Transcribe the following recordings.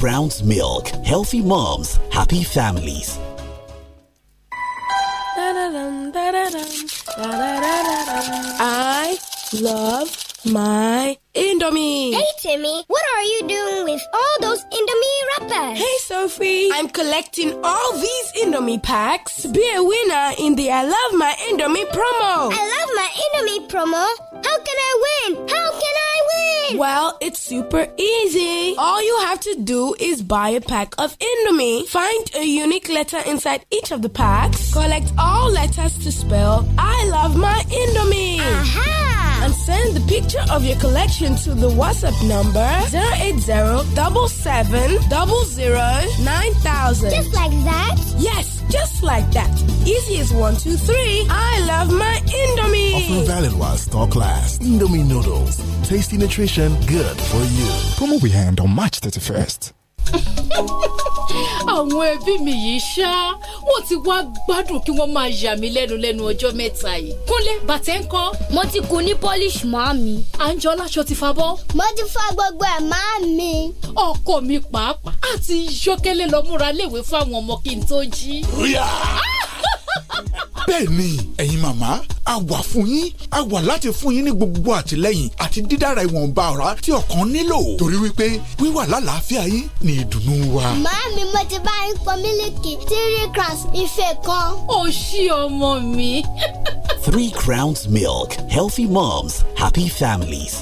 Brown's Milk. Healthy moms, happy families. I love my Indomie. Hey, Timmy, what are you doing with all Yes. Hey, Sophie. I'm collecting all these Indomie packs. Be a winner in the I Love My Indomie promo. I Love My Indomie promo? How can I win? How can I win? Well, it's super easy. All you have to do is buy a pack of Indomie. Find a unique letter inside each of the packs. Collect all letters to spell I Love My Indomie. Aha! and send the picture of your collection to the WhatsApp number 80 0 Just like that? Yes, just like that. Easy as one, two, three. I love my Indomie. Offer valid while stock lasts. Indomie noodles. Tasty nutrition, good for you. Promo we hand on March 31st. àwọn ẹbí mi yìí ṣá wọn ti wá gbádùn kí wọn máa yà mí lẹ́nu lẹ́nu ọjọ́ mẹ́ta yìí. kúnlẹ̀ bàtẹ́ ń kọ́. mo ti kun ní polish máa mi. àǹjọ láṣọ ti fa bọ́. mo ti fa gbogbo ẹ̀ máa mi. ọkọ mi pàápàá àti yọkẹlẹ lọ múra léwe fáwọn ọmọ kí n tó jí. bẹ́ẹ̀ni ẹ̀yin màmá a wà fún yín a wà láti fún yín ní gbogbo àtìlẹ́yìn àti dídára ìwọ̀nba ọ̀rá tí ọkàn nílò torí wípé wíwà lálàáfíà yín ni ìdùnnú wa. màámi mo ti bá yín pọn mílìkì three crowns ife kan. ó ṣí ọmọ mi. three crowns milk healthy moms happy families.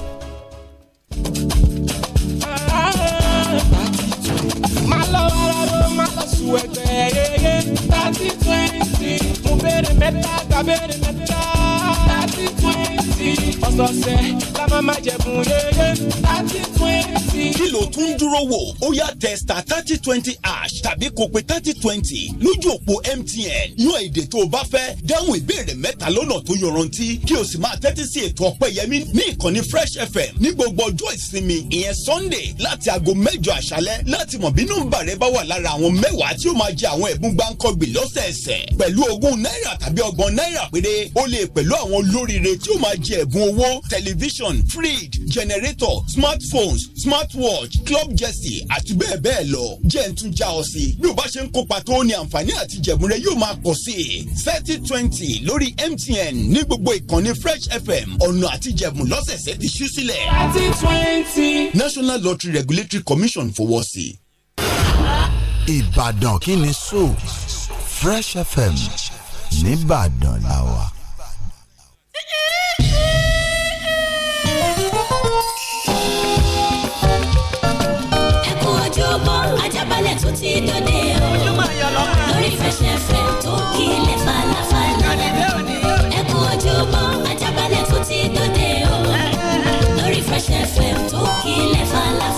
máa lọ ara ló máa sùn ẹgbẹ́ yẹ́yẹ́ thirty isi, ubere better gabere metta. thirty twenty ọ̀sọ̀ọ̀sẹ̀ la máa ma jẹ̀bùn yeye thirty twenty. kí ló tún ń dúró wò ó yá testa thirty twenty ash tàbí kó pe thirty twenty lójú òpó MTN yan èdè tó o bá fẹ́ dáhùn ìbéèrè mẹ́ta lọ́nà tó yọrantí kí o sì máa tẹ́tí sí ètò ọpẹ́yẹmí ní ìkànnì Fresh FM ní gbogbo ọjọ́ ìsinmi ìyẹn Sunday láti aago mẹ́jọ àṣálẹ́ láti mọ̀ bí nọ́mbà rẹ bá wà lára àwọn mẹ́wàá tí ó máa jẹ àwọn ẹ̀bùn gbáǹkọ́gbìn lọ́sẹ̀ẹsẹ̀ pẹ̀lú ogún náírà tàbí ọgbọ̀n náírà péré o lè pẹ̀lú àwọn olóríire tí ó máa jẹ ẹ̀bùn owó tẹlifíṣàn fridge generator smartphones smartwatch club jersey àti bẹ́ẹ̀ bẹ́ẹ̀ lọ jẹ́ ń tún já ọ sí bí o bá ṣe ń kópa tó ní àǹfààní àti jẹ̀bùn rẹ yóò máa pọ̀ sí i thirty twenty lórí MTN ní gbogbo ìkànnì Fresh FM ọ̀nà àti jẹ̀bùn lọ́sẹ̀ẹ̀sẹ̀ ti ṣú sílẹ̀. thirty twenty. National Lottery Regulatory Commission fọwọ́ sí. Ìbàdàn kí ni so Fresh FM nìbàdàn làwà. Fresh FM tó kílẹ̀ falafel.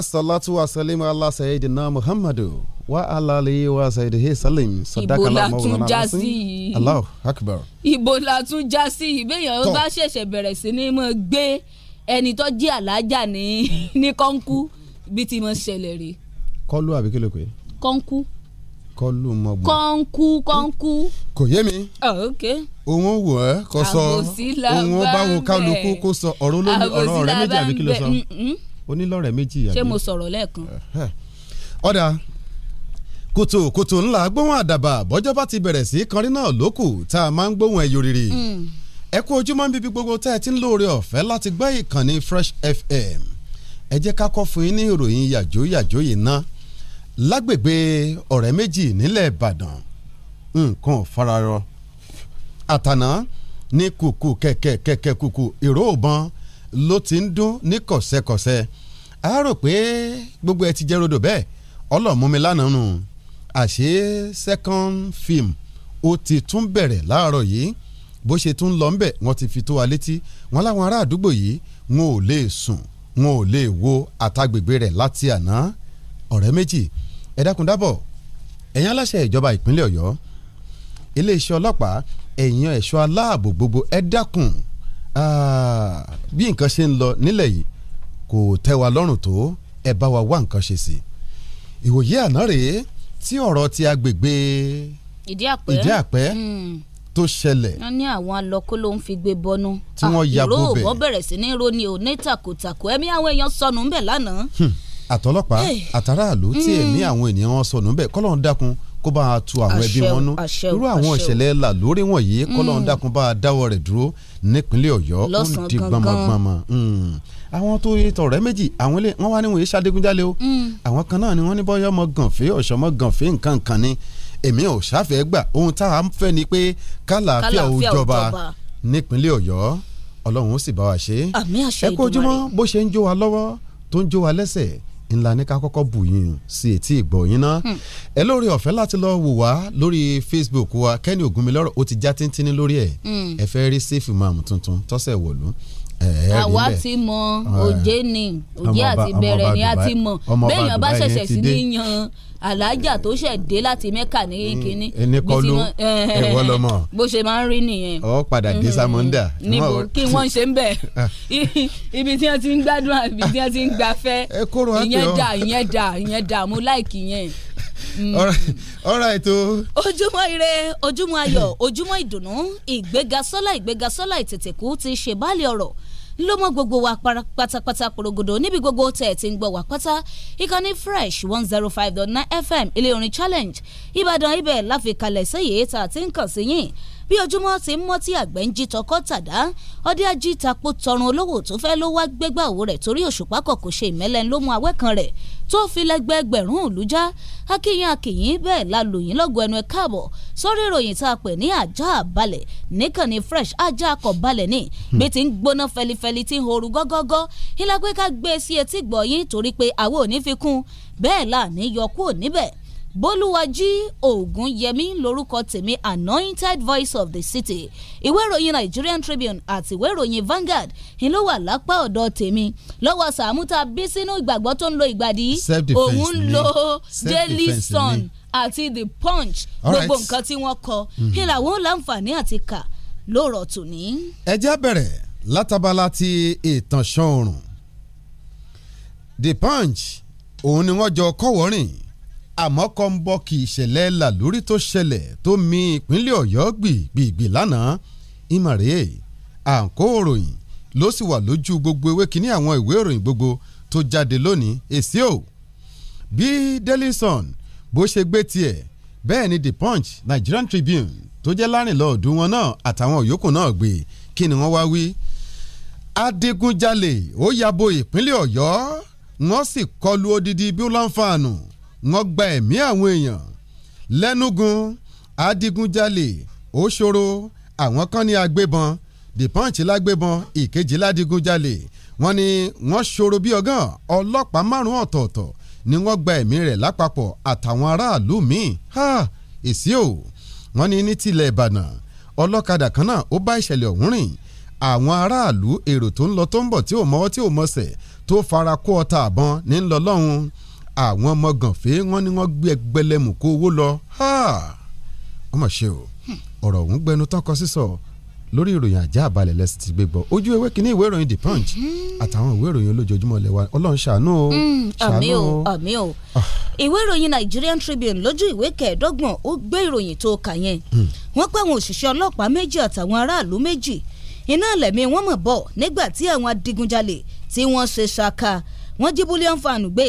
assalatu wassalamu ala sayyidina muhammadu wa ala alihi wa sayyidihi salim sadakala mawulana asin Allahu akbar. ibo la tún já sí ìbéèyàn ó bá ṣẹ̀ṣẹ̀ bẹ̀rẹ̀ sí ni mo gbé ẹni tó jí alájà ní ní kọ́ńkú bí ti mo ṣẹlẹ̀ rí. kọ́lù àbí kí pé. kọ́ńkú. kọ́lù mọ̀gbọ́n. kọ́ńkú kọ́ńkú. kò yé mi. Ah, ok. òun ò wò ẹ́ kó sọ òun ò bá wo kálukú kó sọ ọ̀rọ̀ olómi ọ̀rọ̀ ọ̀rẹ́ méjì àbí kí sọ. àbòsí la bá ń bẹ̀ onílọ̀rẹ́ méjì àbí. ṣé mo sọ̀rọ̀ lẹ́ẹ̀kan. ọ̀dà kùtùkùtù ńlá gbóhùn àdàbà bọ́jọ́ bá ti bẹ̀rẹ̀ sí kọrin náà lókù tá a máa ń gbóhùn ẹ̀yọ́ rírì. Hmm. ẹ kú ojúmọ́ níbi gbogbo tẹ́ ẹ ti ń lóore ọ̀fẹ́ láti gbọ́ ìkànnì Fresh FM ẹ jẹ́ ká kọ́ fún yín ní ìròyìn yàjó yàjó yìí ná lágbègbè ọ̀rẹ́ méjì nílẹ̀ Ìbàdàn nǹkan ò fararọ àtàná ní kùkù kẹ̀kẹ̀kẹ̀kẹ̀ kùkù ìró òbọn ló ti ń dún ní kọ̀sẹ̀kọ̀sẹ̀ a rò pé gbogbo ẹ ti jẹ́ rodò bẹ́ẹ̀ ọlọ́múmi àṣé second film ó ti tún bẹ̀rẹ̀ láàárọ̀ yìí bó ṣe tún lọ ńbẹ̀ wọ́n ti fi tó wa létí wọ́n láwọn ará àdúgbò yìí wọn ò lè sùn wọn ò lè wo àtàgbègbè rẹ̀ láti àná ọ̀rẹ́ méjì ẹ dákun dábọ̀ ẹ̀yin aláṣẹ ìjọba ìpínlẹ̀ ọ̀yọ́ iléeṣẹ́ ọlọ́pàá ẹ̀yin ẹ̀ṣọ́ aláàbò gbogbo ẹ bí nǹkan ṣe ń lọ nílẹ̀ yìí kò tẹ́ wa lọ́rùn tó ẹ bá wa wá nǹkan ṣe sí i ìwòye àná rèé tí ọ̀rọ̀ ti agbègbè ìdí àpẹ́ hmm. tó ṣẹlẹ̀. wọ́n ní àwọn alọ́kó ló ń fi gbé bọ́nú. tí wọ́n ah, ya bó bẹ̀. ìró òwò bẹ̀rẹ̀ sí ní roni ò ní takòtàkò ẹ̀mí àwọn èèyàn sọnù ńbẹ̀ lánàá. Hmm. àtọlọ́pàá eh. àtàràlù tí hmm. ẹ̀mí àwọn ènìyàn wọn sọnù ńbẹ̀ kọ́lọ́n dákun kó bá a tu àwọn ẹbí wọn nú irú àwọn ìṣẹ̀lẹ̀ là lórí wọ̀nyí kọ́lọ́n dákun bá a dáwọ́ rẹ̀ dúró nípínlẹ̀ ọ̀yọ́ ó ń di gbọmọgbọmọ àwọn tó yẹ tọrẹ méjì àwọn ilé wọn wá níwọ̀n yìí ṣàdégúnjálẹ̀ o mm. àwọn kan náà ni wọ́n ní bọ́yọ́ ọmọ gànfẹ́ ọ̀ṣọ́ ọmọ gànfẹ́ nǹkan kan ni èmi ò ṣàfẹ́ gbà ohun tá a fẹ́ ni pé kálàáfíà ò jọba nípínlẹ̀ ọ̀yọ́ ọlọ́run ó sì bá wa ṣe é ẹ kó ojúmọ́ bó ṣe ń jó wa lọ́wọ́ tó ń jó wa lẹ́sẹ̀ ńlá ní ká kọ́kọ́ bù yín sí etí ìgbọ̀yìn náà hmm. ẹ lórí ọ̀fẹ́ láti lọ wò wá lórí Facebook wa Kenny Ogumiloro ó ti já tíntínní lórí ẹ̀ hmm. ẹ fẹ́ rí sífù máàmù tuntun tọ́sẹ̀ wọ̀lú àwa ti mọ òjé ni òjé àti bẹ̀rẹ̀ ni a ti mọ bẹ́ẹ̀yàn bá ṣẹ̀ṣẹ̀ sí ni yan alájà tó ṣẹ̀ dé láti mẹ́kà ní kínní ẹnikọ́lù ẹ̀wọ́ lọ́mọ bó ṣe máa ń rí nìyẹn. ọ padà dé samonda. Mm-hmm. níbo kí wọ́n ṣe ń bẹ̀ ibi tí wọ́n ti ń gbádùn àbí tí wọ́n ti ń gbafẹ́ ìyẹn dà ìyẹn dà ìyẹn dà mo láìkì yẹn ọ̀rọ̀ ètò. ojúmọ́ ire ojúmọ́ ayọ̀ ojúmọ́ ìdùnnú ìgbéga sọ́lá ìgbéga sọ́lá ìtètèkú ti ṣèbálẹ̀ ọ̀rọ̀ ló mọ gbogbo wa pátápátá porogodo níbi gbogbo tẹ̀ tí ń gbọ́ wá pátá ìkànnì fresh one zero oh five dot nine fm ilé orin challenge ìbàdàn ibẹ̀ láfi kalẹ̀ sẹ́yìn tá a ń kàn sí yín bí ojúmọ́ ti ń mọ́ tí àgbẹ̀ ń jí tọkọ́ tàdá ọdẹ ají tapo tọrun olówó tó fẹ́ ló wá gbégbá òwò rẹ̀ torí òṣùpá kọ̀ kò ṣe ìmẹ́lẹ́ ló mú awẹ́ kan rẹ̀ tó fi lẹ́gbẹ́ ẹgbẹ̀rún ìlú já akínyìn akínyìn bẹ́ẹ̀ la lòyìn lọ́gọ̀ ẹnu ẹ̀ káàbọ̀ sórí ìròyìn tá a pè ní ajá balẹ̀ níkànnì fresh ajá akọ̀ balẹ̀ ní hmm. bí ti ń gbóná fẹlifẹli tí ń horu gọ́gọ́gọ́ ìlà pé ká gbé e sí etí gbọ̀yìn torí pé àwọn ò ní fi kún bẹ́ẹ̀ là ní yọkú ò níbẹ̀ bólúwájí ògúnyẹmí lórúkọ tèmi anointed voice of the city ìwé ìròyìn nigerian tribune àti ìwé ìròyìn vanguard ni ló wà lápá ọ̀dọ̀ tèmi lọ́wọ́ sàmúta bí sínú ìgbàgbọ́ tó ń lo ìgbàdí òun ń lo daily sun àti the punch gbogbo nǹkan tí wọ́n kọ hmm. kí làwọn láǹfààní àti kà lóòrọ̀ tòní. ẹ já bẹ̀rẹ̀ látabala ti ìtànṣán oòrùn the punch òun ni wọ́n jọ kọ́wọ́rìn àmọ́ kọ́ńbọ́ọ̀kì ìṣẹ̀lẹ̀ làlórí tó ṣẹlẹ̀ tó mi ìpínlẹ̀ ọ̀yọ́ gbìgbìgbì lánàá ìmàrè àǹkó òròyìn ló sì wà lójú gbogbo ewé kínní àwọn ìwé ìròyìn gbogbo tó jáde lónìí èsì o bí Daily bó ṣe gbé tiẹ̀ bẹ́ẹ̀ ni The Punch Nigerian Tribune tó jẹ́ lárìnlọ́ ọ̀dún wọn náà àtàwọn yòókù náà gbé kí ni wọ́n wá wí. adigunjalè ó yabo ìpínlẹ̀ ọ̀yọ́ wọ́n sì kọlu odidi bíúlànfàànù wọ́n gba ẹ̀mí àwọn èèyàn lẹ́nugun adigunjalè òṣòro àwọn kan ní agbébọn the punch lágbébọn ìkejì ládìgunjalè wọ́n ní wọ́n ṣòro bí ọgán ọlọ́pàá márùn-ún ni wọ́n gba ẹ̀mí rẹ̀ lápapọ̀ àtàwọn aráàlú míì ha èsì o wọ́n ní ní tilẹ̀ ìbàdàn ọlọ́kadà kan náà ó bá ìṣẹ̀lẹ̀ ọ̀hún rìn àwọn aráàlú èrò tó ń lọ tó ń bọ̀ tí ò mọ́wọ́ tí ò mọ́sẹ̀ tó fara kó ọta àbọn ní ńlọ lọ́hùn-ún àwọn mọ̀gànfẹ́ wọn ni wọ́n gbé ẹgbẹ̀lẹ́mù kó owó lọ wọ́n mọ̀ ṣe o ọ̀rọ̀ ọ̀hún gbẹnu tọkọ sísọ lórí ìròyìn ajá àbálẹ̀ lẹ́sìn ti gbé gbọ́ ojú ewé kínní ìwé ìròyìn the punch mhm. àtàwọn ìwé ìròyìn olójoojúmọ́ lẹ́wà ọlọ́run ṣàánú o mm, ṣàánú o àmì o ah. ìwé ìròyìn Nigerian Tribune lójú ìwé kẹẹ̀ẹ́dọ́gbọ̀n ó gbé ìròyìn tó kà yẹn hmm. wọ́n pé àwọn òṣìṣẹ́ ọlọ́pàá méjì àtàwọn aráàlú méjì iná lẹ̀mí wọ́n mọ̀ bọ̀ nígbà tí àwọn adigunjalè tí wọ́n ṣe ṣaka wọ́n jí búlíọ̀n fàánù gbé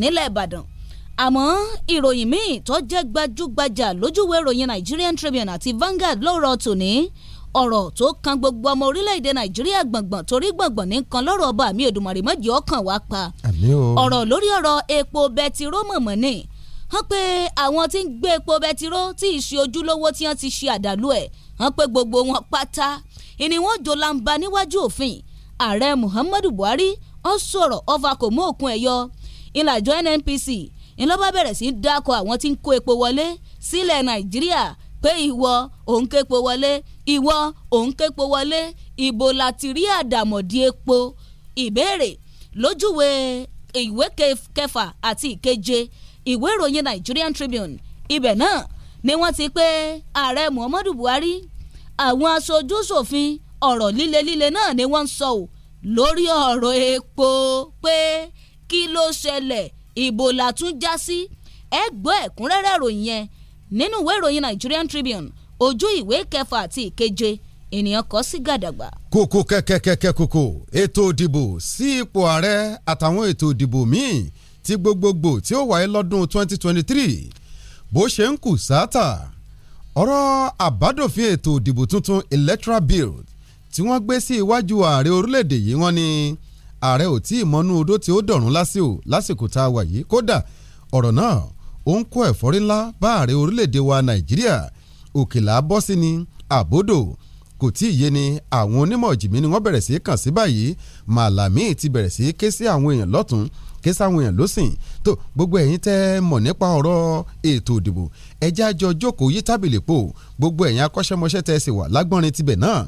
nílẹ̀ ìbàdàn àmọ́ ìròyìn míì tó jẹ́ gbajúgbajà lójúwèé ìròyìn Nigerian Tribune àti Vanguard lọ́rọ̀ tòní ọ̀rọ̀ tó kan gbogbo ọmọ orílẹ̀-èdè nàìjíríà gbọ̀ngbọ̀n torí gbọ̀ngbọ̀n nìkan lọ́rọ̀ ọba mi Èdùmàrè mọ́jì ọkàn wá pa ọ̀rọ̀ lórí ọ̀rọ̀ epo bẹtiró mọ̀mọ́ ni wọ́n pe àwọn tí ń gbé epo bẹtiró tí ì ṣe ojúlówó tí wọ́n ti ṣe àdàlú ẹ̀ wọ́n pe gbogbo wọn pátá ìní wọn jò lamba níwájú òfin ààrẹ Muhammadu Buhari ó sọ̀rọ̀ ọfà kò mú òkun ẹ̀ yọ ìlàjọ NNPC ni ló bá bẹ̀rẹ̀ sí í dákọ̀ àwọn tí ń kó epo wọlé sílẹ̀ Nàìjíríà pé ìwọ òun képo wọlé ìwọ òun képo wọlé ìbò láti rí àdàmọ̀dì epo ìbéèrè lójúwe ìwé kẹfà àti ìkeje ìwé ìròyìn Nigerian Tribune ibẹ̀ náà ni wọ́n ti pé ààrẹ Muhammadu Buhari àwọn aṣojú ṣòfin ọ̀rọ̀ líle líle náà ni wọ́n ń sọ ò lórí ọ̀rọ̀ epo pé. Pe kí ló ṣẹlẹ̀ ìbò làtún já sí ẹ gbọ́ ẹ̀kúnrẹ́rẹ́ ìròyìn yẹn nínú ìwé ìròyìn Nigerian Tribune ojú ìwé kẹfà àti ìkeje ènìyàn kọ sí gàdàgbà. kókó kẹ́kẹ́kẹ́kẹ́ kókó ètò ìdìbò sí ipò ààrẹ àtàwọn ètò ìdìbò míì ti gbogbogbò tí ó wáyé lọ́dún 2023 bó ṣe ń kù sáátà ọ̀rọ̀ àbádòfin ètò ìdìbò tuntun electoral bill tí wọ́n gbé sí iwájú ààrẹ orílẹ̀-èdè yìí wọ́n ní. Si ààrẹ ò tí ì mọ́nú odó tí ó dọ̀rùn lásìkò tá a wà yìí kódà ọ̀rọ̀ náà ó ń kó ẹ̀fọ́rí ńlá bá ààrẹ orílẹ̀-èdè wa nàìjíríà òkèlà bọ́ sí ni àbódò kò tí ì yé ni àwọn onímọ̀ jìmí ni wọ́n bẹ̀rẹ̀ sí í kàn sí báyìí màlàmí ti bẹ̀rẹ̀ sí í ké sí àwọn èèyàn lọ́tún ké sáwọn èèyàn lọ́sìn tó gbogbo ẹ̀yin tẹ́ mọ̀ nípa ọ̀rọ̀ ètò òdìbò ẹjẹ́ àjọ jókòó yí tábìlì po gbogbo ẹ̀yin akọ́ṣẹ́mọṣẹ́ tẹ́ sì wà lágbọ́nrin tibẹ̀ náà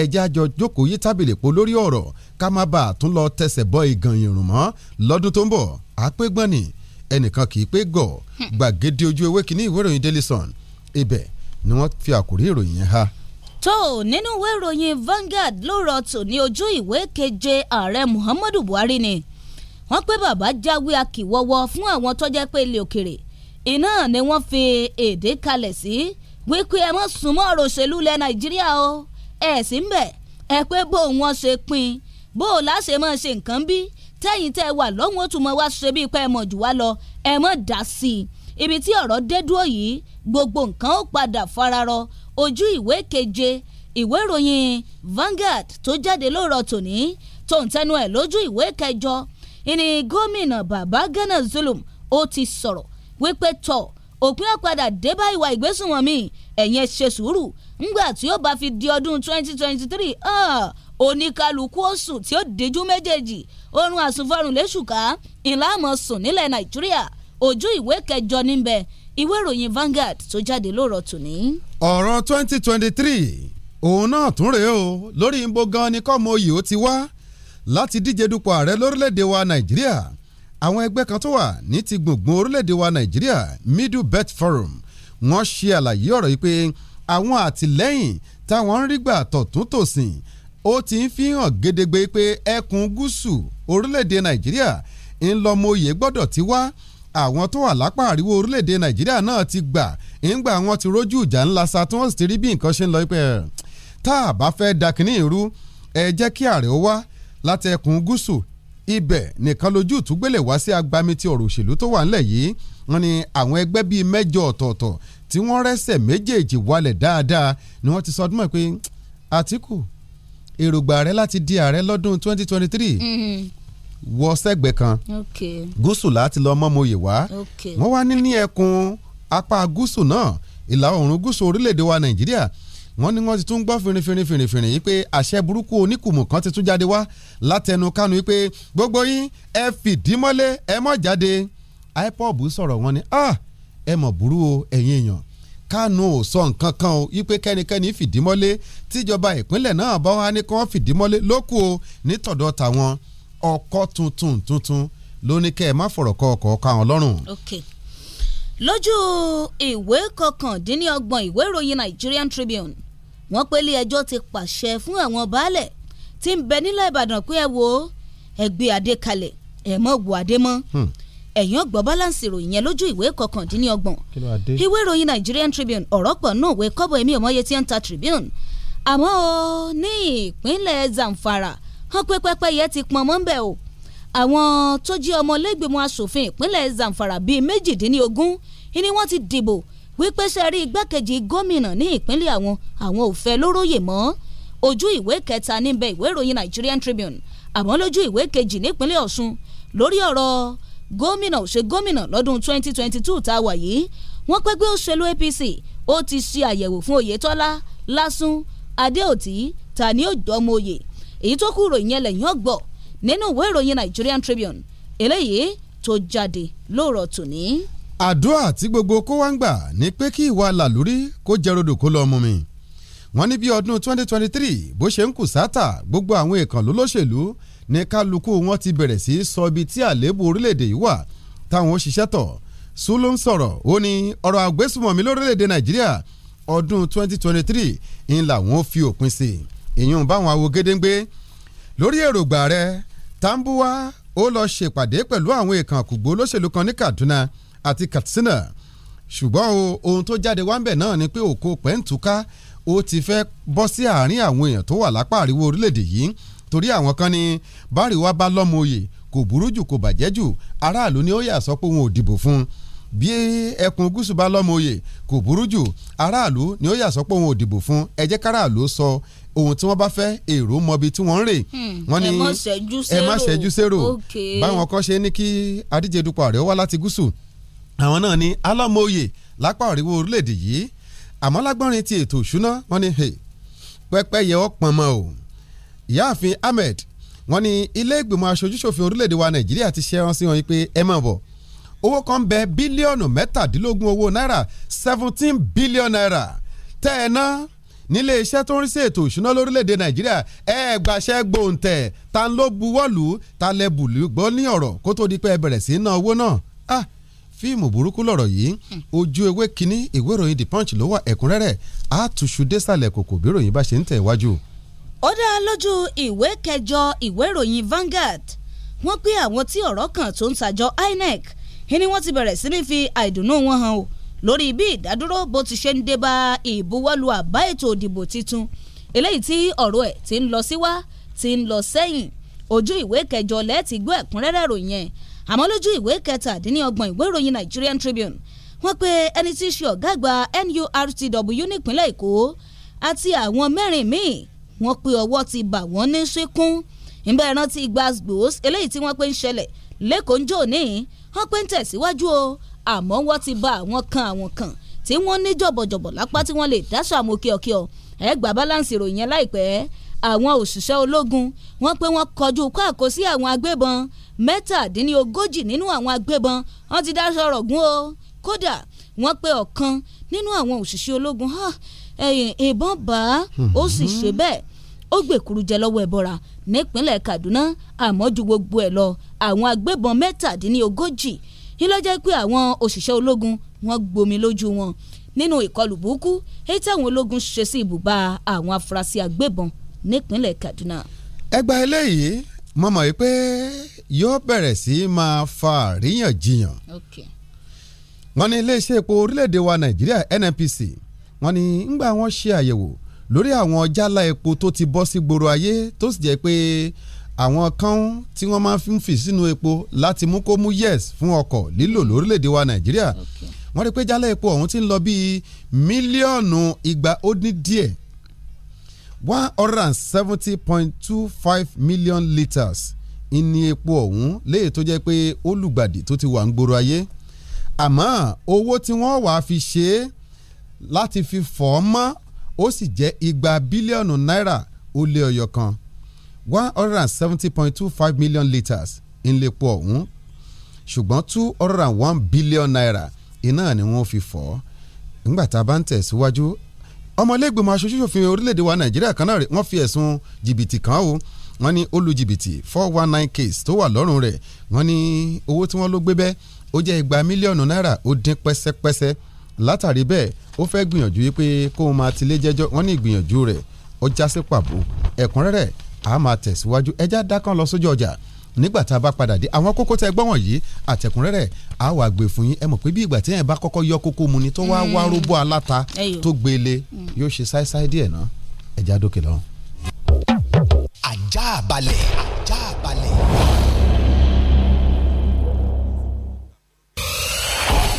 ẹjẹ́ àjọ jókòó yí tábìlì po lórí ọ̀rọ̀ ká má bàa tún lọ tẹsẹ̀ bọ́ ìgàn ìrùn mọ́ lọ́dún tó ń bọ̀ àpégbọ́n ni ẹnìkan kì í pé gọ̀ gbàgede ojú ewé kínní ìwé ìròyìn Daily Sun ibẹ̀ ni wọ́n fi àkórí ìròyìn yẹn ha tó nínú ìwé ìròyìn Vanguard ló rọ tòní ojú ìwé keje ààrẹ Muhammadu Buhari ni wọ́n pé bàbá jáwé akíwọ́wọ́ fún àwọn tó jẹ́ pé ilé òkèrè iná ni wọ́n fi èdè kalẹ̀ sí wípé ẹ mọ́ súnmọ́ òṣèlú ilẹ̀ Nàìjíríà o ẹ̀ sí ń bẹ̀ ẹ pé bó wọ́n ṣe pín bó o láṣẹ máa ṣe nǹkan bí tẹ́yìn tẹ́ ẹ wà lọ́hùn ó tún mọ wá ṣe bíi pé ẹ mọ̀ jù wá lọ ẹ mọ̀ dá sí i ibi tí ọ̀rọ̀ dé dúró yìí gbogbo nǹkan ó padà fararọ ojú ìwé keje ìwé ìròyìn Vanguard tó jáde lóòrọ̀ tòní tó ń tẹnu ẹ̀ lójú ìwé kẹjọ ìní gómìnà bàbá Gánà Zulum ó ti sọ̀rọ̀ wípé tọ̀ òpin ọ̀padà dé bá ìwà ìgbésùnmọ̀mí ẹ̀yin ẹ ṣe sùúrù ńgbà tí ó bá fi di ọdún 2023 ah, oníkálukú òsùn tí ó díjú méjèèjì oorun àsùnfọrùn léṣùká ìlàmọ̀ sùn nílẹ̀ nàìjíríà ojú ìwé kẹjọ níbẹ̀ ìwé ìròyìn Vanguard tó jáde lóòrọ̀ tòní. ọ̀rọ̀ twenty twenty three òun náà tún rèé o lórí ìbò gan ni kọ́mọ oyè ó ti wá láti díje dupò ààrẹ lórílẹ̀‐èdè wa nàìjíríà àwọn ẹgbẹ́ kan tó wà ní ti gbùngbùn orílẹ̀‐èdè wa nàìjíríà Middle Belt Forum wọ́n ṣe àlàyé ọ̀rọ̀ yìí pé àwọn àtìlẹ́yìn táwọn ń rí gbà tọ̀tún tòsìn ó ti ń fi hàn gedegbe pé ẹkùn gúúsù orílẹ̀-èdè nàìjíríà ńlọmọye gbọ́dọ̀ ti wá àwọn tó wà lápá àríwó orílẹ̀-èdè nàìjíríà náà ti gbà ńgbà wọn ti rójú ìjà ńlá sa tí wọ́n sì ti rí bí nǹkan ṣe ń lọ pẹ́ tá a bá fẹ́ da kínní ìrú ẹ jẹ́ kí ààrẹ ó wá láti ẹkùn gúúsù ibẹ̀ nìkan lójú ìtúgbélé wá sí agbami ti ọ̀rọ̀ òṣèlú tó wà ńlẹ̀ yìí wọ́n ní àwọn ẹgbẹ́ bíi mẹ́jọ ọ̀tọ̀ọ̀tọ̀ tí wọ́n rẹ́sẹ̀ méjèèjì walẹ̀ dáadáa ni wọ́n ti sọdún mọ́ pé Àtíkù èròǹgbà rẹ láti di ààrẹ lọ́dún 2023 mm-hmm. wọ sẹ́gbẹ̀ kan gúúsù láti lọ mọ́ mòye wá wọ́n wá ní ní ẹkùn apá gúúsù náà ìlà oòrùn gúúsù orílẹ̀-èdè wa nàìjíríà wọ́n ní wọ́n ti tún gbọ́ fìrìfìrì fìrìfìrì yìí pé àṣẹ burúkú oníkùmù kan ti tún jáde wá látẹnu kánú yìí pé gbogbo yín ẹ fìdí mọ́lé ẹ mọ́ jáde ipob sọ̀rọ̀ wọ́n ní ah, ẹ mọ̀ burú o ẹ̀yin èèyàn kánú ò sọ nǹkan kan o yípe kẹ́nikẹ́ni fìdímọ́lé tíjọba ìpínlẹ̀ náà bá wá ní kí wọ́n fìdímọ́lé lókù o nítọ̀dọ̀ tàwọn ọkọ̀ tuntun tuntun ló ní kẹ́ ẹ má fọ̀rọ̀ kọ ọkọ̀ ọ̀ka wọn lọ́rùn. lójú ìwé kọkàndínlọ́gbọ̀n ìwé ìròyìn Nigerian Tribune wọ́n pé ilé ẹjọ́ ti pàṣẹ fún àwọn baálẹ̀ tí ń bẹ nílẹ̀ Ìbàdàn pé ẹ wo ẹgbẹ́ adé kalẹ̀ ẹ̀ mọ̀ wọ adé mọ́. Hmm ẹ̀yin ọgbọ́ balance ìròyìn yẹn lójú ìwé kọkàndínlọ́gbọ̀n ìwé ìròyìn Nigerian Tribune ọ̀rọ̀ pọ̀ náà wé kọ́bọ̀ èmi ọmọye tí ń ta Tribune àmọ́ o ní ìpínlẹ̀ Zamfara hàn pé pẹ́pẹ́yẹ ti pọn mọ́ ń bẹ̀ o àwọn tó jí ọmọlẹ́gbẹ̀mọ asòfin ìpínlẹ̀ Zamfara bíi méjìdínlógún ni wọ́n ti dìbò wípé sẹ́rí igbákejì gómìnà ní ìpínlẹ̀ àwọn àwọn ò fẹ́ lóróyè mọ́ ojú ìwé kẹta níbẹ̀ ìwé ìròyìn Nigerian Tribune àmọ́ lójú ìwé kejì nípínlẹ̀ Ọ̀ṣun lórí ọ̀rọ̀ gómìnà ò ṣe gómìnà lọ́dún 2022 tá a wà yìí wọ́n pẹ́ pé òṣèlú APC ó ti ṣe àyẹ̀wò fún Oyètọ́lá Lásùn Adéòtí Tani Ọ̀dọ́mọyè èyí tó kúrò ìyẹn lẹ́yìn ọgbọ̀ nínú ìwé ìròyìn Nigerian Tribune eléyìí tó jáde lóòrọ̀ tòní. àdúrà tí gbogbo kó wá ń gbà ni pé kí ìwà làlúrí kó jẹ́ rodò kó lọ́ọ́ mú mi wọ́n ní bí ọdún 2023 bó ṣe ń kù sátà gbogbo àwọn èèkàn lólóṣèlú ní kálukú wọn ti bẹ̀rẹ̀ sí í sọ ibi tí àléébù orílẹ̀-èdè yìí wà táwọn òṣìṣẹ́ tọ̀ Sulu ń sọ̀rọ̀ ó ní ọ̀rọ̀ àgbésùmọ̀mí lórílẹ̀-èdè Nàìjíríà ọdún 2023 ń làwọn fi òpin sí ìyún báwọn awo gédéńgbé lórí èròǹgbà rẹ Tambuwa ó lọ ṣèpàdé pẹ̀lú àwọn èèkàn àkùgbó olóṣèlú kan ní Kaduna àti Katsina ṣùgbọ́n o ohun tó jáde wá ń bẹ̀ náà ni pé òkò pẹ́ǹtùká ó ti fẹ́ bọ́ sí àárín àwọn èèyàn tó wà lápá àríwó orílẹ̀-èdè yìí torí àwọn kan ní bárì wá bá lọ́mọ oyè kò burú jù kò bàjẹ́ jù aráàlú ni ó yà sọ pé òun ò dìbò fún un bí ẹkùn gúúsù bá lọ́mọ oyè kò burú jù aráàlú ni ó yà sọ pé òun ò dìbò fún ẹ jẹ́ káràlú sọ ohun tí wọ́n bá fẹ́ èrò mọbi tí wọ́n ń rè hmm, wọ́n ní ẹ má ṣẹ́jú sérò báwọn kan ṣe ní kí adíje dupò ààrẹ wá láti gúúsù àwọn náà ní alọ́mọoyè lápá òrìwó orílẹ̀-èdè yìí àmọ́ lágbọ́nrin ti ètò òṣùná wọ́n ní pẹ́pẹ́ yẹ ọ́ pọ̀n mọ́ o ìyáàfin ahmed wọ́n ní ilé ìgbìmọ̀ aṣojúṣòfin orílẹ̀-èdè wa nàìjíríà ti ṣe wọn sí wọn pé ẹ mọ̀ bọ̀ owó kan bẹ bílíọ̀nù mẹ́tàdínlógún owó náírà seventeen billion naira tẹ́ ẹ ná nílé iṣẹ́ tó ń rí sí ètò ìṣúná lórílẹ̀‐èdè nàìjíríà ẹ gbàṣẹ́ gbòǹtẹ̀ ta ló buwọ́lù ta lẹ bùlù gbọ́ ní ọ̀rọ̀ kó tó di pé ẹ bẹ̀rẹ̀ sí ná owó náà ah fíìmù burúkú lọ̀rọ̀ yìí ojú ewé kínní ìwé ìròyìn the punch ló wà ẹ̀kúnrẹ́rẹ́ àtúnṣu désàlẹ̀ kòkò bí ìròyìn bá ṣe ń tẹ̀ wájú ó dá lójú ìwé kẹjọ ìwé ìròyìn Vanguard wọ́n pé àwọn tí ọ̀rọ̀ kan tó ń tàjọ INEC ni wọ́n ti bẹ̀rẹ̀ sí ní fi àìdùnnú wọn hàn o lórí bí ìdádúró bó ti ṣe ń dé bá ìbuwọ́lù àbá ètò ìdìbò tuntun eléyìí tí ọ̀rọ̀ ẹ̀ ti ń lọ síwá ti ń lọ sẹ́yìn ojú ìwé kẹjọ lẹ́ẹ̀tì gbọ́ ẹ̀kúnrẹ́rẹ́ ròyìn ẹ̀ àmọ́ lójú ìwé kẹtàdínlọ́gbọ̀n ìwé ìròyìn Nigerian Tribune wọ́n pe ẹni tí í ṣe ọ̀gá àgbà NURTW nípínlẹ̀ Èkó àti àwọn mẹ́rin míì wọ́n pé ọwọ́ ti bà wọ́n ní síkún ìbẹ̀ rántí gbàgbós eléyìí tí wọ́n pé ń ṣẹlẹ̀ lẹ́kọ̀ọ́ ń jò ní wọ́n pé ń tẹ̀síwájú o àmọ́ wọ́n ti ba àwọn kan àwọn kan tí wọ́n ní jọ̀bọ̀jọ̀bọ̀ lápá tí wọ́n lè dáṣọ àmọ́ kíọ̀kíọ̀ ẹ gba balance ìròyìn yẹn láìpẹ́ àwọn òṣìṣẹ́ ológun wọ́n pé wọ́n kọjú kó àkọsí àwọn agbébọn mẹ́tàdínlógójì nínú àwọn agbébọn wọ́n ti dáṣọ rọ̀gùn o kódà wọ́n pé ọ̀kan nínú àwọn òṣìṣẹ́ ológun ìbọn bá ó sì hmm. ṣe bẹ́ẹ̀ ó gbèkúrú jẹ lọ́wọ́ ẹ̀bọ̀ra nípínlẹ̀ Kaduna àmọ́ ju gbogbo ẹ̀ lọ àwọn agbébọn mẹ́tàdínlógójì ni ló jẹ́ pé àwọn òṣìṣẹ́ ológun wọ́n gbomi lójú wọn nínú ìkọlù burúkú èyí táwọn ológun ṣe sí ibùba àwọn afurasí agbébọn nípínlẹ̀ Kaduna. ẹgbà eléyìí mo mọ̀ pé yóò bẹ̀rẹ̀ sí máa fa àríyànjiyàn wọ́n ní iléeṣẹ́ epo orílẹ̀-èdè wa Nàìjíríà NNPC wọ́n ní ńgbà wọ́n ṣe àyẹ̀wò lórí àwọn jálá epo tó ti bọ́ sí gbòòrò ayé tó sì jẹ́ pé àwọn kan tí wọ́n máa ń fi sínú epo láti mú kó mú yes fún ọkọ̀ lílò lórílẹ̀‐èdè wa Nàìjíríà wọ́n rí pé jálá epo ọ̀hún ti ń lọ bíi mílíọ̀nù igba ó ní díẹ̀ one hundred and seventy point two five million litres ìní epo ọ̀hún léyìí tó jẹ́ pé ó lùgbàdì tó ti wà ń gbòòrò ayé àmọ́ owó tí wọ́n wàá fi ṣe é láti fi fọ́ mọ́ ó sì jẹ́ igba bílíọ̀nù náírà ó lé ọyọ kan one hundred and seventy point two five million litres ńlẹ́pọ̀ ọ̀hún ṣùgbọ́n two hundred and one billion naira iná ni wọ́n fi fọ́ nígbà tá a bá ń tẹ̀síwájú ọmọlẹ́gbẹ̀mọ aṣojúṣòfin orílẹ̀‐èdè wa nàìjíríà kan náà wọ́n fi ẹ̀sùn jìbìtì kan o wọ́n ní ó jìbìtì four one nine case tó wà lọ́rùn rẹ̀ wọ́n ní owó tí wọ́n ló gbé bẹ́ẹ̀ ó jẹ́ igba mílíọ̀nù náírà ó dín pẹ́sẹ́pẹ́sẹ́ látàrí bẹ́ẹ̀ ó fẹ́ gbìyànjú wípé kó o máa tilé jẹ́jọ́ wọ́n ní ìgbìyànjú rẹ̀ ó já sí pàbó ẹ̀kúnrẹ́rẹ́ a máa tẹ̀síwájú ẹja dákan lọ sójú ọjà nígbà tá a bá padà dé àwọn kókó tẹ gbọ́n wọ̀nyí àtẹ̀kúnrẹ́rẹ́ a wà gbé fún yín ẹ mọ̀ pé bí ìgbà tí yẹn bá kọ́kọ́ yọ kókó mu ni tó wá wá mm. róbó aláta tó gbélé mm. yóò ṣe ṣáíṣáí díẹ̀ náà ẹja dókè lọ. ajá balẹ̀ ajá balẹ̀.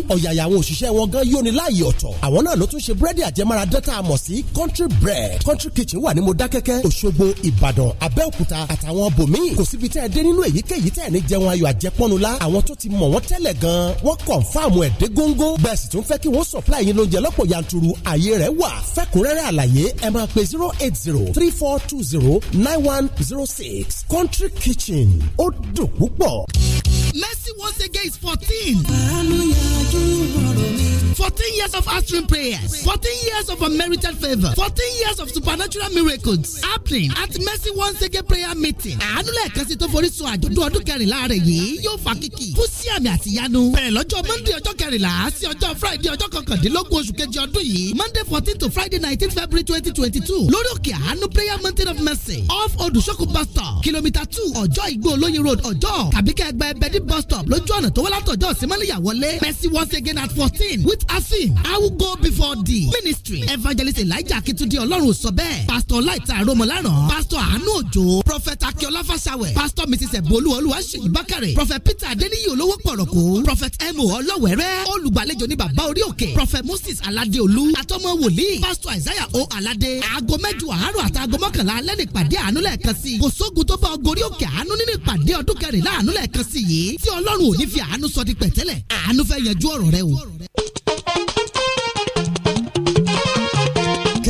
ní ọ̀yàyà àwọn òṣìṣẹ́ wọn gan yóò ní láàyè ọ̀tọ̀ àwọn náà ló tún ṣe búrẹ́dì àjẹmára dẹ́ta àmọ̀ sí country bread country kitchen wà ní Modákẹ́kẹ́ Òṣogbo Ìbàdàn Abẹ́òkúta àtàwọn bòmíì kò síbi tẹ́ ẹ dé nínú èyíkéyìí tẹ́ ẹ ní jẹun ayọ̀ àjẹpọ́nu la àwọn tó ti mọ̀ wọ́n tẹ́lẹ̀ gan wọ́n kọ̀ǹfàmù ẹ̀ dé góńgó bẹ́ẹ̀ sì tún fẹ́ kí supply yín lóúnjẹ lọ́pọ̀ yanturu ààyè rẹ̀ wà fẹ́kùnrẹ́rẹ́ àlàyé ẹ máa pe zero eight zero three four two zero nine one zero six country kitchen ó dùn púpọ̀. once again is fourteen. 14 years of answering prayers, 14 years of unmerited favor, 14 years of supernatural miracles happening at Mercy One Second Prayer Meeting. Àánú lẹ́ẹ̀kan sí tó forí sọ àjọ̀dún ọdún kẹrìnlá rẹ̀ yìí yóò fa kíkì. Kú sí àmì àti ìyanu. Bẹ̀rẹ̀ lọ́jọ́ Monday ọjọ́ kẹrìnlá sí ọjọ́ Friday ọjọ́ kọkàndínlógún oṣù kejì ọdún yìí. Monday 14 to Friday 19 February 2022. twenty two. Lórí òkè Àánú Prayer Mountain of Mercy off Odùsókù bus stop kìlómítà two ọjọ́ Ìgbó Olóyin road ọjọ́ tàbí kẹgbẹ́ Bẹ́dí bus stop lójú ọ̀nà tó wọ́lá tọ̀jọ́ sí Mọ́níyà Mercy once again at fourteen with asim i will go before the ministry evangelist elijah akitunde ọlọ́run sọ bẹ́ẹ̀ pastor laita aromolaran pastor anu ojo prophet akiola fasawẹ pastor mrs ebolu oluwaseyi bakare prophet peter adeniyi olówó pọ̀rọ̀kọ́ prophet emo ọlọ́wẹ̀rẹ́ olùgbàlejò ní bàbá orí òkè prophet moses aladeolu atọ́mọ wòlíì pastor isaiah o alade aago mẹ́jọ àárọ̀ àti aago mọ́kànlá alẹ́ ní ìpàdé àánú lẹ́ẹ̀kan sí i kò sógun tó bá ọgọ́rí òkè àánú nínú ìpàdé ọdún kẹrìnlá àánú lẹ́ẹ̀kan sí i yìí tí ọlọ́run ò ní fi àánú sọ di pẹ̀tẹ́lẹ̀ àánú fẹ́ yẹn ojú ọ̀rọ̀ rẹ o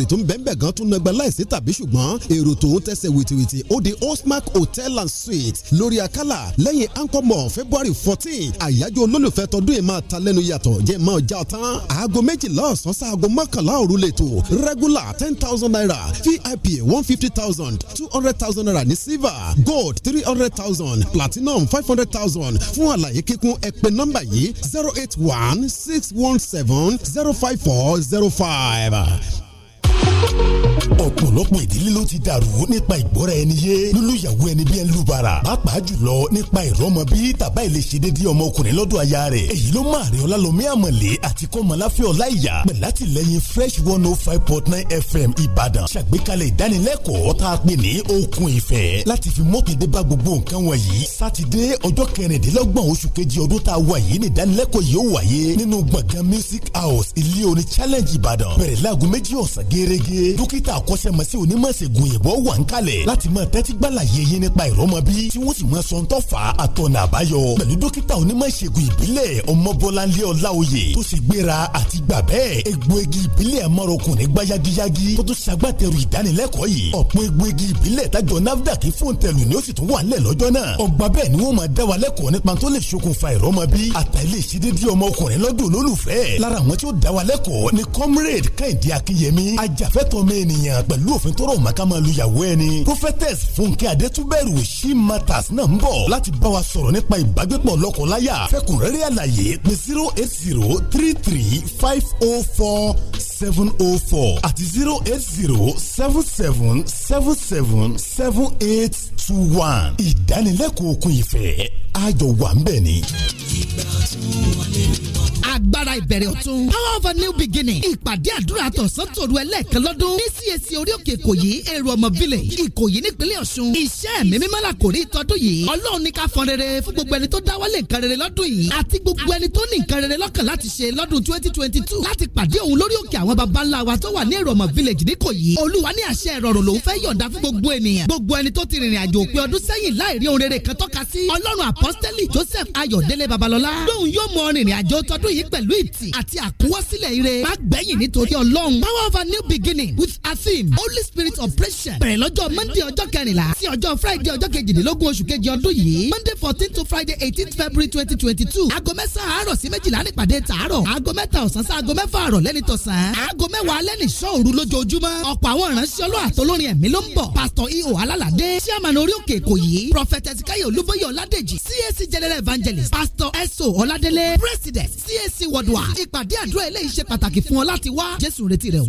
èrè tó ń bẹ́ẹ̀nbẹ́ẹ̀ gan tún nàgbà láìsí tàbí ṣùgbọ́n èrò tó ń tẹ̀sẹ̀ wìtìwìtì ó di Osmark Hotel and Suites lórí Akala lẹ́yìn Angkor Mall February fourteen àyájọ́ olólùfẹ́ tọdún yìí máa ta lẹ́nu yàtọ̀ jẹ́ máa já tán aago méjìlá ọ̀sán sí aago mọ́kànlá òru lẹ́tọ̀ regular ten thousand naira VIP one fifty thousand two hundred thousand naira ní silver gold three hundred thousand platinum five hundred thousand fún àlàyé kíkún ẹ pè nọ́mbà yìí zero eight one six one seven zero five four zero five ọ̀pọ̀lọpọ̀ ìdílé ló ti dàrú nípa ìgbọ́ra ẹni yé lólùyàwó ẹni bí ẹni lùbàrà pàápàá jùlọ nípa ìrọmọ bí tàbá ìlẹ̀ṣẹ̀dédé ọmọkùnrin lọ́dọ̀ aya rẹ̀ èyí ló máa rí ọlálọ́mí àmọ̀lé àti kọ́mọláfẹ́ ọláìyá pẹ̀látìlẹ́yìn fresh one oh five point nine fm ìbàdàn ṣàgbékalẹ̀ ìdánilẹ́kọ̀ọ́ tá a pè ní okun ìfẹ́ láti fi mọ́tòdé bá gbogbo nǹkan wọ̀nyí sátidé ọjọ́ kẹrìndínlọ́gbọ̀n oṣù kejì ọdún tá a wà yìí ní ìdánilẹ́kọ̀ọ́ yìí ó wáyé nínú gbọ̀ngàn music house ilé orin challenge ìbàdàn bẹ̀rẹ̀ láago méjì ọ̀sán gér gerege dókítà akọ́ṣẹ́mọṣẹ́ onímọ̀ṣègùn ìbọn wà ń kalẹ̀ láti máa tẹ́tí gbàlàyé yín nípa ìrọ́mọbí tí wọ́n sì máa sọ ń tọ́fà àtọ̀nà àbáyọ pẹ̀lú dókítà onímọ̀ṣègùn ìbílẹ̀ ọmọbọ́láńlé ọláoyè tó sì gbéra àti gbà bẹ́ẹ̀ egbòogi ìbílẹ̀ mọ́rọ̀kùn ní gbáyagíyágí tó tún ṣagbátẹrù ìdánilẹ́kọ̀ọ́ yìí ọ̀pọ̀ egbòogi ìbílẹ̀ tájọ nafdac fún tẹlù ni ó sì tún wà nílẹ̀ lọ́jọ́ náà ọgbà bẹ́ẹ̀ ni wọ́n máa dá wa lẹ́kọ̀ọ́ nípa tó lè ṣokùnfà ìrọ́mọbí àtàlẹ́ ìṣedédé ọmọ ajàfẹ́tọ̀ọ́ mi ènìyàn pẹ̀lú òfin tó rọ̀ màkà máa lu ìyàwó ẹni. prophetess fúnkẹ́ adétúbẹ̀rù she matters náà ń bọ̀ láti bá wa sọ̀rọ̀ nípa ìbágbépọ̀ lọ́kọláya fẹ́kùnrẹ́rẹ́ àlàyé pé zero eight zero three three five oh four seven oh four àti zero eight zero seven seven seven seven seven eight two one ìdánilẹ́kọ̀ọ́ òkun ìfẹ́ ayọ̀ wà ń bẹ̀ ni. ìgbà tún wọlé agbára ìbẹ̀rẹ̀ ọ̀tun power of a new beginning ìpàdé àdúrà tọ̀sán tòru ẹlẹ́ẹ̀kẹ́ lẹ́ẹ̀kan lọ́dún ní CAC orí òkè ìkòyí èrò ọmọ village ìkòyí nípínlẹ̀ ọ̀ṣun iṣẹ́ mi mímọ́ la kò rí ìtọ́dún yìí ọlọ́run ní ká fọn rere fún gbogbo ẹni tó dáwọ́lé nǹkan rere lọ́dún yìí àti gbogbo ẹni tó ní nǹkan rere lọ́kàn láti ṣe lọ́dún twenty twenty two láti pàdé òun lórí òkè àwọn baba ńlá wa tó wà ní èrò ọmọ village níkòyí olúwa ní àṣẹ ìrọ̀rùn lòún fẹ́ yọ̀ǹda fún gbogbo ènìyàn gbogbo ẹni tó ti rìnrìn àjò òpin ọdún sẹ́yìn láì rí ohun rere kan tọ́ka sí ọlọ́run àpọ́stẹ́lì joseph ayọ̀délé babalọ́lá lóun yóò mọ rìnrìn àjò tọdún yìí pẹ̀lú ìtì àti àkúwọ́sílẹ̀ ire má gbẹ̀yìn nítorí ọlọ́run power of a new beginning with theme, holy spirit operation bẹ̀rẹ̀ lọ́jọ́ monday ọjọ́ kẹrìnlá sí ọjọ́ friday ọjọ́ kejìdínlógún oṣù kejì ọdún yìí monday fourteen to friday eighteen february twenty twenty two aago mẹ́sàn-án àárọ̀ sí méjìlá nípàdé tààrọ̀ aago mẹ́ta ọ̀sán sí aago mẹ́fà àrọ̀ lẹ́ni tọ̀sán aago mẹ́wàá lẹ́ni ìṣọ́ òru lójoojúmọ́ ọ̀pọ̀ àwọn ìránṣẹ́ ọlọ́ àtolórin ẹ̀mí ló e prophet ezekiel olúbóyè ọládèjì cac general evangelist pastor eso ọládélé president cac worldwide ìpàdé àdúrà eléyìí ṣe pàtàkì fún ọ láti wá jésù retí rẹ o.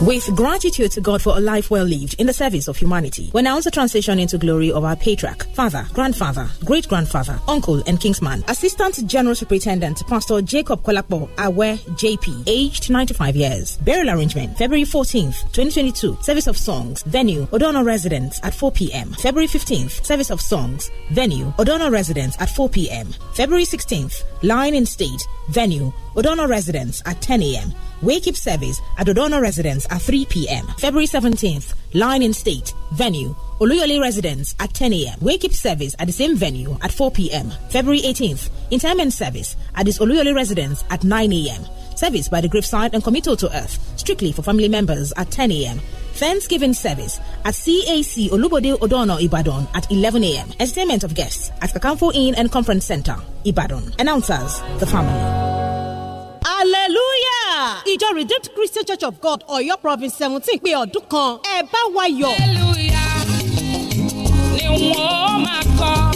With gratitude to God for a life well lived in the service of humanity, we announce the transition into glory of our patriarch, father, grandfather, great grandfather, uncle, and kingsman, Assistant General Superintendent, Pastor Jacob Kolakbo Awe JP, aged 95 years. Burial arrangement, February 14th, 2022, service of songs, venue, Odono Residence at 4 p.m. February 15th, service of songs, venue, Odono Residence at 4 p.m. February 16th, line in state, venue, Odono residents at 10 a.m. Wake up service at Odono residents at 3 p.m. February 17th, line in state, venue. Oluyole residents at 10 a.m. Wake up service at the same venue at 4 p.m. February 18th, interment service at this Oluyole residence at 9 a.m. Service by the Graveside and Committal to Earth, strictly for family members at 10 a.m. Thanksgiving service at CAC Olubode Odono Ibadan at 11 a.m. Entertainment of guests at Kakamfo Inn and Conference Center, Ibadan. Announcers, the family. hallelujah ìjọ redeemed christian church of god ọ̀yọ́ province seventeen pé ọdún kan ẹ bá wa hallelujah ni wọ́n máa kọ́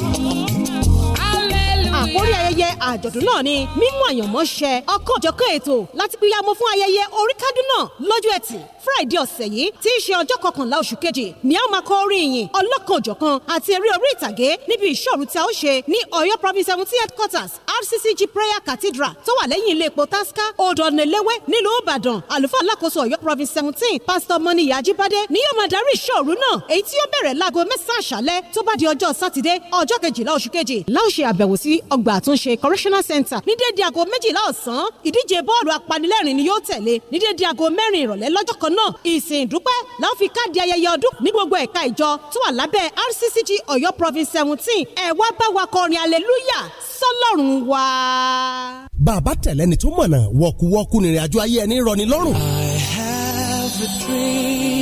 àkórí ayẹyẹ àjọ̀dún náà ni mímú àyànmọ́ ṣẹ ọkọ̀ òjọ̀kan ètò láti gbéyàmọ́ fún ayẹyẹ oríkádún náà lọ́jọ́ ẹtì friday ọ̀sẹ̀ yìí tí í ṣe ọjọ́ kọkànlá oṣù kejì ni a máa kọ orin ìyìn ọlọ́kanòjọ̀kan àti eré orí ìtàgé níbi ìṣòro tí a ó ṣe ní ọ̀yọ́ province seventy headquarters rccg prayer cathedral tó wà lẹ́yìn ilé epo tasca odò ọ̀nẹ́lẹ́wẹ́ nílùú ìbàdàn àlùfáà alákòóso ọ̀yọ́ province seventeen pastor mọ́níyà ajíbádé ni yóò máa darí ìṣòro náà èyí tí yóò bẹ̀rẹ̀ láago mẹ́sàn-án àṣálẹ́ tó bá di ọjọ́ sátidé ọjọ́ kejìlá oṣù kejì la ọgbà àtúnṣe correctional center ní déédéé aago méjìlá ọ̀sán ìdíje bọ́ọ̀lù apanilẹ́rìn ni yóò tẹ̀lé ní déédéé aago mẹ́rin ìrọ̀lẹ́ lọ́jọ́ kan náà ìsìn ìdúpẹ́ la fi káàdì ayẹyẹ ọdún ní gbogbo ẹ̀ka ìjọ tó wà lábẹ́ RCCG Ọ̀yọ́ province seventeen ẹ wá bá wa kọrin hallelujah sọ́lọ́run wa. bàbá tẹ̀lẹ́ ni tó mọ̀nà wọ̀kúwọ́kú nírìn àjò ayé ẹni rọ̀ ní lọ́rùn. I have a dream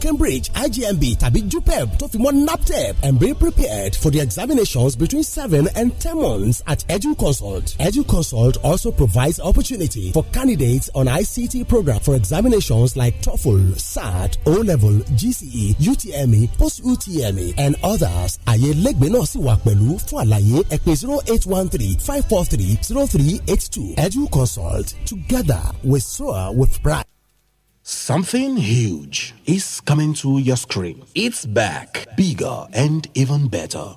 Cambridge, IGMB tàbí JUPEB tó fi mọ́ NAPTEP and be prepared for the examinations between seven and ten months at EduConsult. EduConsult also provides opportunity for candidates on ICT program for examinations like TOEFL, SAT, O-Level, GCE, UTME, Post-UTME and others. Àyè lẹ́gbẹ̀ẹ́ legbe no fún àlàyé ẹ̀pẹ́ zero eight one three five four three zero three eight two. EduConsult together we soar with pride. Something huge is coming to your screen. It's back, bigger and even better.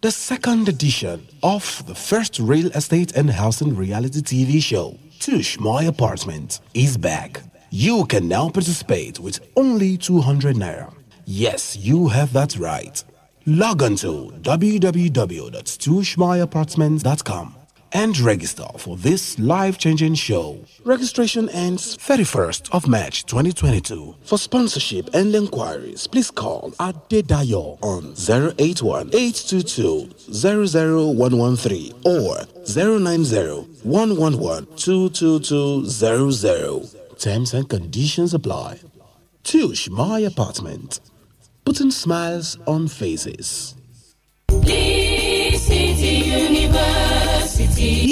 The second edition of the first real estate and housing reality TV show, Tush My Apartment, is back. You can now participate with only 200 naira. Yes, you have that right. Log on to www.tushmyapartments.com and register for this life-changing show. Registration ends 31st of March 2022. For sponsorship and inquiries, please call Adedayo on 081-822-00113 or 090-111-22200. Terms and conditions apply. Tush My Apartment. Putting smiles on faces. universe. Ski.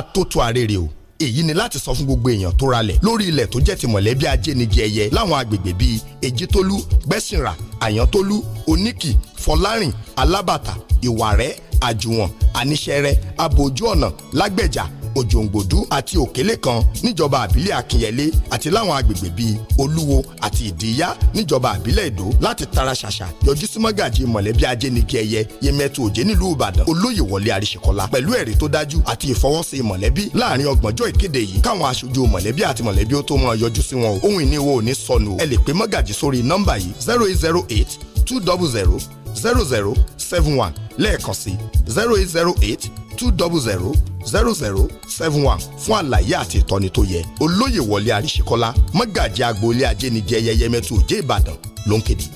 àtòtò àrèrè o èyí ni láti sọ fún gbogbo èèyàn tó ralẹ̀ lórí ilẹ̀ tó jẹ́ ti mọ̀lẹ́bí ajénigi ẹ̀yẹ láwọn agbègbè bíi èjítólú gbẹ̀sìnrà àyántólú oníkì fọlárìn alábàtà ìwàrẹ́ àjùwọ̀n àníṣẹrẹ abòjú ọ̀nà lágbẹ̀jà òjòǹgbòdú àti òkèlè kan níjọba àbílẹ̀ akínyẹlé àti láwọn agbègbè bíi olúwo àti ìdíyá níjọba àbílẹ̀ èdó láti tara ṣàṣà yọjú sí mọ́gàjì mọ̀lẹ́bí ajénike ẹ̀yẹ yemẹtu òjé nílùú ìbàdàn olóyè wọlé àríṣekọlá pẹ̀lú ẹ̀rí tó dájú àti ìfọwọ́sí mọ̀lẹ́bí láàrin ọgbọ̀njọ́ ìkéde yìí káwọn aṣojú mọ̀lẹ́bí àti mọ̀lẹ́bí ó tó mọ yọjú sí wọn ohun ìní wo ò ní sọnù ẹ lè pe mọ́gàjì sórí nọ́mbà yìí zero eight zero eight two double zero zero zero seven one lẹ́ẹ̀kan sí zero eight zero eight two double zero zero zero seven one fún àlàyé àti ìtọ́ni tó yẹ olóyè wọlé àríṣekọ́lá mọ́gàjì agboolé ajénijẹ yẹyẹmẹtu òjé ìbàdàn ló ń kéde.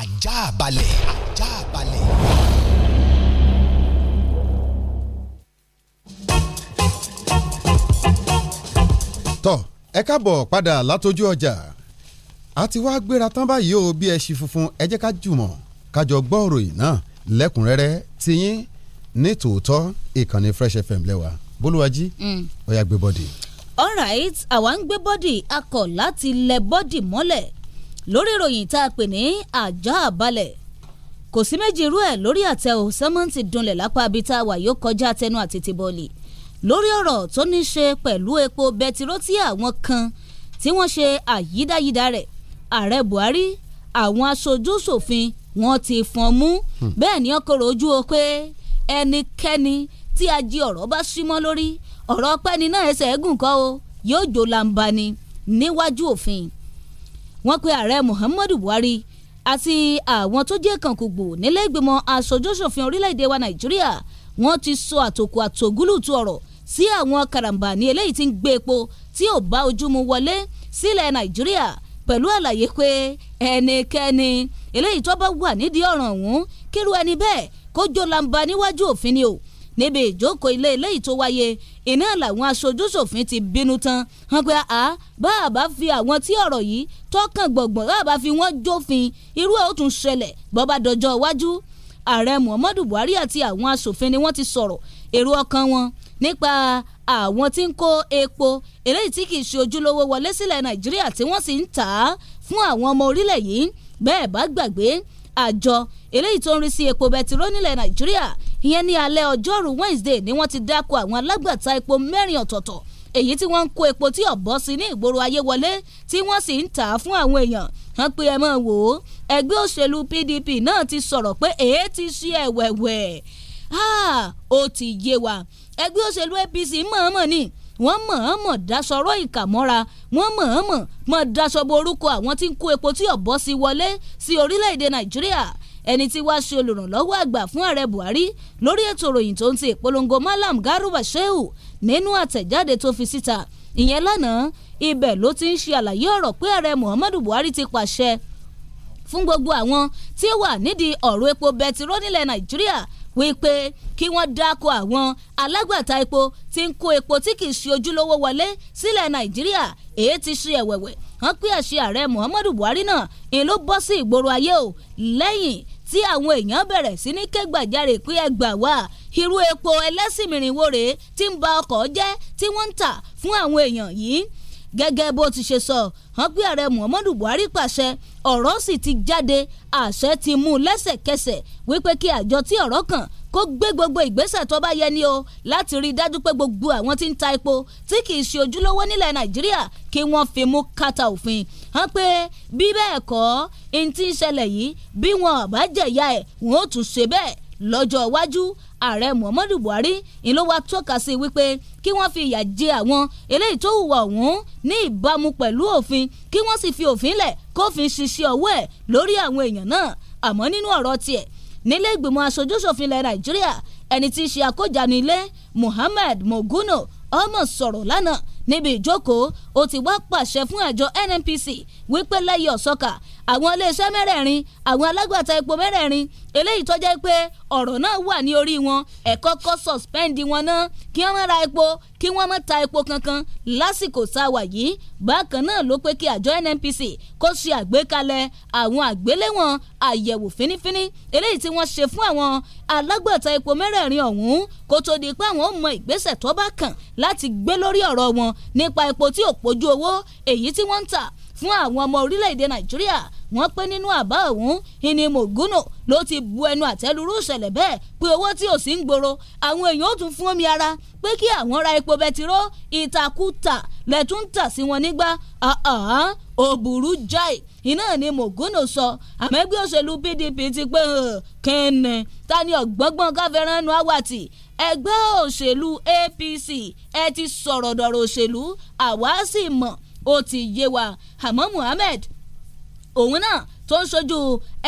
ajá balẹ̀ ajá balẹ̀. tọ́ ẹ káàbọ̀ padà látọjú ọjà a ti wá gbéra tán báyìí o bí ẹ ṣì funfun ẹ jẹ́ ká jùmọ̀ ká gbọ́ òròyìn náà lẹ́kùnrẹ́rẹ́ tiyín ní tòótọ́ ìkànnì Fresh FM lẹ́wà bólúwájí ọ̀yà mm. gbé bọ́dì. alright àwa ń gbé bọ́dì akọ̀ láti lẹ bọ́dì mọ́lẹ̀ lórí ìròyìn tá a pè ní àjà àbálẹ̀ kò sí méjì irú ẹ̀ lórí àtẹ ò sẹ́mọ́ǹtì dunlẹ̀ lápá ibi tá a wà yóò kọjá tẹnu àti tìbọ̀lì lórí ọ̀rọ̀ tó ní ṣe pẹ̀lú epo bẹtiró àwọn kan tí wọ́n ṣe àyídáyidá rẹ̀ ààrẹ Buhari àwọn aṣojú ṣòfin wọ́n ti fọ́n mú hmm. bẹ́ẹ̀ ni ọkọ̀rọ̀ ojú o pé ẹnikẹ́ni tí a jí ọ̀rọ̀ bá símọ́ lórí ọ̀rọ̀ pẹ́ni náà ẹsẹ̀ ẹ̀gùn kọ́ o yóò jò làǹbàní níwájú òfin wọ́n pe ààrẹ Muhammadu Buhari àti àwọn tó jẹ́ kànkùgbò nílé ìgbìmọ̀ aṣojúṣòfin orílẹ̀-èdè wa Nàìjíríà wọ́n ti sọ àtòkù àtògúlùtù ọ̀rọ̀ sí àwọn karambani eléyìí tí ń gbé epo tí ò bá ojú mu wọlé sílẹ̀ Nàìjíríà pẹ̀lú àlàyé pé ẹnikẹ́ni eléyìí tó bá wà nídìí ọ̀ràn ọ̀hún kírú ẹni bẹ́ẹ̀ kó jó lamba níwájú òfin ni o níbi ìjókòó ilé eléyìí tó wáyé iná làwọn aṣojúṣòfin ti bínú tán hàn pé àá bá a bá fi àwọn tí ọ̀rọ̀ yìí tọ́kàn gbọ̀ngbọ̀n bá a bá fi wọ́n jófin irú ẹ̀ ó tún ṣẹlẹ̀ bó bá dọjọ́ iwájú ààrẹ muhammadu buhari àti àwọn aṣòfin ni wọ́n ti sọ̀rọ̀ èrò ọkàn wọn nípa àwọn tí ń kó epo eléyìí tí kì ṣe ojúlówó wọlé sílẹ̀ nàìjíríà tí wọ́n sì ń tà á fún àwọn ọmọ orílẹ̀ yìí bẹ́ẹ̀ bá gbàgbé àjọ eléyìí tó ń rí sí epo bẹtiró nílẹ̀ nàìjíríà ìyẹn ní alẹ́ ọjọ́rú wednesday ni wọ́n ti dáko àwọn alágbàtà epo mẹ́rin ọ̀tọ̀ọ̀tọ̀ èyí tí wọ́n ń kó epo tí ọ̀bọ sí ní ìgboro ayé wọlé tí wọ́n sì ń tà á fún àwọn èèyàn wọ́n pe ẹ mọ̀ wò ó ẹgbẹ́ òṣèlú pdp náà ti sọ̀rọ̀ pé èé ti ṣe ẹ̀wẹ̀wẹ̀ ó ti yé wa ẹgbẹ́ òṣèlú apc mọ̀ọ́mọ̀ ni wọ́n mọ̀ọ́mọ̀ daṣọrọ́ ìkà mọ́ra wọ́n mọ̀ọ́mọ̀ mọ̀ daṣọ bo orúkọ àwọn tí ń kó epo tí ọ̀bọ sí wọlé sí orílẹ̀-èdè nàìjíríà ẹni tí wàá ṣe olùrànlọ́wọ́ àgbà fún ààrẹ buhari lórí ètò ìròyìn tó ń ti ìpolongo malam garuba shehu nínú àtẹ̀jáde tó fi síta ìyẹn lánàá ibẹ̀ ló ti ń ṣe àlàyé ọ̀rọ̀ pé ààrẹ muhammadu buhari ti pàṣẹ fún gbogbo àwọn tí wà nídìí ọ̀rọ̀ epo bẹtiró nílẹ̀ nàìjíríà wípé kí wọ́n dáko àwọn alágbàtà epo tí ń kó epo tí kì í ṣe ojúlówó wọlé sílẹ̀ nàìjíríà èyí ti ṣe ẹ̀wẹ̀wẹ̀ hàn pé àṣẹ ààrẹ muhammadu buhari náà ń ló bọ́ sí ìgboro ayé o lẹ́yìn tí àwọn èèyàn bẹ̀rẹ̀ sí ní ké gbàjarè pé ẹ gbà wá irú epo ẹlẹ́sìnmìrìnwó rèé tí ń ba ọkọ̀ jẹ́ tí wọ́n ń tà fún àwọn èèyàn yìí gẹ́gẹ́ bó ti ṣe sọ hàn pé ààrẹ Muhammadu Buhari pàṣẹ ọ̀rọ̀ sì ti jáde àṣẹ ti mú lẹ́sẹ̀kẹsẹ̀ wípé kí àjọ tí ọ̀rọ̀ kàn kó gbé gbogbo ìgbésẹ̀ tó bá yẹ ni o láti rí i dájú pé gbogbo àwọn tí ń ta epo tí kì í ṣe ojúlówó nílẹ̀ Nàìjíríà kí wọ́n fi mú kàtà òfin hàn pé bí bẹ́ẹ̀ kọ́ ẹni tí ń ṣẹlẹ̀ yìí bí wọn àbájẹ̀yà ẹ̀ wọn ò tún ṣe bẹ́ẹ̀ lọ́jọ́ iwájú ààrẹ muhammadu buhari ń ló wá tọ́ka sí wípé kí wọ́n fi ìyà jẹ àwọn eléyìí tó hùwà ọ̀hún ní ìbámu pẹ̀lú òfin kí wọ́n sì fi òfin lẹ̀ kófin ṣiṣẹ́ ọwọ́ ẹ̀ lórí àwọn èèyàn náà àmọ́ nínú ọ̀rọ̀ tiẹ̀ nílé ìgbìmọ̀ aṣojúṣòfin ilẹ̀ nàìjíríà ẹni tí í ṣe àkójánu ilé muhammed moguno ọmọ sọ̀rọ̀ lánàá níbi ìjókòó ó ti wá pàṣẹ fún àjọ nnpc wípé lẹ́yìn ọ̀sọ́kà àwọn iléeṣẹ́ mẹ́rẹ̀ẹ̀rin àwọn alágbàtà epo mẹ́rẹ̀ẹ̀rin eléyìí tó jẹ́ pé ọ̀rọ̀ náà wà ní orí wọn ẹ kọ́kọ́ suspend wọn náà kí wọ́n má ra epo kí wọ́n má ta epo kankan lásìkò tá a wà yìí bákan náà ló pé kí àjọ NNPC kó ṣe àgbékalẹ̀ àwọn àgbéléwọ̀n àyẹ̀wò fínífíní eléyìí tí wọ́n ṣe fún àwọn alágbàtà epo mẹ́rẹ̀ẹ̀rin ọ̀hún kó tó di pé àwọn ò mọ ìgbésẹ̀ tó bá kàn láti gbé lórí ọ̀rọ̀ wọn nípa epo tí ò pójú owó èyí tí wọ́n ń tà fún àwọn ọmọ orílẹ̀-èdè nàìjíríà wọ́n pé nínú àbá òun ìní mògúnù ló ti bu ẹnu àtẹ́lurú ìṣẹ̀lẹ̀ bẹ́ẹ̀ pé owó tí ò sí ń gbòòrò àwọn èèyàn ó tún fún omi ara pé kí àwọn ra epo bẹtiró ìtakùtà lẹ́tún tà sí wọn nígbà ó burú jáì iná ni mògúnù sọ àmọ́ òṣèlú PDP ti pé kẹ́ẹ̀nì ta ni ọ̀gbọ́ngbọ́n káfẹ́ránú àwàtì ẹgbẹ́ òṣèlú APC ẹ ti sọ̀rọ̀ dọ̀rọ̀ òṣèlú àwa sì mọ̀ ó ti yé wa àmọ́ Muhammed òun náà tó ń sojú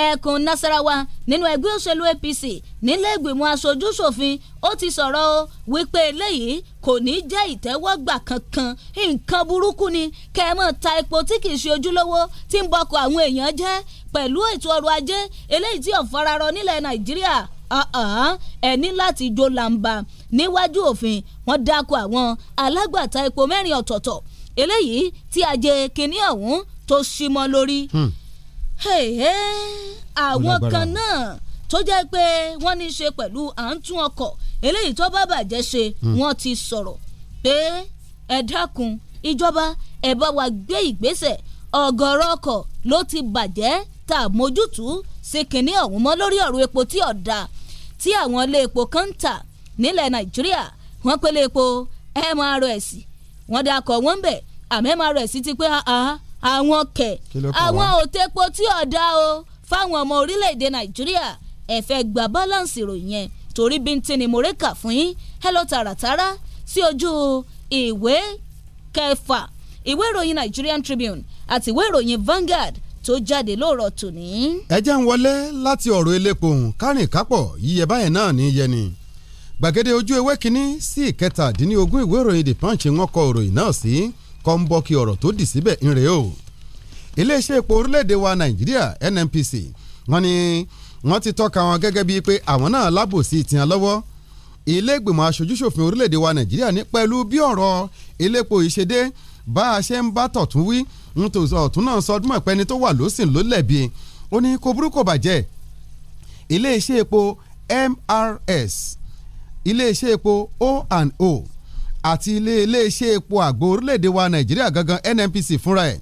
ẹkùn Nasarawa nínú ẹgbẹ́ òṣèlú APC nílé ìgbìmọ̀ aṣojúṣòfin ó ti sọ̀rọ̀ o wípé eléyìí kò ní jẹ́ ìtẹ́wọ́gbà kankan nǹkan burúkú ni kẹ́ ẹ mọ̀ ta epo tí kì í ṣe ojúlówó tí ń bọkọ̀ àwọn èèyàn jẹ́ pẹ̀lú ètò ọrọ̀ ajé eléyìí tí ọ̀fararọ nílẹ̀ Nàìjíríà ẹni láti jó làǹbà níwájú òfin wọ́n dákọ̀ àwọn alágbàtà epo mẹ́rin ọ̀tọ̀ọ̀tọ̀ eléyìí tí ajé kínní ọ̀hún tó símọ́ lórí. Hmm. àwọn kan náà tó jẹ́ pé wọ́n ní í ṣe pẹ̀lú à ń tún ọkọ̀ eléyìí tó bá bàjẹ́ ṣe hmm. wọ́n ti sọ̀rọ̀ pé ẹ dákun ìjọba ẹ bá wa gbé ìgbésẹ̀ ọ̀gọ̀rọ̀ ọkọ̀ ló ti bàjẹ́ tá a mójútùú sí kínní ọ̀hún mọ́ lórí ọ̀rọ̀ epo tí ọ̀dà tí àwọn ilé epo kan ń tà nílẹ̀ nàìjíríà wọ́n pélé epo mrs wọ́n dakọ̀ wọ́n ń bẹ̀ àmẹ́mà rẹ̀ sí ti pé ah, ah, àwọn kẹ̀ àwọn òtepo tí ọ̀dà o fáwọn ọmọ orílẹ̀-èdè nàìjíríà ẹ̀fẹ́ gba báláǹsì ìròyìn yẹn torí bíntín ni mo rékà fún yín ẹ lọ tààràtàrà sí ojú ìwé kẹfà ìwé ìròyìn Nigerian Tribune àti ìwé ìròyìn Vanguard tó jáde lóòrọ̀ tòní. ẹ jẹ́ ń wọlé láti ọ̀rọ̀ elépo òun kárìn kápọ̀ yíyẹ báyẹn náà ní yẹni gbàgede ojú ewé kínní sí ìkẹtàdínlógún ìwé ìròyìn the punch wọ́n kọ ìròyìn náà sí kọ́ńbọ́ọ̀kì ọ̀rọ̀ tó dì síbẹ̀ ń rèé o iléeṣẹ́ epo orílẹ̀-èdè wa nàìjíríà nnpc wọ́n ní wọ́n ti tọ́ka wọn gẹ́gẹ́ bíi pé àwọn náà lábòsí tiwọn lọ́wọ́ ilé ìgbìmọ̀ aṣojúṣòfin orílẹ̀-èdè wa nàìjíríà ní pẹ̀lú bí ọ̀rọ̀ elépo ìṣedé bá a ṣe ń bá tọ̀tún wí nítòsí ọ̀tún náà sọdún mọ̀ pé tó wà lósìn ló lẹ̀bi ní kò burú bàjẹ́ iléeṣẹ́ epo MRS iléeṣẹ́ epo O&O àti ilé iléeṣẹ́ epo àgbo orílẹ̀-èdè wa Nàìjíríà gangan NNPC fúnra ẹ̀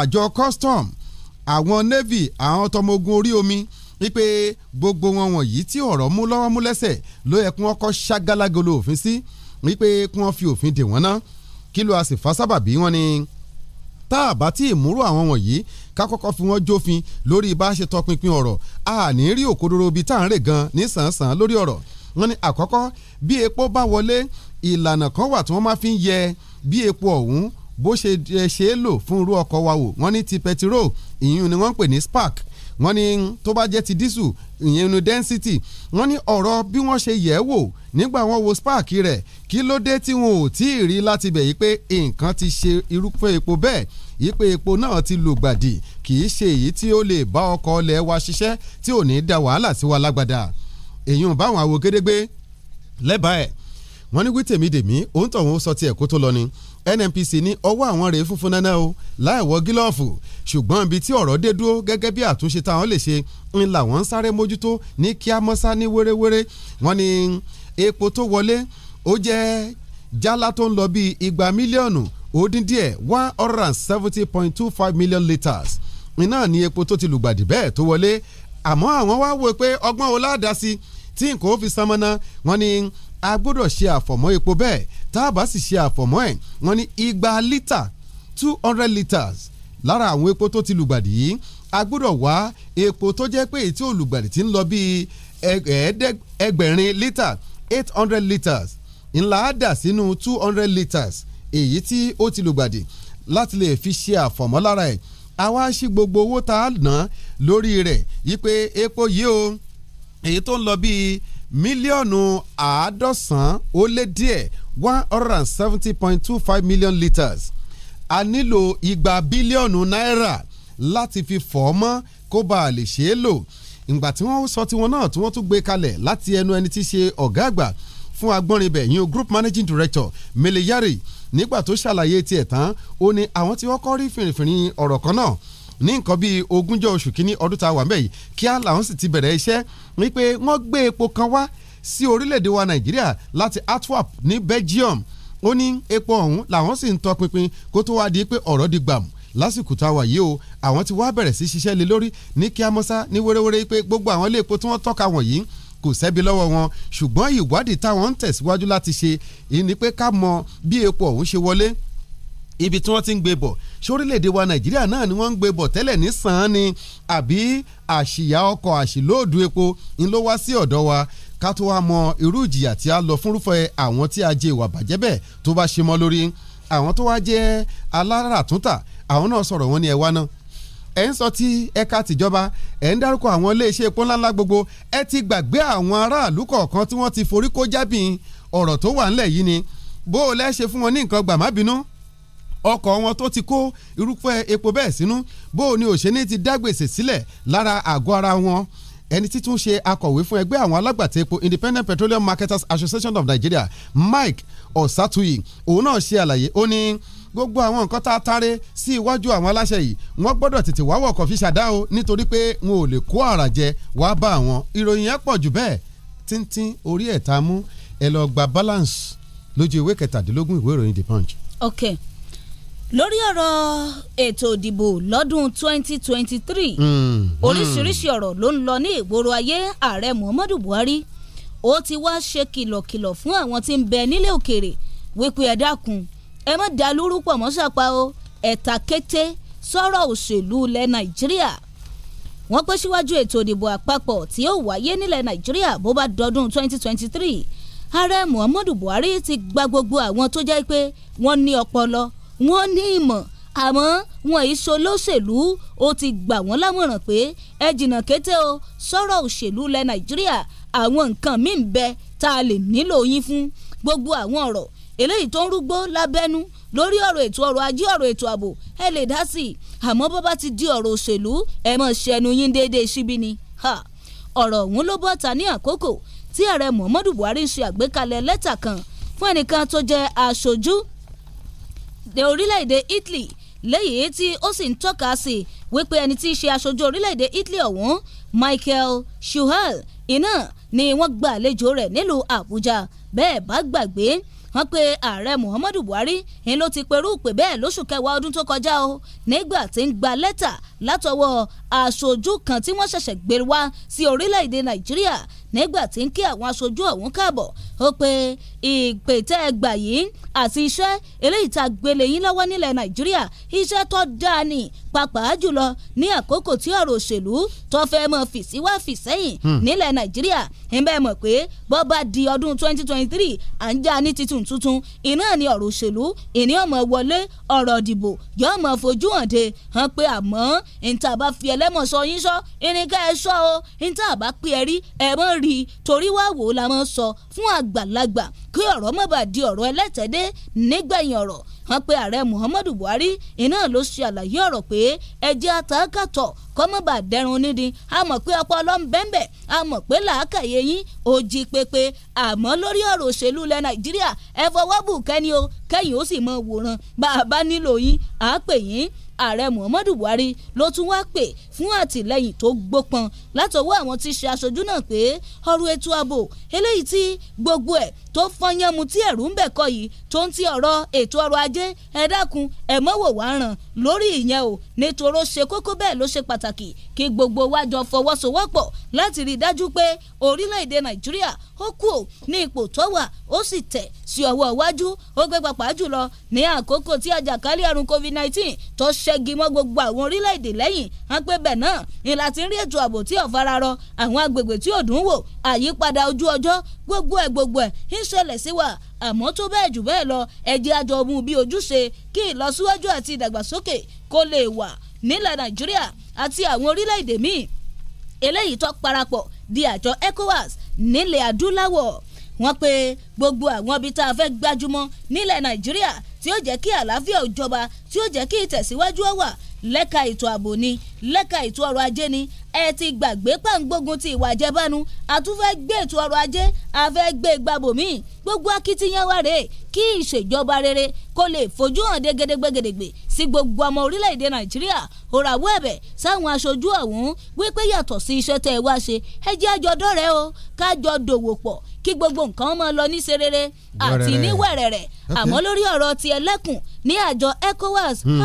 àjọ custom àwọn navy àwọn tọmọ ogun orí omi wípé gbogbo wọn wọ̀nyí tí ọ̀rọ̀ mú lọ́wọ́ mú lẹ́sẹ̀ ló yẹ kí wọ́n kọ́ ṣàgàlagolo òfin sí wípé kí wọ́n fi òfin dè wọ́n ná kí ló a sì fa sábàbí wọn ni tá a bá tí ìmúrò àwọn wọ̀nyí ká kọ́kọ́ fi wọ́n jófin lórí bá a ṣe tọpinpin ọ̀rọ̀ a ní rí òkodoro ibi tá à ń rè gan nísànsàn lórí ọ̀rọ̀ wọ́n ní àkọ́kọ́ bí epo bá wọlé ìlànà kan wà tí wọ́n máa fi ń yẹ bí epo ọ̀hún bó ṣe eh, ṣe é lò fún irú ọkọ̀ wa wò wọ́n ní ti pẹtiró ìyún ni wọ́n ń pè ní spark wọ́n ní tó bá jẹ́ ti dísù ìyẹn nu density wọ́n ní ọ̀rọ̀ bí wọ́n ṣe yẹ̀ ẹ́ wò nígbà wọ́n wo spark rẹ̀ kí ló dé tí wọn ò tí ì rí láti bẹ̀ yí pé nǹkan ti ṣe irúfẹ́ epo bẹ́ẹ̀ yí pé epo náà ti lùgbàdì kì í ṣe èyí tí ó lè bá ọkọ̀ ọlẹ̀ wa ṣiṣẹ́ tí ò ní da wàhálà sí wa lágbádá èyàn báwọn àwo gédégbé lẹ́bàá ẹ̀ wọ́n ní wí tèmídèmí òun tọ̀hún sọ tiẹ̀ kó tó lọ ni NNPC ní ọwọ́ àwọn rèé funfun náná o láì wọ gílọ́ọ̀fù ṣùgbọ́n ibi tí ọ̀rọ̀ dé dúró gẹ́gẹ́ bí àtúnṣe táwọn lè ṣe ń làwọn ń sáré mójútó ní kíámọ́sá ní wéréwéré wọ́n ní epo tó wọlé ó jẹ́ jálá tó ń lọ bíi igba mílíọ̀nù ó dín díẹ̀ one hundred and seventy point two five million litres iná ni epo tó ti lùgbàdì bẹ́ẹ̀ tó wọlé àmọ́ àwọn wá wò pé ọgbọ́n wo ládàá sí i tí nǹkan ó fi san mọ́ná wọ́n ní a gbọ́dọ̀ ṣe àfọ̀mọ́ epo bẹ́ẹ̀ tá a bá sì ṣe àfọ̀mọ́ ẹ̀ wọ́n ní igba lítà two hundred litres lára àwọn epo tó ti lùgbàdì yìí a gbọ́dọ̀ wá epo tó jẹ́ pé èyí tí ò lùgbàdì ti ń lọ bíi ẹgbẹ̀rin lítà eight hundred litres ńlá á dà sínú two hundred litres èyí tí ó ti lùgbàdì láti lè fi ṣe àfọ̀mọ́ lára ẹ̀ àwa ṣí gbogbo owó tá a ná lórí rẹ̀ yí pé epo yìí o èyí tó ń lọ bíi mílíọ̀nù àádọ́sán ó lé díẹ̀ one hundred and seventy point two five million litres a nílò igba bílíọ̀nù náírà láti fi fọ̀ ọ́ mọ́ kó bá a lè ṣe é lò ìgbà tí wọ́n sọ tiwọn náà tí wọ́n tún gbé kalẹ̀ láti ẹnu ẹni tí ṣe ọ̀gá àgbà fún agbọ́nrinbẹ̀ yín o group managing director Mele Yari nígbà tó ṣàlàyé tiẹ̀ tán ó ní àwọn tí wọ́n kọ́ rí fìrìfìrì ọ̀rọ̀ kan náà ní nǹkan bíi ogúnjọ́ oṣù kínní ọdún tá a wà mẹ́yìí kíá làwọn sì ti bẹ̀rẹ̀ iṣẹ́ wípé wọ́n gbé epo kan wá sí orílẹ̀-èdè wa nàìjíríà láti atwap ní Belgium ó ní epo ọ̀hún làwọn sì ń tọpinpin kó tó wá di pé ọ̀rọ̀ di gbàmù lásìkò tá a wà yìí o àwọn ti wá bẹ̀rẹ̀ sí ṣiṣẹ́ lé lórí ní kíámọ́sá ní wéréwéré pé gbogbo àwọn ilé epo tí wọ́n tọ́ka wọ̀nyí kò sẹ́bi lọ́wọ́ wọn ṣùgbọ́n ìwádìí táwọn ń tẹ̀síwájú láti ṣe ìní pé ká mọ bí epo ọ̀hún ṣe wọlé ibi tí wọ́n ti ń gbé bọ̀ ṣé orílẹ̀-èdè wa nàìjíríà náà ni wọ́n ń gbé bọ̀ tẹ́lẹ̀ ní sàn án ni àbí àṣìyá ọkọ̀ àṣìlóòdù epo ń ló wá sí ọ̀dọ̀ wa ká tó wá mọ irú ìjìyà tí a lọ fúnrúfẹ́ àwọn tí a jẹ ìwà bàjẹ́ bẹ́ẹ̀ tó bá ṣe mọ́ lórí àwọn tó wá jẹ́ aláràtúntà àwọn náà sọ̀rọ̀ wọn ni ẹ wá náà ẹ ń sọ tí ẹ̀ka tìjọba ẹ ń dárúkọ àwọn iléeṣẹ́ epo ńláńlá gbogbo ẹ ti gbàgbé àwọn aráàlú kọ̀ọ̀kan tí wọ́n ti forí kó jábìn ọ̀rọ̀ tó wà ńlẹ̀ yìí ni bó o lẹ́ ṣe fún wọn ní nǹkan gbà ọkọ̀ wọn tó ti kó irúfẹ́ epo bẹ́ẹ̀ sínú bó o ní òṣèlú ti dá gbèsè sílẹ̀ lára àgọ́ ara wọn ẹni títún ṣe akọ̀wé fún ẹgbẹ́ àwọn alágbàtà epo Independent Petroleum Marketers Association of Nigeria Mike Osatuyi òun náà ṣe àlàyé ó ní gbogbo àwọn nǹkan tá a tare sí iwájú àwọn aláṣẹ yìí wọ́n gbọ́dọ̀ tètè wá wọ̀kọ̀ fi ṣàdá o nítorí pé wọn ò lè kó àrà jẹ wá bá àwọn ìròyìn yẹn pọ̀ jù bẹ́ẹ̀ tíntín orí ẹ̀ tá mú ẹ lọ gba balance lójú ìwé kẹtàdínlógún ìwé ìròyìn The Punch. okay lórí ọ̀rọ̀ ètò ìdìbò lọ́dún 2023 hmm, hmm. oríṣiríṣi ọ̀rọ̀ ló ń lọ ní ìgboro ayé ààrẹ Muhammadu Buhari ó ti wá ṣe kìlọ̀kìlọ̀ fún àwọn tí ń bẹ nílé òkèrè wípé ẹ dákun ẹ má da lúrú pọ̀ mọ́ ṣàpá o ẹ̀ta kété sọ̀rọ̀ òṣèlú ilẹ̀ Nàìjíríà wọ́n pé síwájú ètò ìdìbò àpapọ̀ tí yóò wáyé nílẹ̀ Nàìjíríà bó bá dọdún 2023 ààrẹ Muhammadu Buhari ti gba gbogbo àwọn tó jẹ́ pé wọ́n ní ọpọlọ wọ́n ní ìmọ̀ àmọ́ wọn yìí ṣolóṣèlú ó ti gbà wọ́n lámọ̀ràn pé ẹ jìnnà kété o sọ̀rọ̀ òṣèlú lẹ nàìjíríà àwọn nǹkan míì ń bẹ tá a lè nílò yín fún gbogbo àwọn ọ̀rọ̀ eléyìí tó ń rúgbó lábẹ́nú lórí ọ̀rọ̀ ètò ọrọ̀ ajé ọ̀rọ̀ ètò ààbò ẹ lè dá sí i àmọ́ bó bá ti di ọ̀rọ̀ òṣèlú ẹ mọ̀ ṣẹnu yín déédéé síbí ni ọ̀rọ̀ ọ̀hún ló bọ́ ta ní àkókò tí ààrẹ Muhammadu Buhari ń ṣe àgbékalẹ̀ lẹ́tà kan fún ẹnìkan tó jẹ́ aṣojú dé orílẹ̀-èdè Italy léyìí tí ó sì ń tọ́ka sí wípé ẹni tí í ṣe aṣojú orílẹ̀-èdè Italy ọ̀hún Michael Schuhel iná ni wọ́n gba àlejò rẹ̀ nílùú Àbújá bẹ́ẹ̀ bá gbàgbé wọ́n pe ààrẹ Muhammadu Buhari ń ló ti perú pè bẹ́ẹ̀ lóṣù kẹwàá ọdún tó kọjá o nígbà tí ń gba lẹ́tà látọwọ́ aṣojú kan tí wọ́n ṣẹ̀ṣẹ̀ gbé wá sí orílẹ̀-èdè Nàìjíríà nígbà tí ń kí àwọn aṣojú ọ̀hún káàbọ̀ ó pe ìpè tẹ́ ẹ gbà yìí àti iṣẹ́ eléyìí tá a gbélé yín lọ́wọ́ nílẹ̀ nàìjíríà iṣẹ́ tó dáa ni pàápàá jùlọ ní àkókò tí ọ̀rọ̀ òṣèlú tó fẹ́ mọ fìsí wá fìsẹ́yìn hmm. nílẹ̀ nàìjíríà ń bẹ́ẹ̀ mọ̀ pé bó bá di ọdún 2023 à ń já ní titun tuntun iná ni ọ̀rọ̀ òṣèlú ìní ọmọ wọlé ọ̀rọ̀ ìdìbò yóò mọ fojú hàn de hàn pé àmọ́ níta bá fi ẹlẹ́mọ̀ sọ yín sọ irinká ẹ sọ o níta bá pé ẹ rí ẹ mọ̀ rí torí wá wò ó la mọ̀ sọ fún àgbàlagbà kí ọ̀rọ̀ mọ̀ bá di ọ̀rọ̀ ẹlẹ́tẹ̀dẹ́ nígbẹ̀yìn ọ̀rọ̀ hàn pé ààrẹ Muhammadu Buhari iná ló ṣe àlàyé ọ̀rọ̀ pé ẹjẹ́ àtàkàtọ̀ kọ́mọ́bà dẹrun onídìí a mọ̀ pé ọpọlọ ń bẹ́ńbẹ̀ a mọ̀ pé làákàyè yín ò jí pépé àmọ́ lórí ọ̀rọ̀ òṣèlú ilẹ̀ nàìjíríà ẹ fọwọ́ bù kẹ́ni o kẹ́yìn ó sì mọ wòran bá a bá nílò yín àá pè yín ààrẹ muhammadu buhari ló tún wá pè fún àtìlẹyìn tó gbópọn látọwọ́ àwọn tí ṣe aṣojú náà pé ọ̀rọ̀ ètò ààbò eléyìí tí gbogbo ẹ̀ tó fọyánmu tí ẹ̀rù ń bẹ̀ kọ yìí tó ń ti ọ̀rọ̀ ètò ọrọ̀ ajé ẹ dákun ẹ ràn lórí ìyẹn o nítorí ó ṣe kókó bẹ́ẹ̀ ló ṣe pàtàkì pàtàkì kí gbogbo wa jọ fọwọ́sowọ́pọ̀ láti rí i dájú pé orílẹ̀-èdè nàìjíríà ó kù ní ipò tó wà ó sì tẹ̀ sí ọwọ́ iwájú ó gbé pàápàá jùlọ ní àkókò tí àjàkálẹ̀ àrùn covid-19 tó ṣẹ́gi mọ́ gbogbo àwọn orílẹ̀-èdè lẹ́yìn wọ́n pé bẹ́ẹ̀ náà ni láti rí ètò ààbò tí ọ̀fararọ àwọn agbègbè tí ò dùn wò àyípadà ojú ọjọ́ gbogbo ẹ̀ gbogbo ẹ̀ ń ṣẹlẹ̀ sí wa àmọ́ tó bẹ́ẹ̀ jù bẹ́ẹ̀ lọ ẹ̀jẹ̀ àjọ ọ̀hún bí ojúṣe kí ìlọsíwájú àti ìdàgbàsókè kó lè wà nílẹ̀ nàìjíríà àti àwọn orílẹ̀-èdè míì eléyìí tó parapọ̀ di àjọ ecowas nílẹ̀ adúláwọ̀ wọ́n pe gbogbo àwọn ibi tá a fẹ́ gbájúmọ́ nílẹ̀ nàìjíríà tí ó jẹ́ kí àlàáfíà ó jọba tí ó jẹ́ kí ìtẹ̀síwájú ó lẹ́ka ètò ààbò ni lẹ́ka ètò ọrọ̀ ajé ni ẹ ti gbàgbé pàǹgbógun ti ìwà àjẹbánu àtúnfẹ́ gbé ètò ọrọ̀ ajé àfẹ́ gbé gbàbò míì gbogbo akitiyan wa rèé kí ìṣèjọba rere kó lè fojú hàn dé gédégbégedégbè sí gbogbo ọmọ orílẹ̀-èdè nàìjíríà òràwọ̀ ẹ̀bẹ̀ sáwọn aṣojú ọ̀hún wípé yàtọ̀ sí iṣẹ́ tẹ́ ẹ wá ṣe ẹ jẹ́ àjọ dọ́rẹ̀ẹ́ o kájọ dòwò pọ̀ kí gbogbo nǹkan máa lọ ní serere àti ní wẹ̀rẹ̀rẹ̀ àmọ́ lórí ọ̀rọ̀ ti ẹlẹ́kùn ní àjọ ECOWAS hmm.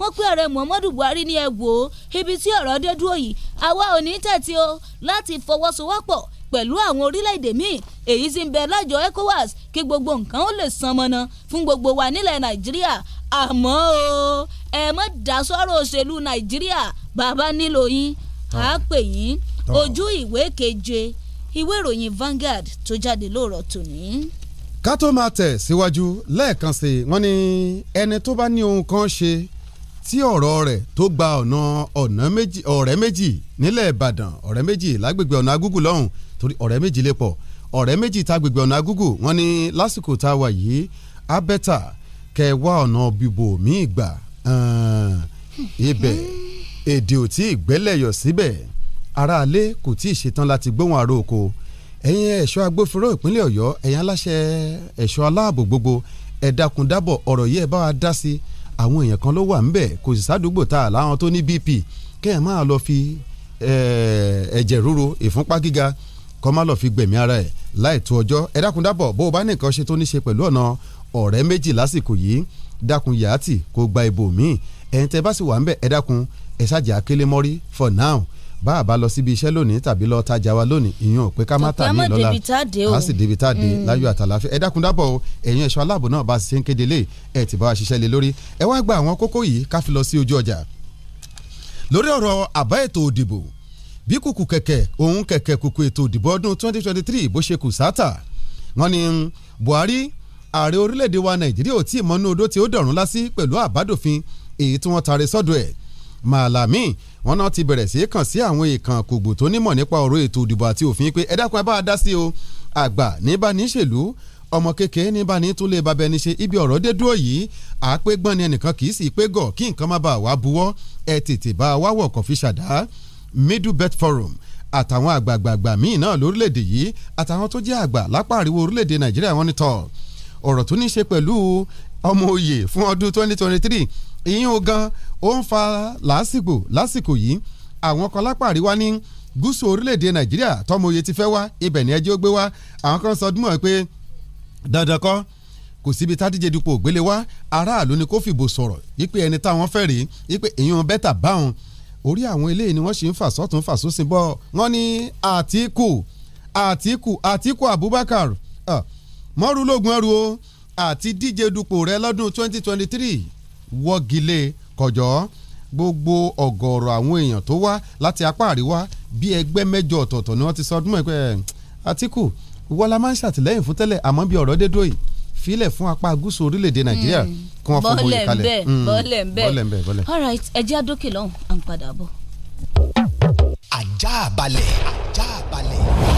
wọ́n pé ààrẹ Muhammadu Buhari ní ẹ wò ibi tí ọ̀rọ̀ dé dúró yìí àwa ò ní tẹ̀tí o láti fọwọ́sowọ́pọ̀ pẹ̀lú àwọn orílẹ̀-èdè míì èyí tí ń bẹ lájọ ECOWAS kí gbogbo nǹkan ó lè san mọ́nà fún gbogbo wa nílẹ̀ Nàìjíríà àmọ́ o ẹ mọ́ dá sọ́rọ̀ òṣèlú Nàìjíríà bàbá nílò yín àá yín ojú ìwé keje ìwé ìròyìn Vanguard tó jáde lóòrọ̀ tòní. ká tó máa tẹ̀ síwájú lẹ́ẹ̀kan sí i wọ́n ní ẹni tó bá ní ohun kan ṣe tí ọ̀rọ̀ rẹ̀ tó gba ọ̀nà ọ̀nà méjì ọ̀rẹ́ méjì nílẹ̀ Ìbàdàn ọ̀rẹ́ méjì lágbègbè ọ̀nà agúgù lọ́hùn torí ọ̀rẹ́ méjì lè pọ̀ ọ̀rẹ́ méjì ta gbègbè ọ̀nà agúgù wọ́n ní lásìkò tá a wà yìí abẹ́ta kẹ́ ọ̀nà bíbò míì gbà ibẹ̀ hmm. èdè ò tí ì gbẹ́lẹ̀ yọ̀ síbẹ̀ aráalé kò tí ì ṣetán láti gbóhùn àrò oko ẹ̀yin ẹ̀ṣọ́ agbófinró ìpínlẹ̀ ọ̀yọ́ ẹ̀yin aláṣẹ ẹ̀ṣọ́ aláàbò gbogbo ẹ dákun dábọ̀ ọ̀rọ̀ yìí ẹ bá wa dá sí àwọn èèyàn kan ló wà ńbẹ̀ kò sì sádùúgbò tá a tó ní bp kẹ́ ẹ̀ máa lọ fi ẹ̀jẹ̀ ríru ìfúnpá gíga kọ́ má lọ fi gbẹ̀mí ara ẹ̀ láì tó ọjọ́ ẹ dákun dábọ̀ bó o bá ní nǹkan ṣe tó ní ṣe pẹ̀lú ọ̀nà ọ̀rẹ́ méjì lásìkò yìí dákun yàtì kó gba ibò míì ẹ̀yin tẹ́ bá sì wà ńbẹ̀ ẹ dákun ẹ for now bá a bá lọ síbi iṣẹ́ lónìí tàbí lọ tajà wa lónìí ìyẹn ò pé ká má tà ní lọ́la a sì débi tá a dé mm. láyọ̀ àtàláfẹ́ ẹ dákun dábọ̀ o ẹ̀yin ẹ̀ṣọ́ aláàbò náà bá a ṣe ń kéde lé ẹ̀ tì bá a ṣiṣẹ́ lé lórí ẹ wá gba àwọn kókó yìí ká fi lọ sí ojú ọjà lórí ọ̀rọ̀ àbá ètò òdìbò bí kùkù kẹ̀kẹ́ òun kẹ̀kẹ́ kùkù ètò òdìbò ọdún 2023 bó ṣe kù sátà wọ́n ní Buhari ààrẹ orílẹ̀-èdè wa Nàìjíríà ò tí ì mọ́nú odó tí ó dọ̀rùn lásì pẹ̀lú àbádòfin èyí tí wọ́n taari sọ́dọ̀ ẹ̀ Màlàmí wọn náà ti bẹ̀rẹ̀ sí í kàn sí àwọn èèkàn kògbò tó nímọ̀ nípa ọ̀rọ̀ ètò ìdìbò àti òfin pé ẹ dákun ẹ bá a dá sí o àgbà ní bá ní ṣèlú ọmọ kékeré ní bá ní tún lè bàbá ẹni ṣe ibi ọ̀rọ̀ dé dúró yìí àápé gbọ́n ni ẹnìkan kì í sì pé gọ̀ kí nǹkan má bàa wá buwọ́ ẹ tètè bá a wá wọ̀ kọ̀fí ṣàdá Middle Belt Forum àtàwọn àgbààgbààgbà míì náà lórílẹ̀‐èdè yìí àtàwọn tó jẹ́ àgbà lápá àríwó orílẹ̀‐èdè Nàìjíríà wọn ni tọ̀ ọ̀rọ̀ tó ní ṣe pẹ̀lú ọmọ òye fún ọdún 2023 ìyín o gan ó ń fa lásìkò lásìkò yìí àwọn kan lápá àríwá ní gúúsù orílẹ̀-èdè nàìjíríà tọ́mọye ti fẹ́ wá ibẹ̀ ní ẹjẹ́ ó gbé wá àwọn kan sọ dúnmọ̀ pé dandan kọ́ kò síbi tádíje dupò ògbélé wá aráàlú ni kó fìbò sọ̀rọ̀ wípé ẹni táwọn fẹ́ rèé wípé ìyún bẹ́tà báwọn orí àwọn eléyìí ni wọ́n ṣe ń fà sọ́tún fà sósì bọ́ wọ́n ní àtìkù àtìkù àtìkù abubakar mọ́rùlógún ẹrù o àti díje dupò rẹ lọ́dún 2023 wọ́gilé kọjọ́ gbogbo ọ̀gọ̀ọ̀rọ̀ àwọn èèyàn tó wá láti apá àríwá bí ẹgbẹ́ mẹ́jọ ọ̀tọ̀ọ̀tọ̀ ni wọ́n ti sọ ọdún mọ́ ẹ̀ pé Àtíkù wọ́n máa ń ṣàtìlẹ́yìn fún tẹ́lẹ̀ àmọ́ bí ọ̀rọ̀ dé dóyìí filẹ̀ fún apá gúúsù orílẹ̀-èdè nàìjíríà hmm. kí wọ́n fọwọ́ yìí kalẹ̀ bọ́ọ̀lẹ̀ ń bẹ̀ hmm. bọ́ọ̀lẹ̀ ń bẹ̀ bọ́ọ̀lẹ̀. all right ẹ jẹ́ àdókè lọ́hùn à ń padà bọ̀. ajá balẹ̀ ajá balẹ̀.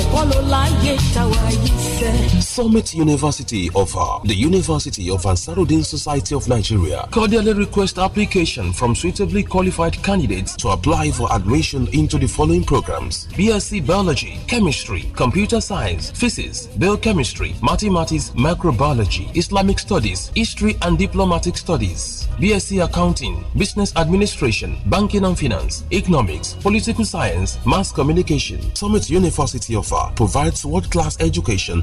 ẹ̀kọ́ ló láyé táwa Summit University of uh, The University of Ansarudin Society of Nigeria cordially request application from suitably qualified candidates to apply for admission into the following programs BSc Biology, Chemistry, Computer Science, Physics, Biochemistry, Mathematics, Microbiology, Islamic Studies, History and Diplomatic Studies, BSc Accounting, Business Administration, Banking and Finance, Economics, Political Science, Mass Communication. Summit University offer uh, provides world class education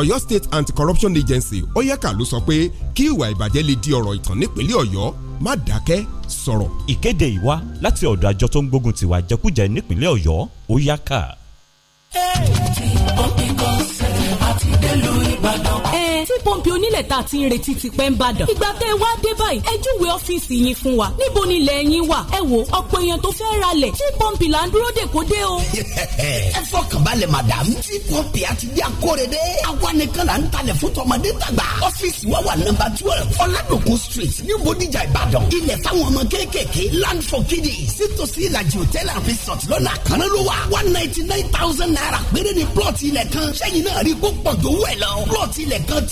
Ọ̀yọ́ State Anti-Corruption Agency oyeka ló sọ pé kí ìwà ìbàjẹ́ lè di ọ̀rọ̀ ìtàn nípínlẹ̀ Ọ̀yọ́ má dákẹ́ sọ̀rọ̀. Ìkéde yìí wá láti ọ̀dọ̀ àjọ tó ń gbógun tiwa jẹkújẹ nípínlẹ̀ Ọ̀yọ́ oyeka. ẹ ẹ ọ̀pìnkọ́sẹ̀ àti délùú Ìbàdàn yẹn tí pọ́ǹpì onílẹ̀ ta ti ń retí ti pẹ́ ń bàdàn. ìgbà tẹ́ ẹ wá dé báyìí ẹ ọ́fíìsì yín fún wa níbo ni ilẹ̀ yín wà ẹ wò ọ̀pọ̀ èèyàn tó fẹ́ ra lẹ̀ tí pọ́ǹpì là ń dúró dè kó dé o. ẹ fọkàn balẹ̀ madam tí pọ́ǹpì àti bí akóredé àwa nìkan là ń talẹ̀ fún tọmọdé tàgbà ọ́fíìsì wa wà nọ́mbà twelve ọ̀làdòkun street ní bodijà ìbàdàn ilẹ̀ fáwọn ọmọ kéékèèké land for kiddies sítòsí ìlàjì hotel and resort lọ́nà àkànná ló wà one ninety nine thousand naira péré ni plọ̀tì ilẹ̀ kan sẹ́yìn náà rí kó pọ̀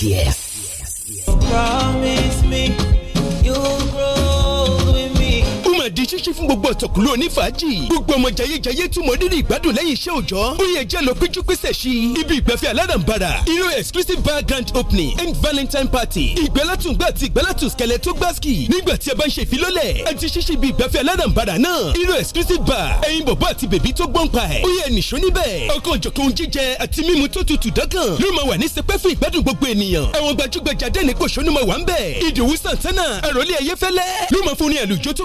Yes. yes. Promise me ṣíṣí fún gbogbo ọ̀tọ̀kùlú onífàájì gbogbo ọmọ jayéjayé tún mọ rírì ìgbádùn lẹ́yìn iṣẹ́ òòjọ́ ó yẹ jẹ́ lọ péjú pésẹ̀ sí ibi ìgbafẹ́ alárànbarà irú exclusive bar grand opening and valentine party ìgbẹ́látùngbà àti ìgbẹ́látùn skẹlẹ̀ tó gbásìkì nígbà tí a bá ń ṣe ìfilọ́lẹ̀ àti ṣíṣí ibi ìgbafẹ́ alárànbarà náà irú exclusive bar ẹ̀yin bọ̀bọ̀ àti bèbí tó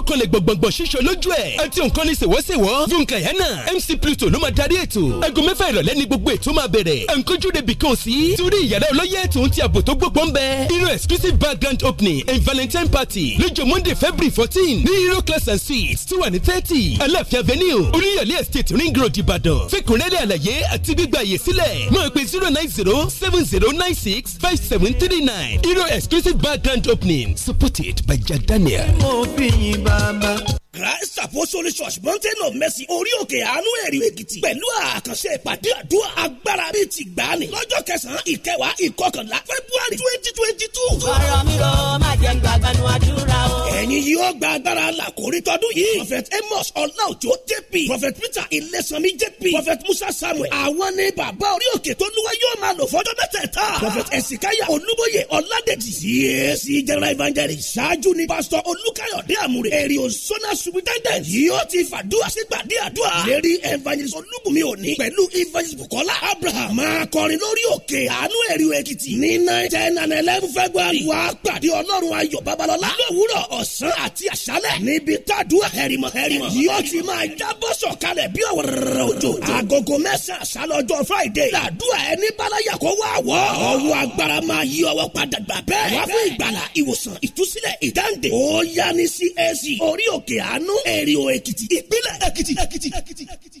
gbọ́n ṣíṣọ lójú ẹ̀ àti nǹkan ní ṣèwọ́ṣèwọ́ Yínká Yánà MC Pluto ló máa darí ètò aago mẹ́fà ìrọ̀lẹ́ ni gbogbo ètò máa bẹ̀rẹ̀ ẹ̀ńkọ́jú debì kan sí torí ìyàrá olóyè ètò ń ti àbò tó gbogbo ń bẹ inú exclusive bar grand opening and valentine party lọ́jọ́ Monday February fourteen ní Hero class and suites tí wà ní thirty aláfíà venue Olúyọ̀lé estate ring road Ìbàdàn fẹ́kùnrẹ́rẹ́ àlàyé àti gbígba àyè sílẹ̀ máa pe zero nine zero seven zero nine six five seven three nine Hero exclusive bar grand opening supported by Jadania. mo fi yin bàbá. Christ Apostolic Church Mountain of Mercy orí òkè àánú ẹ̀rí Èkìtì pẹ̀lú àkànṣe ìpàdé àdúrà agbára bíi ti gbàánì lọ́jọ́ kẹsàn-án ìkẹwàá ìkọkànlá February twenty twenty two. ọ̀rọ̀ mi rọ má jẹ́ gbàgbánu àdúrà o. ẹ̀yin yìí ó gba agbára làkórí tọdún yìí Prophet Amos Ọláòjó JP Prophet Peter Ilésànmí JP Prophet Musa Samuel àwọn ni bàbá orí òkè tó lúwa yóò máa lò fọ́jọ́ mẹ́tẹ̀ẹ̀ta Prophet Esikaya Olúbóyè Ọládèjì CAC General Evangelist ṣáájú ni Pastor Olúkáyọ̀dé Àmúre èrè òṣónà superintendent yóò ti fàdúrà sígbàdí àdúrà lérí evangelist olúbùnmi òní pẹ̀lú evangelist bukola abraham máa kọrin lórí òkè àánú ẹ̀rìwò èkìtì ní nine ten and eleven february wàá pàdé ọlọ́run ayọ̀ babalọ́lá lówùúrọ̀ ọ̀sán àti àṣálẹ̀ níbi tàdúrà hẹ̀rìmọ̀ hẹ̀rìmọ̀ yóò ti máa jábọ́ sọ̀kalẹ̀ bí ọ̀rọ̀ òjò agogo mẹ́sàn-án àṣálọ́jọ́ friday làdúrà ẹni bálayà kó wá wọ̀ ọwọ́ agbára máa yí ọwọ́ padà gbà bẹ́ẹ̀ wá fún ìgbàlà ìwòsàn ìtúsílẹ̀ ìdáǹdè ó yá ní csc e, orí òkè àánú ẹ̀rí o èkìtì ìpínlẹ̀ èkìtì èkìtì èkìtì èkìtì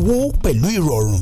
owó pẹ̀lú ìrọ̀rùn.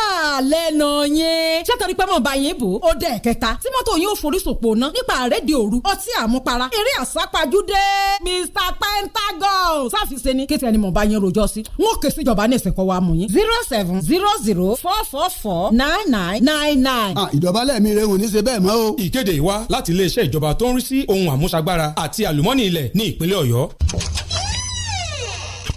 lẹ́nu yẹn. ṣé torí pé bá yín bò ó dẹ̀ kẹta tí mọ́tò yóò forísòpò ná nípa àrédè òru ọtí àmupara eré àsápajúdé Mr Pentagon sáfìsẹ́ ni kéte ẹni mo bá yín rojọ́ sí. n ó ké sí ìjọba ní ìsìnkọ́ wa mú yín. zero seven zero zero four four four nine nine nine a ah, ìdọ̀bálẹ̀ mi rehun ní ṣe bẹ́ẹ̀ mọ́ o. ìkéde ìwá láti iléeṣẹ́ ìjọba tó ń rí sí ohun àmúṣagbára àti àlùmọ́nì ilẹ̀ ní ìpínlẹ̀ Ọ̀yọ́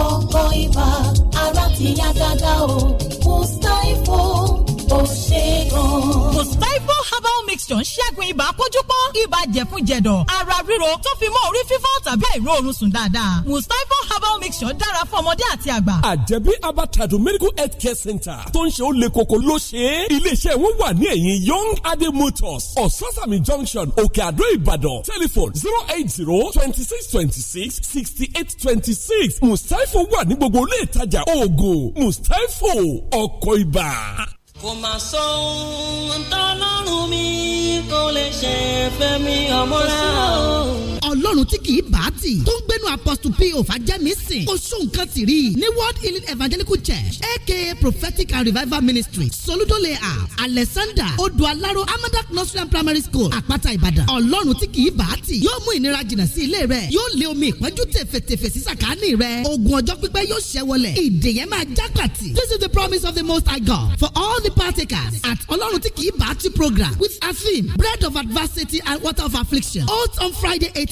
ọkọ̀ ibà ara ti yá gágá o mustapho ó ṣe gan. mixture ń ṣẹ́gun ibà kójúpọ́n ibà jẹ̀fun-jẹ̀dọ̀ ara ríro tó fi mọ́ orí fífọ́ tàbí àìróorun sùn dáadáa mustapha herbal mixture dára fún ọmọdé àti àgbà. àjẹbí abatado medical health care center tó ń ṣe ó le koko ló ṣe é iléeṣẹ́ ìwọ́n wà ní ẹ̀yìn young adé motors ososami junction òkè àdó ìbàdàn telephone zero eight zero twenty six twenty six sixty eight twenty six mustapha wà ní gbogbo ilé ìtajà oògùn mustapha ọkọ̀ ibà. Começou um tá no domingo, lexefe, minha moral. ọlọ́run tí kì í bá tì tó ń gbénu apostle p o fàjẹ́mísìn oṣù nǹkan ti rí ní world healing evangelical church aka prophetic and revival ministry soludo layout alexander odualaro amadak nursery and primary school àpáta ìbàdàn ọlọ́run tí kì í bá tì yóò mú ìnira jìnnà sí ilé rẹ yóò lé omi ìpọ́njú tẹ̀fẹ̀tẹ̀fẹ̀ sí sàkáání rẹ ogun ọjọ́ pípẹ́ yóò ṣẹ́ wọlé ìdè yẹn máa jákàtì this is the promise of the most high god for all the partakers at ọlọ́run tí kì í bá tì program with a theme bread of adversity and water of affliction out on friday eight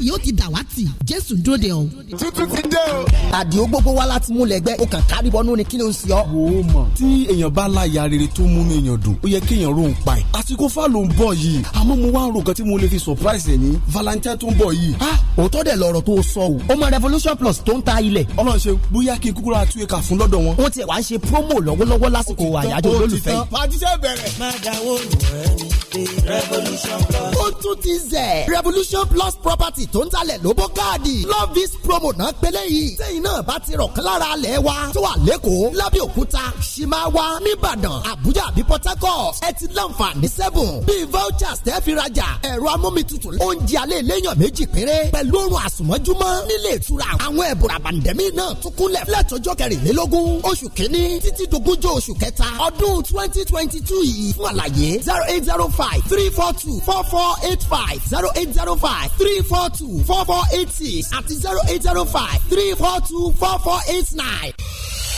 tí yóò ti dàwátì jésù dúró de ọ. tuntun ti dé o. àdìo gbogbo wa láti mú lẹgbẹ o kàn kárí bọnú ni kí ló ń sọ. wò ó mọ̀ tí èèyàn bá láya rere tó mú mi èèyàn dùn ó yẹ kí èèyàn rohùn pa ẹ̀. àsìkò fà ló ń bọ̀ yìí àmọ́ mo wá ń ro nǹkan tí mo lè fi surprise ẹ̀ ní valentine tó ń bọ̀ yìí. a ah, òótọ́ dẹ̀ lọ̀rọ̀ tó sọ o ọmọ revolution plus tó ń ta ilẹ̀. ọlọ́run ṣe bóyá kí n kúkúrú àtúnyẹ kà promo lọ́wọ́lọ́wọ́ lásìkò àyájọ́ olólùfẹ́. pàtíṣẹ́ bẹ̀rẹ̀. má dáwọ́ revolution plus. ó tún ti zẹ̀ revolution plus property tó ń talẹ̀ lóbó káàdì love is promo náà pélé yìí sẹ́yìn náà bá ti rọ̀kan lára alẹ̀ wa tó wà lẹ́kọ̀ọ́ lábẹ́òkúta ṣìmáwá nìbàdàn àbújá àbí port harcourt ẹ láǹfààní sẹ́bùn bíi vouchers tẹ́ fi rajà ẹ̀rọ amómitutù oúnjẹ alẹ́ lẹ́yìn méjì péré pẹ̀lú oorun àsùnmọ́júmọ́ nílé ìtura àwọn ẹ̀bùrà bàǹdẹ̀mí náà tún kúnlẹ̀ fúlẹ̀tọ́jọ́ kẹrìnlélógún twenty twenty two yìí fún àlàyé zero eight zero five three four two four four eight five zero eight zero five three four two four four eight six àti zero eight zero five three four two four four eight nine.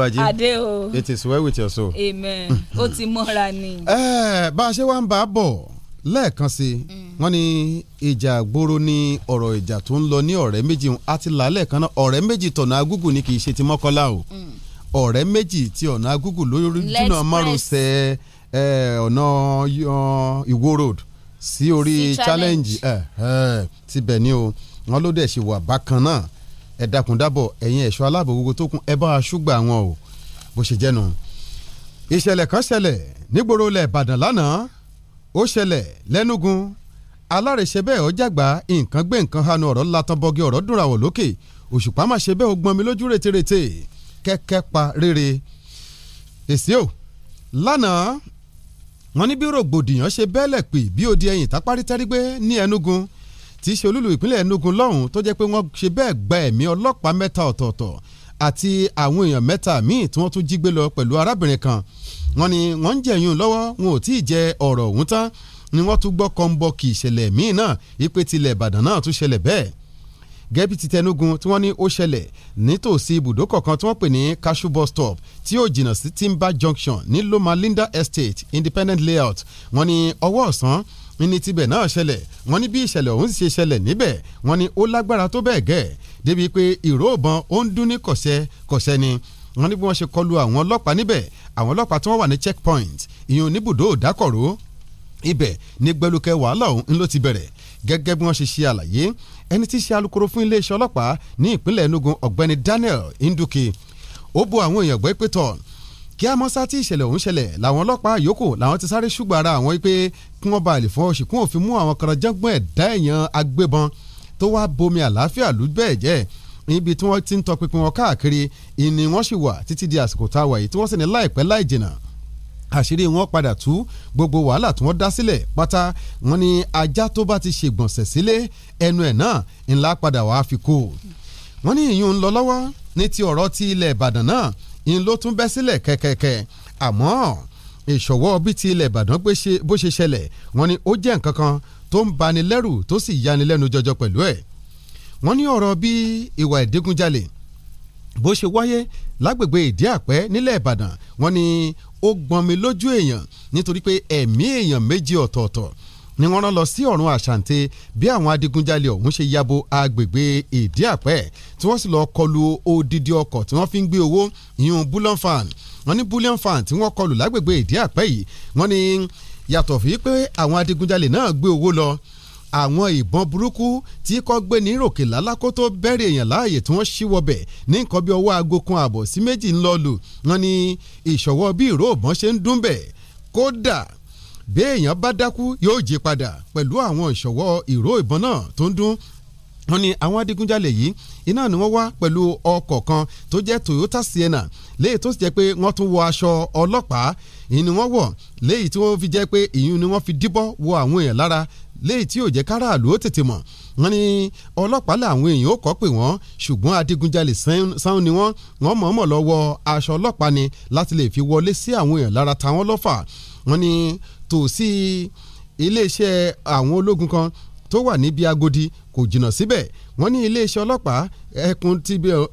olúwàjì adé o it is well with your soul. amen ó ti mọ́ra ni. ẹ bá a ṣe wá ń bá a bọ̀ lẹ́ẹ̀kan sí i wọ́n ní ìjà gbòòrò ni ọ̀rọ̀ ìjà tó ń lọ ní ọ̀rẹ́ méjì àti làálẹ̀ kan náà ọ̀rẹ́ méjì tọ̀nà agúgù ni kì í ṣe ti mọ́kànlá o ọ̀rẹ́ méjì ti ọ̀nà agúgù lórí jùnà márosẹ̀ ọ̀nà ìwó road sí orí challenge síbẹ̀ ni o wọ́n ló dẹ̀ ṣe wà bákan náà ẹ dákun dábọ̀ ẹ̀yin ẹ̀ṣọ́ aláàbò gbogbo tó kún ẹ bá a ṣúgbà wọn o bó ṣe jẹ́nu. ìṣẹ̀lẹ̀ kan ṣẹlẹ̀ nígboro ilẹ̀ Ìbàdàn lánàá ó ṣẹlẹ̀ lẹ́nugun alárèṣe bẹ́ẹ̀ ọjàgbá nǹkan gbé nǹkan hanu ọ̀rọ̀ latan bọ́gi ọ̀rọ̀ dùnra lókè òṣùpá má ṣe bẹ́ẹ̀ ó gbọ́n mi lójú retirete kẹ́kẹ́ pa rere èsì o lánàá wọn ní bí rògbòdìyàn ṣe bẹ́ẹ̀lẹ̀ pè bí odi ẹ̀yìn tápárí ní ẹnugun tí í ṣe olúlu ìpínlẹ̀ Enugu lọ́hùn tó jẹ́ pé wọ́n ṣe bẹ́ẹ̀ gba ẹ̀mí ọlọ́pàá mẹ́ta ọ̀tọ̀ọ̀tọ̀ àti àwọn èèyàn mẹ́ta míì tí wọ́n tún jí gbé lọ pẹ̀lú arábìnrin kan wọ́n ní wọ́n ń jẹ̀yún lọ́wọ́ wọn ò tí ì jẹ ọ̀rọ̀ ọ̀hún tán ni wọ́n tún gbọ́ kọ́ńbọ́ọ̀kì ìṣẹ̀lẹ̀ míì náà ipe tilẹ̀ Ìbàdàn náà tún ṣẹlẹ̀ bẹ́ẹ̀ gẹ́bí ti tẹnugun tí wọ́n ní ó ṣẹlẹ̀ nítòsí ibùdókọ̀ kan tí wọ́n pè ní Cashew bus stop tí ó jìnnà sí Timber Junction ní Loma Linda Estate Independent Layout wọ́n ní ọwọ́ ọ̀sán ní tibẹ̀ náà ṣẹlẹ̀ wọ́n ní bí ìṣẹ̀lẹ̀ ọ̀hún ṣe ṣẹlẹ̀ níbẹ̀ wọ́n ní ó lágbára tó bẹ́ẹ̀ gẹ́ débi pé ìró ìbọn ó ń dún ní kọ̀ṣẹ́ kọ̀ṣẹ́ ni wọ́n ní bí wọ́n ṣe kọlu àwọn ọlọ́pàá níbẹ̀ àwọn ọlọ́pàá tí wọ́n wà ní checkpoint ìyẹn oníbùdó òdákọ̀ró ibẹ̀ ní gbẹlukẹ wàhálà ọ̀hún ló ti bẹ̀rẹ̀ gẹ́gẹ́ bí wọ́n ṣe ṣe àlàyé ẹni tí í ṣe alukoro fún iléeṣẹ́ ọlọ́pàá ní ìpínlẹ̀ Enugu ọ̀gbẹ́ni Daniel Nduke ó bu àwọn èèyàn gbọ́ kí a mọ̀ sá tí ìṣẹ̀lẹ̀ ọ̀hún ṣẹlẹ̀ làwọn ọlọ́pàá yòókù làwọn ti sáré ṣùgbọ́n ara àwọn pé kí wọ́n ba àlè fún ọ̀ṣì kí wọ́n fi mú àwọn kan jẹ́gbọ́n ẹ̀dá èèyàn agbébọn tó wá bomi àlàáfíà lùgbẹ́ ẹ̀jẹ̀ níbi tí wọ́n ti ń tọpinpin wọn káàkiri ìní wọ́n sì wà títí di àsìkò tá a wà yìí tí wọ́n sì ní láìpẹ́ láì jìnnà àṣírí wọn padà tú gbogbo wàhálà tí wọ́n dá sílẹ̀ pátá wọn ni ajá tó bá ti ṣègbọ̀nsẹ̀ sílé ẹnu ẹ̀ náà ńlá padà wàá fi kú. wọ́n ní ìyún ń lọ ní ti ọ̀rọ̀ ti ilẹ̀ Ìbàdàn náà ń ló tún bẹ́ sílẹ̀ kẹ̀kẹ̀kẹ̀ àmọ́ ìṣòwò bíi ti ilẹ̀ Ìbàdàn bó ṣe ṣẹlẹ̀ wọ́n ní ó jẹ́ nǹkan kan tó ń bani lẹ́rù tó sì yani lẹ́nu jọjọ pẹ̀lú ẹ̀ wọ́n ní ọ̀rọ̀ bí ìwà ìdígunjalè bó ṣe wáyé lágbègbè ìdí àpẹ́ nílẹ̀ Ìbàdàn wọ́n ní ó gbọ́n mi lójú èèyàn nítorí pé ẹ̀mí èèyàn méjì ọ̀tọ̀ọ̀tọ̀ ni wọ́n rán lọ sí ọ̀run àṣàǹtẹ bí àwọn adigunjalè ọ̀hún ṣe yabo agbègbè ìdí àpẹ́ tí wọ́n sì lọ kọlu odidi ọkọ̀ tí wọ́n fi ń gbé owó ìyún bullion fan wọ́n ní bullion fan tí wọ́n kọlu lágbègbè ìdí àpẹ́ yìí wọ́n ní yàtọ̀ fi pé àwọn adigunjalè náà gbé owó lọ àwọn ìbọn burúkú tí kò gbé ní ròkè lálákó tó èèyàn láàyè tí wọ́n ṣí wọbẹ̀ ní nǹkan bí ọwọ́ aago kan ààbọ̀ sí méjì ńlọ lù wọ́n ní ìṣọ̀wọ́ bí ìró òbọ̀n ṣe ń dún bẹ̀ kódà béèyàn bá dákú yóò jí padà pẹ̀lú àwọn ìṣọ̀wọ́ ìró ìbọn náà tó ń dún wọ́n ní àwọn adigunjalè yìí iná ni wọ́n wá pẹ̀lú ọkọ̀ kan tó jẹ́ Toyota Sienna léyìí tó sì jẹ́ pé wọ́n tún wọ aṣọ ọlọ́pàá ìyẹn ni wọ́n wọ̀ léyìí tí wọ́n fi jẹ́ pé ìyẹn ni wọ́n fi díbọ́ wọ àwọn èèyàn lára léyìí tí yóò jẹ́ káràlú ó tètè mọ̀ wọ́n ní ọlọ́pàá làwọn èèyàn ó kọ́ pé wọ́n ṣùgbọ́n adigunjalè sáwọn ni wọ́n wọ́n mọ̀ọ́mọ̀ lọ wọ aṣọ ọlọ́pàá ni láti lè fi wọlé sí àwọn èèyàn lára táwọn lọ́fà wọ́n ní tòsí iléeṣẹ́ àwọn ológun kan tó wà níbi Agodi kò jìnnà síbẹ̀ wọ́n ní iléeṣẹ́ ọlọ́pàá ẹkùn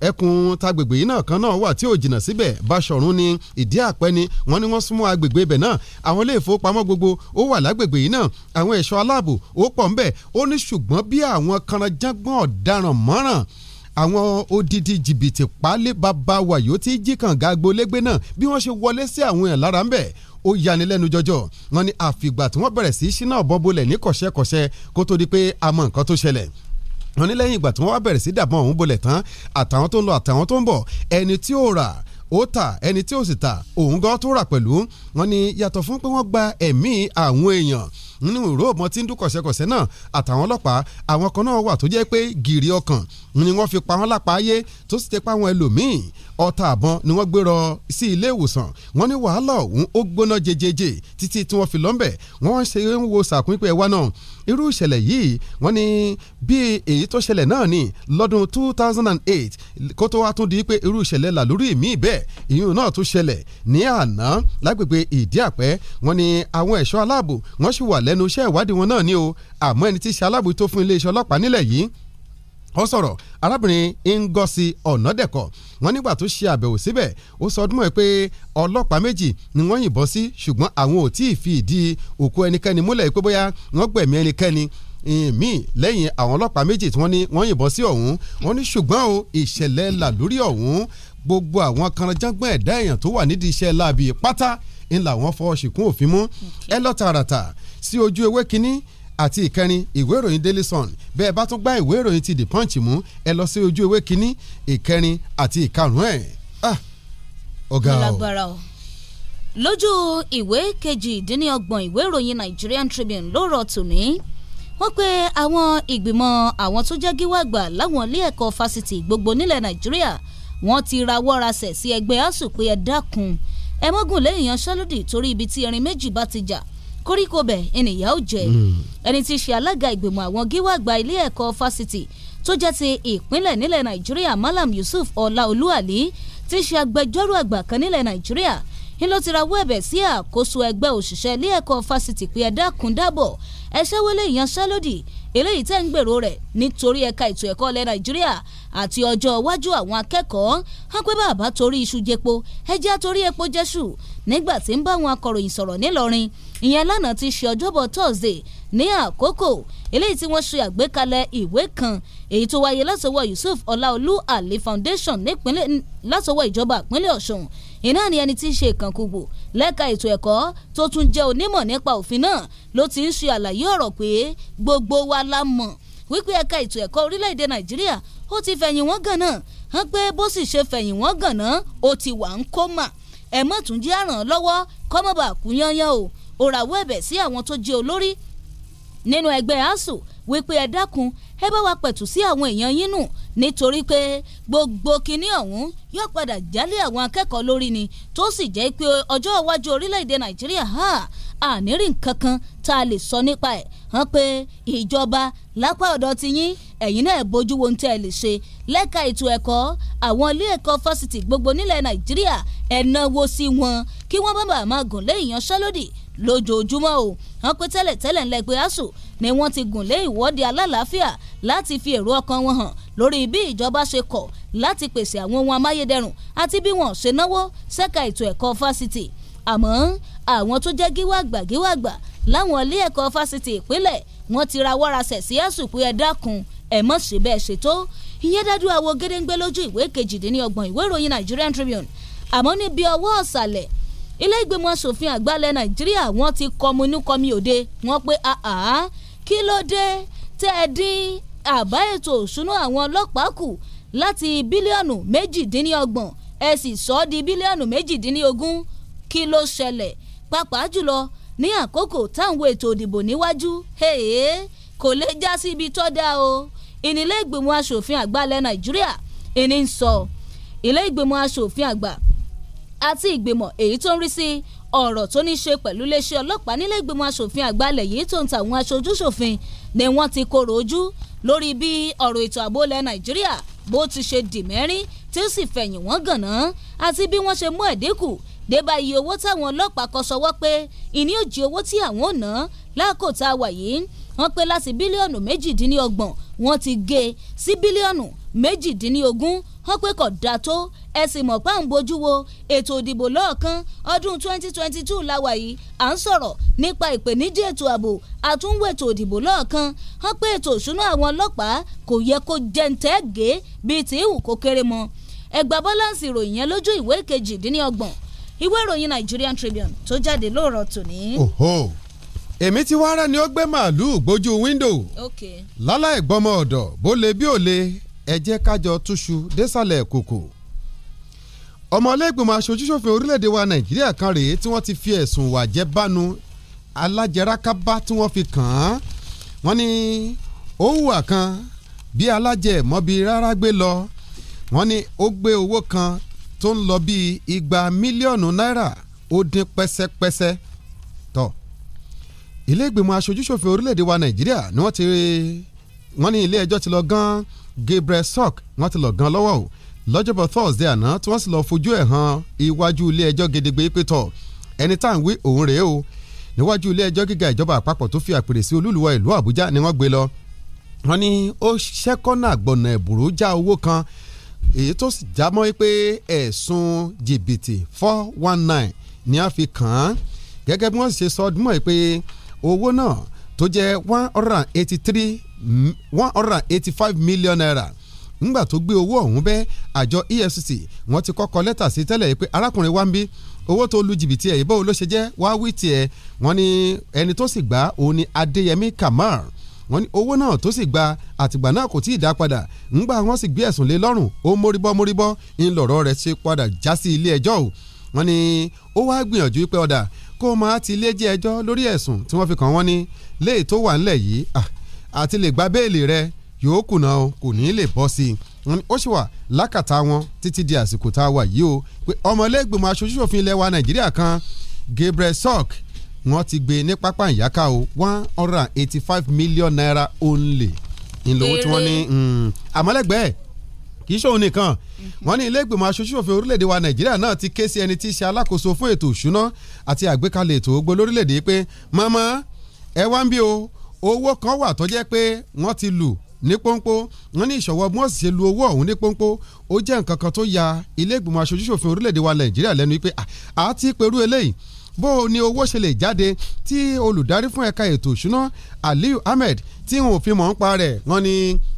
ẹkùn tagbègbè yìí náà kan náà wà tí ò jìnnà síbẹ̀ Báṣọ̀run ní ìdí àpẹ́ ni wọ́n ní wọ́n súnmọ́ agbègbè ibẹ̀ náà àwọn ilé ìfowópamọ́ gbogbo ó wà lágbègbè yìí náà àwọn ẹ̀ṣọ́ aláàbò ó pọ̀ ńbẹ̀ ó ní ṣùgbọ́n bí àwọn kanajàngbọ̀n ọ̀daràn mọ́ràn àwọn odidi jìbìtì pálí bàbá wàyó tí jí kànga agbolégbé náà bí wọ́n ṣe wọlé sí àwọn èèyàn lára ńbẹ̀ ó yanilẹ́nu jọjọ wọ́n ní àfìgbà tí wọ́n bẹ̀rẹ̀ sí ṣínà ọ̀bọ̀n bolẹ̀ ní kọ̀ṣẹ́kọ̀ṣẹ́ kó tó di pé a mọ nǹkan tó ṣẹlẹ̀ wọ́n ní lẹ́yìn ìgbà tí wọ́n wá bẹ̀rẹ̀ sí dàbọn ọ̀hún bolẹ̀ tán àtàwọn tó ń lọ àtàwọn tó ń bọ̀ ẹni tí ó rà ó tà ẹni tí ó sì tà òun gan tó rà pẹ̀lú wọn ni yàtọ̀ fún pé wọ́n gba ẹ̀mí àwọn èèyàn nínú ìró ọmọ tí ń dún náà àtàwọn ọlọ́pàá àwọn kan náà wà tó jẹ́ pé gìrì ọkàn ni wọ́n fi pa wọ́n lápá ayé tó sì ti pa wọn ẹlòmíì ọta àbọn ni wọ́n gbérọ sí ilé ìwòsàn wọ́n ní wàhálà ọ̀hún ó gbóná jẹjẹjẹ títí tí wọ́n fi lọ́nbẹ̀ wọ́n ṣe ń wo sàkún pé ẹwà náà irú ìṣẹ̀lẹ̀ yìí wọ́n ní bí èyí tó ṣẹlẹ̀ náà ni lọ́dún two thousand and eight kó tó wá tún di pé irú ìṣẹ̀lẹ̀ làlórí mi bẹ́ẹ̀ ìyún náà tún ṣẹlẹ̀ ní àná lágbègbè ìdí àpẹ́ wọ́n ní àwọn ẹ̀ṣọ́ aláàbò wọ́n sì wà lẹ́nu iṣẹ́ ìwádìí wọn náà ni o àmọ́ ẹni tí ṣe aláàbò tó fún iléeṣẹ́ ọlọ́pàá nílẹ̀ yìí kọ́ sọ̀rọ̀ arábìnrin Ngozi Ọ̀nàdẹ̀kọ̀ wọ́n nígbà tó ṣe àbẹ̀wò síbẹ̀ ó sọ ọdún mọ́ ẹ pé ọlọ́pàá méjì ni wọ́n yìnbọn sí ṣùgbọ́n àwọn ò tí ì fi ìdí òkú ẹnikẹ́ni múlẹ̀ pé bóyá wọ́n gbẹ̀mí ẹnikẹ́ni míì lẹ́yìn àwọn ọlọ́pàá méjì tí wọ́n ní wọ́n yìnbọn sí ọ̀hún wọ́n ní ṣùgbọ́n o ìṣẹ̀lẹ̀ là lórí ọ̀hún gbogbo àwọn kanranjágbọ́n ẹ̀dá èèyàn tó wà nídìí iṣẹ́ láabi pátá ńlá wọn fọwọ́ ṣìkún òfin mú ẹ lọ tààràtà sí ojú ewé kínní àti ìkẹrin ìwé ìròyìn Daily Sun bẹ́ẹ̀ bá tún gbá ìwé ìròyìn ti The Punch mú ẹ lọ sí ojú ewé kínní ìkẹrin àti ìkarùn ẹ̀ ah, ọ̀gá o lójú ìwé kejìdínlọ́gbọ̀n ìwé ìròyìn Nigerian Tribune ló rọ tòní wọ́n pé àwọn ìgbìmọ̀ àwọn tó jẹ́ gíwàgbà láwọn ilé ẹ̀kọ́ fásitì gbogbo nílẹ̀ Nàìjíríà wọ́n ti rawọ́ rasẹ̀ sí ẹgbẹ́ asuu pé ẹ dákun ẹ mọ́gùn lé ìyanṣẹ́lódì torí ibi tí erin méjì bá ti jà koríko bẹ̀ ènìyàn ò jẹ́ hmm. ẹni tí í ṣe alága ìgbìmọ̀ àwọn gíwá àgbà ilé ẹ̀kọ́ fásitì tó jẹ́ ti ìpínlẹ̀ nílẹ̀ nàìjíríà Malam Yusuf Ọláolú Àlí tí í ṣe agbẹjọ́rò àgbà kan nílẹ̀ nàìjíríà ń ló ti rawọ́ ẹ̀bẹ̀ sí àkóso ẹgbẹ́ òṣìṣẹ́ ilé ẹ̀kọ́ fásitì pé ẹ dákun dábọ̀ ẹ ṣẹ́wọ́lé ìyanṣẹ́lódì eléyìí tẹ́ ń gbèrò rẹ̀ nítorí ẹ̀ka ètò ẹ̀kọ́ ilẹ̀ nàìjíríà àti ọjọ́ iwájú àwọn akẹ́kọ̀ọ́ hàn pé bàbá torí iṣu jẹpo ẹjẹ́ torí epo jẹ́ṣù nígbà tí ń bá àwọn akọ̀ròyìn sọ̀rọ̀ nílọrin ìyẹn lánàá ti ṣe ọjọ́bọ̀ Thursday ní àkókò eléyìí tí wọ́n ṣe àgbékalẹ̀ ìwé kan èyí tó wáyé látọwọ́ Yusuf Ọláolú Ali Foundation nípínlẹ̀ látọwọ́ ìjọba ìpínlẹ̀ Ọ̀ṣun iná ni ẹni tí í ṣe ìkànkùgbò lẹ́ka ètò ẹ̀kọ́ tó tún jẹ́ onímọ̀ nípa òfin náà ló ti ń ṣe àlàyé ọ̀rọ̀ pé gbogbo wa la mọ̀ wípé ẹ̀ka ètò ẹ̀kọ́ orílẹ̀-èdè Nàìjíríà ó ti fẹ̀yìn wọ́n gànà hàn pé bó sì ṣe fẹ̀yìn wọ́n gànà ó ti wà ń kó mà ẹ̀ mọ́ tún jẹ́ àràn lọ́wọ́ kọ́mọ́bà kú yányán o ó rawọ́ ẹ̀bẹ̀ sí àwọn tó jẹ́ olórí nínú ẹgbẹ́ asuu wípé ẹ dákun ẹ bá wa pẹ̀tù sí àwọn èèyàn yín nù nítorí pé gbogbo kinní ọ̀hún yóò padà jálé àwọn akẹ́kọ̀ọ́ lórí ni tó sì jẹ́ pé ọjọ́ iwájú orílẹ̀-èdè nàìjíríà àníri nǹkan kan tá a lè sọ nípa ẹ̀ hàn pé ìjọba lápá ọ̀dọ̀ ti yín ẹ̀yin náà bójú wo ohun tẹ́ ẹ lè ṣe lẹ́ka ètò ẹ̀kọ́ àwọn ilé ẹ̀kọ́ fásitì gbogbo nílẹ̀ nàìjíríà ẹ náwó sí wọn kí wọ́n bá bàa máa gùn lé ìyanṣẹ́lódì lójoojúmọ́ o hàn pé tẹ́lẹ̀ tẹ́lẹ̀ ńlẹ̀ pé asuu ni wọ́n ti gùn lé ìwọ́de alálàáfíà láti fi èrò ọkàn wọn hàn lórí bí ìjọba ṣe kọ̀ láti pèsè àwọn ohun amáyédẹrùn àti bí wọ́n ṣe náwó ṣẹ́ka ètò ẹ̀kọ́ fásitì àmọ́ àwọn tó jẹ́ gíwàgbà gíwàgbà láwọn ilé ẹ̀kọ́ fásitì ìpínlẹ̀ wọ́n ti ra wọ́rasẹ̀ sí ẹ̀sùn pé ẹ dákun ẹ̀ mọ̀ sí bẹ́ẹ̀ ṣètò ìyẹn dájú àwo gédéǹgbé lójú ìwé kejìdínlọ́gbọ̀n ìwé ìròyìn Nigerian Tribune àmọ́ níbi ọwọ́ ọ̀sàlẹ̀ ilé ìgbìmọ̀ asòfin àgbàlẹ̀ Nàìjíríà wọ́n ti kọminúkọmi òde wọ́n pé àá kí ló dé tẹ́ ẹ dín àbá ètò òṣùnú àwọn ọlọ́pàá kù láti bílíọ̀nù méjìdínlọ́gbọ̀n ẹ sì sọ ọ́ di bílíọ̀nù méjìdínlógún kí ló ṣẹlẹ̀ pàápàá jùlọ ní àkókò táwọn ètò ìdìbò níwájú kò lè já sí ibi tó dáa o ìnílé ìgbìmọ̀ asòfin àgbà ilẹ̀ nàìjíríà ìní ń sọ ilé ìgbìmọ̀ asòfin àgbà àti ìgbìmọ̀ èyí tó ń rí sí ọ̀rọ̀ tó ní ṣe pẹ̀lú iléeṣẹ́ ọlọ́pàá nílé ìgbìmọ̀ asòfin àgbà ilẹ̀ yìí tó ń ta àwọn aṣojú ṣòfin ni wọ́n ti korò ojú lórí bí ọ̀rọ̀ ètò ààbò ilẹ̀ nàìjíríà bó ti ṣe dì mẹ́rin tí ó sì fẹ̀yìn wọ́n gànná àti bí wọ́n ṣe mú ẹ̀dínkù débà iye owó táwọn ọlọ́pàá kọ sọwọ́ pé ìní òjì owó tí àwọn ò ná láàkó tá a wà yìí wọ́n pé láti bílíọ̀nù méjìdínlọ́gbọ̀n wọ́n ti gé e sí bílíọ̀nù méjìdínlógún wọ́n pé kò dáa tó ẹ sì mọ̀ pá ń bójú wo ètò òdìbò lọ́ọ̀kan ọdún 2022 láwa yìí à ń sọ̀rọ̀ nípa ìpèníjà ètò ààbò àtúnwò ètò òdìbò lọ́ọ̀kan wọ́n pé ètò òṣùnà àwọn ọlọ́pàá kò yẹ kó jẹ́ǹtẹ́ gé bíi tí ìwù kó kéré mọ́ ẹgbà bọ́láǹsì ìròyìn yẹn lójú ìwé kejìdínlọ́gbọ̀n ìwé ìròyìn Nigerian Tribune tó jáde lóòrọ̀ tòní. èmi ti wá rà ni ó gbé màálùú gbójú wíńdò lálá ìgbọ́mọ ọ̀dọ̀ bó le bí ò le ẹ jẹ́ kájọ túṣu désàlẹ̀ kòkò ọmọlẹ́gbìmọ̀ aṣojúṣòfin orílẹ̀‐èdè wa nàìjíríà kan rèé tí wọ́n ti fi ẹ̀sùn wà jẹ́ bánu alájẹrákábá tí wọ́n fi kàn án wọ́n ní ó hùwà kan bí alájẹ mọ́bi rárá gbé lọ wọ́n ní ó gbé owó kan tó ń lọ bíi igba mílíọ̀nù náírà ó dín pẹ́sẹ́pẹ́sẹ́ tọ́ ilé ìgbìmọ̀ aṣojúṣòfin orílẹ̀‐èdè wa nàìjíríà ni wọ́n ti wọ́n ní ilé ẹjọ́ ti lọ gan Gabriel Sok wọ́n ti lọ gan lọ́wọ́ o lọ́jọ́bọ̀ Thursday àná tí wọ́n sì lọ fojú ẹ̀ hàn iwájú ilé ẹjọ́ gedegbe pé tọ̀ ẹni tá à ń wí òun rèé o níwájú ilé ẹjọ́ gíga ìjọba àpapọ̀ tó fi àpèrè sí olúluwọ̀ ìlú Àbújá ni wọ́n gbé lọ wọ́n ní ó ṣẹ́kọ́nà àgbọ̀nà ẹ̀bùrú já owó kan èyí tó sì jámọ́ pé ẹ̀sùn jìbìtì four one nine ni a fi kàn án gẹ́gẹ́ bí wọ́n ṣe sọ ọdún mọ́ pé owó náà tó jẹ́ one hundred and eighty three one hundred and eighty five million naira ńgbà tó gbé owó ọ̀hún bẹ́ àjọ EFCC wọ́n ti kọ́kọ́ lẹ́tà sí tẹ́lẹ̀ pé arákùnrin wa ń bí owó tó lu jìbìtì ẹ̀ yìí báwo ló ṣe jẹ́ wá wí tiẹ̀ wọ́n ní ẹni tó sì gbà òun ni Adéyẹmí Kamar wọ́n ní owó náà tó sì gba àtìgbà náà kò tí ì dá padà ńgbà wọ́n sì gbé ẹ̀sùn lé lọ́rùn ó móríbọ́ móríbọ́ ńlọrọ̀ rẹ̀ ṣe padà já sí ilé ẹjọ́ o wọ́n ní ó wá gbìyànjú pé ọ̀dà kó máa ti ilé jẹ́ ẹjọ́ lórí ẹ̀sùn tí wọ́n fi kàn wọ́n ní léè tó wà ńlẹ̀ yìí àti lè gba béèlì rẹ̀ yóò kùnà o kò ní lè bọ́ sí i ó sì wà lákàtà wọn títí di àsìkò tá a wà yìí o pé ọmọlẹ́gbìmọ̀ wa Nàìjíríà kan Gabriel Sok wọ́n ti gbé ní pápá ìyáká o one hundred and eighty five million naira only ńlọwọ́ tí wọ́n ní mm, àmọ́lẹ́gbẹ̀ẹ́ kì í ṣòun nìkan mhm. wọ́n ní ilé ìgbìmọ̀ aṣojúṣòfin orílẹ̀-èdè wa nàìjíríà náà ti ké sí ẹni tí í ṣe alákòóso fún ètò òṣùná àti àgbékalẹ̀ ètò ògbó lórílẹ̀-èdè pé màmá ẹ wá ń bí o owó kan wà tó jẹ́ pé wọ́n ti lù ní pọ́npọ́ wọ́n ní ìṣọ̀wọ́ bí wọ́n sì ṣe lu owó ọ̀hún ní pọ́npọ́ ó jẹ́ nǹkan kan tó ya ilé ìgbìmọ̀ aṣojúṣòfin orílẹ̀-èdè wa nàìjíríà lẹ́nu wípé àá ti pẹ̀lú eléyìí bó o ní owó ṣe lè jáde tí olùdarí fún ẹ̀ka ètò ìṣúná Aliyu Ahmed tí wọn ò fi mọ̀ ń pa rẹ̀ wọ́n ní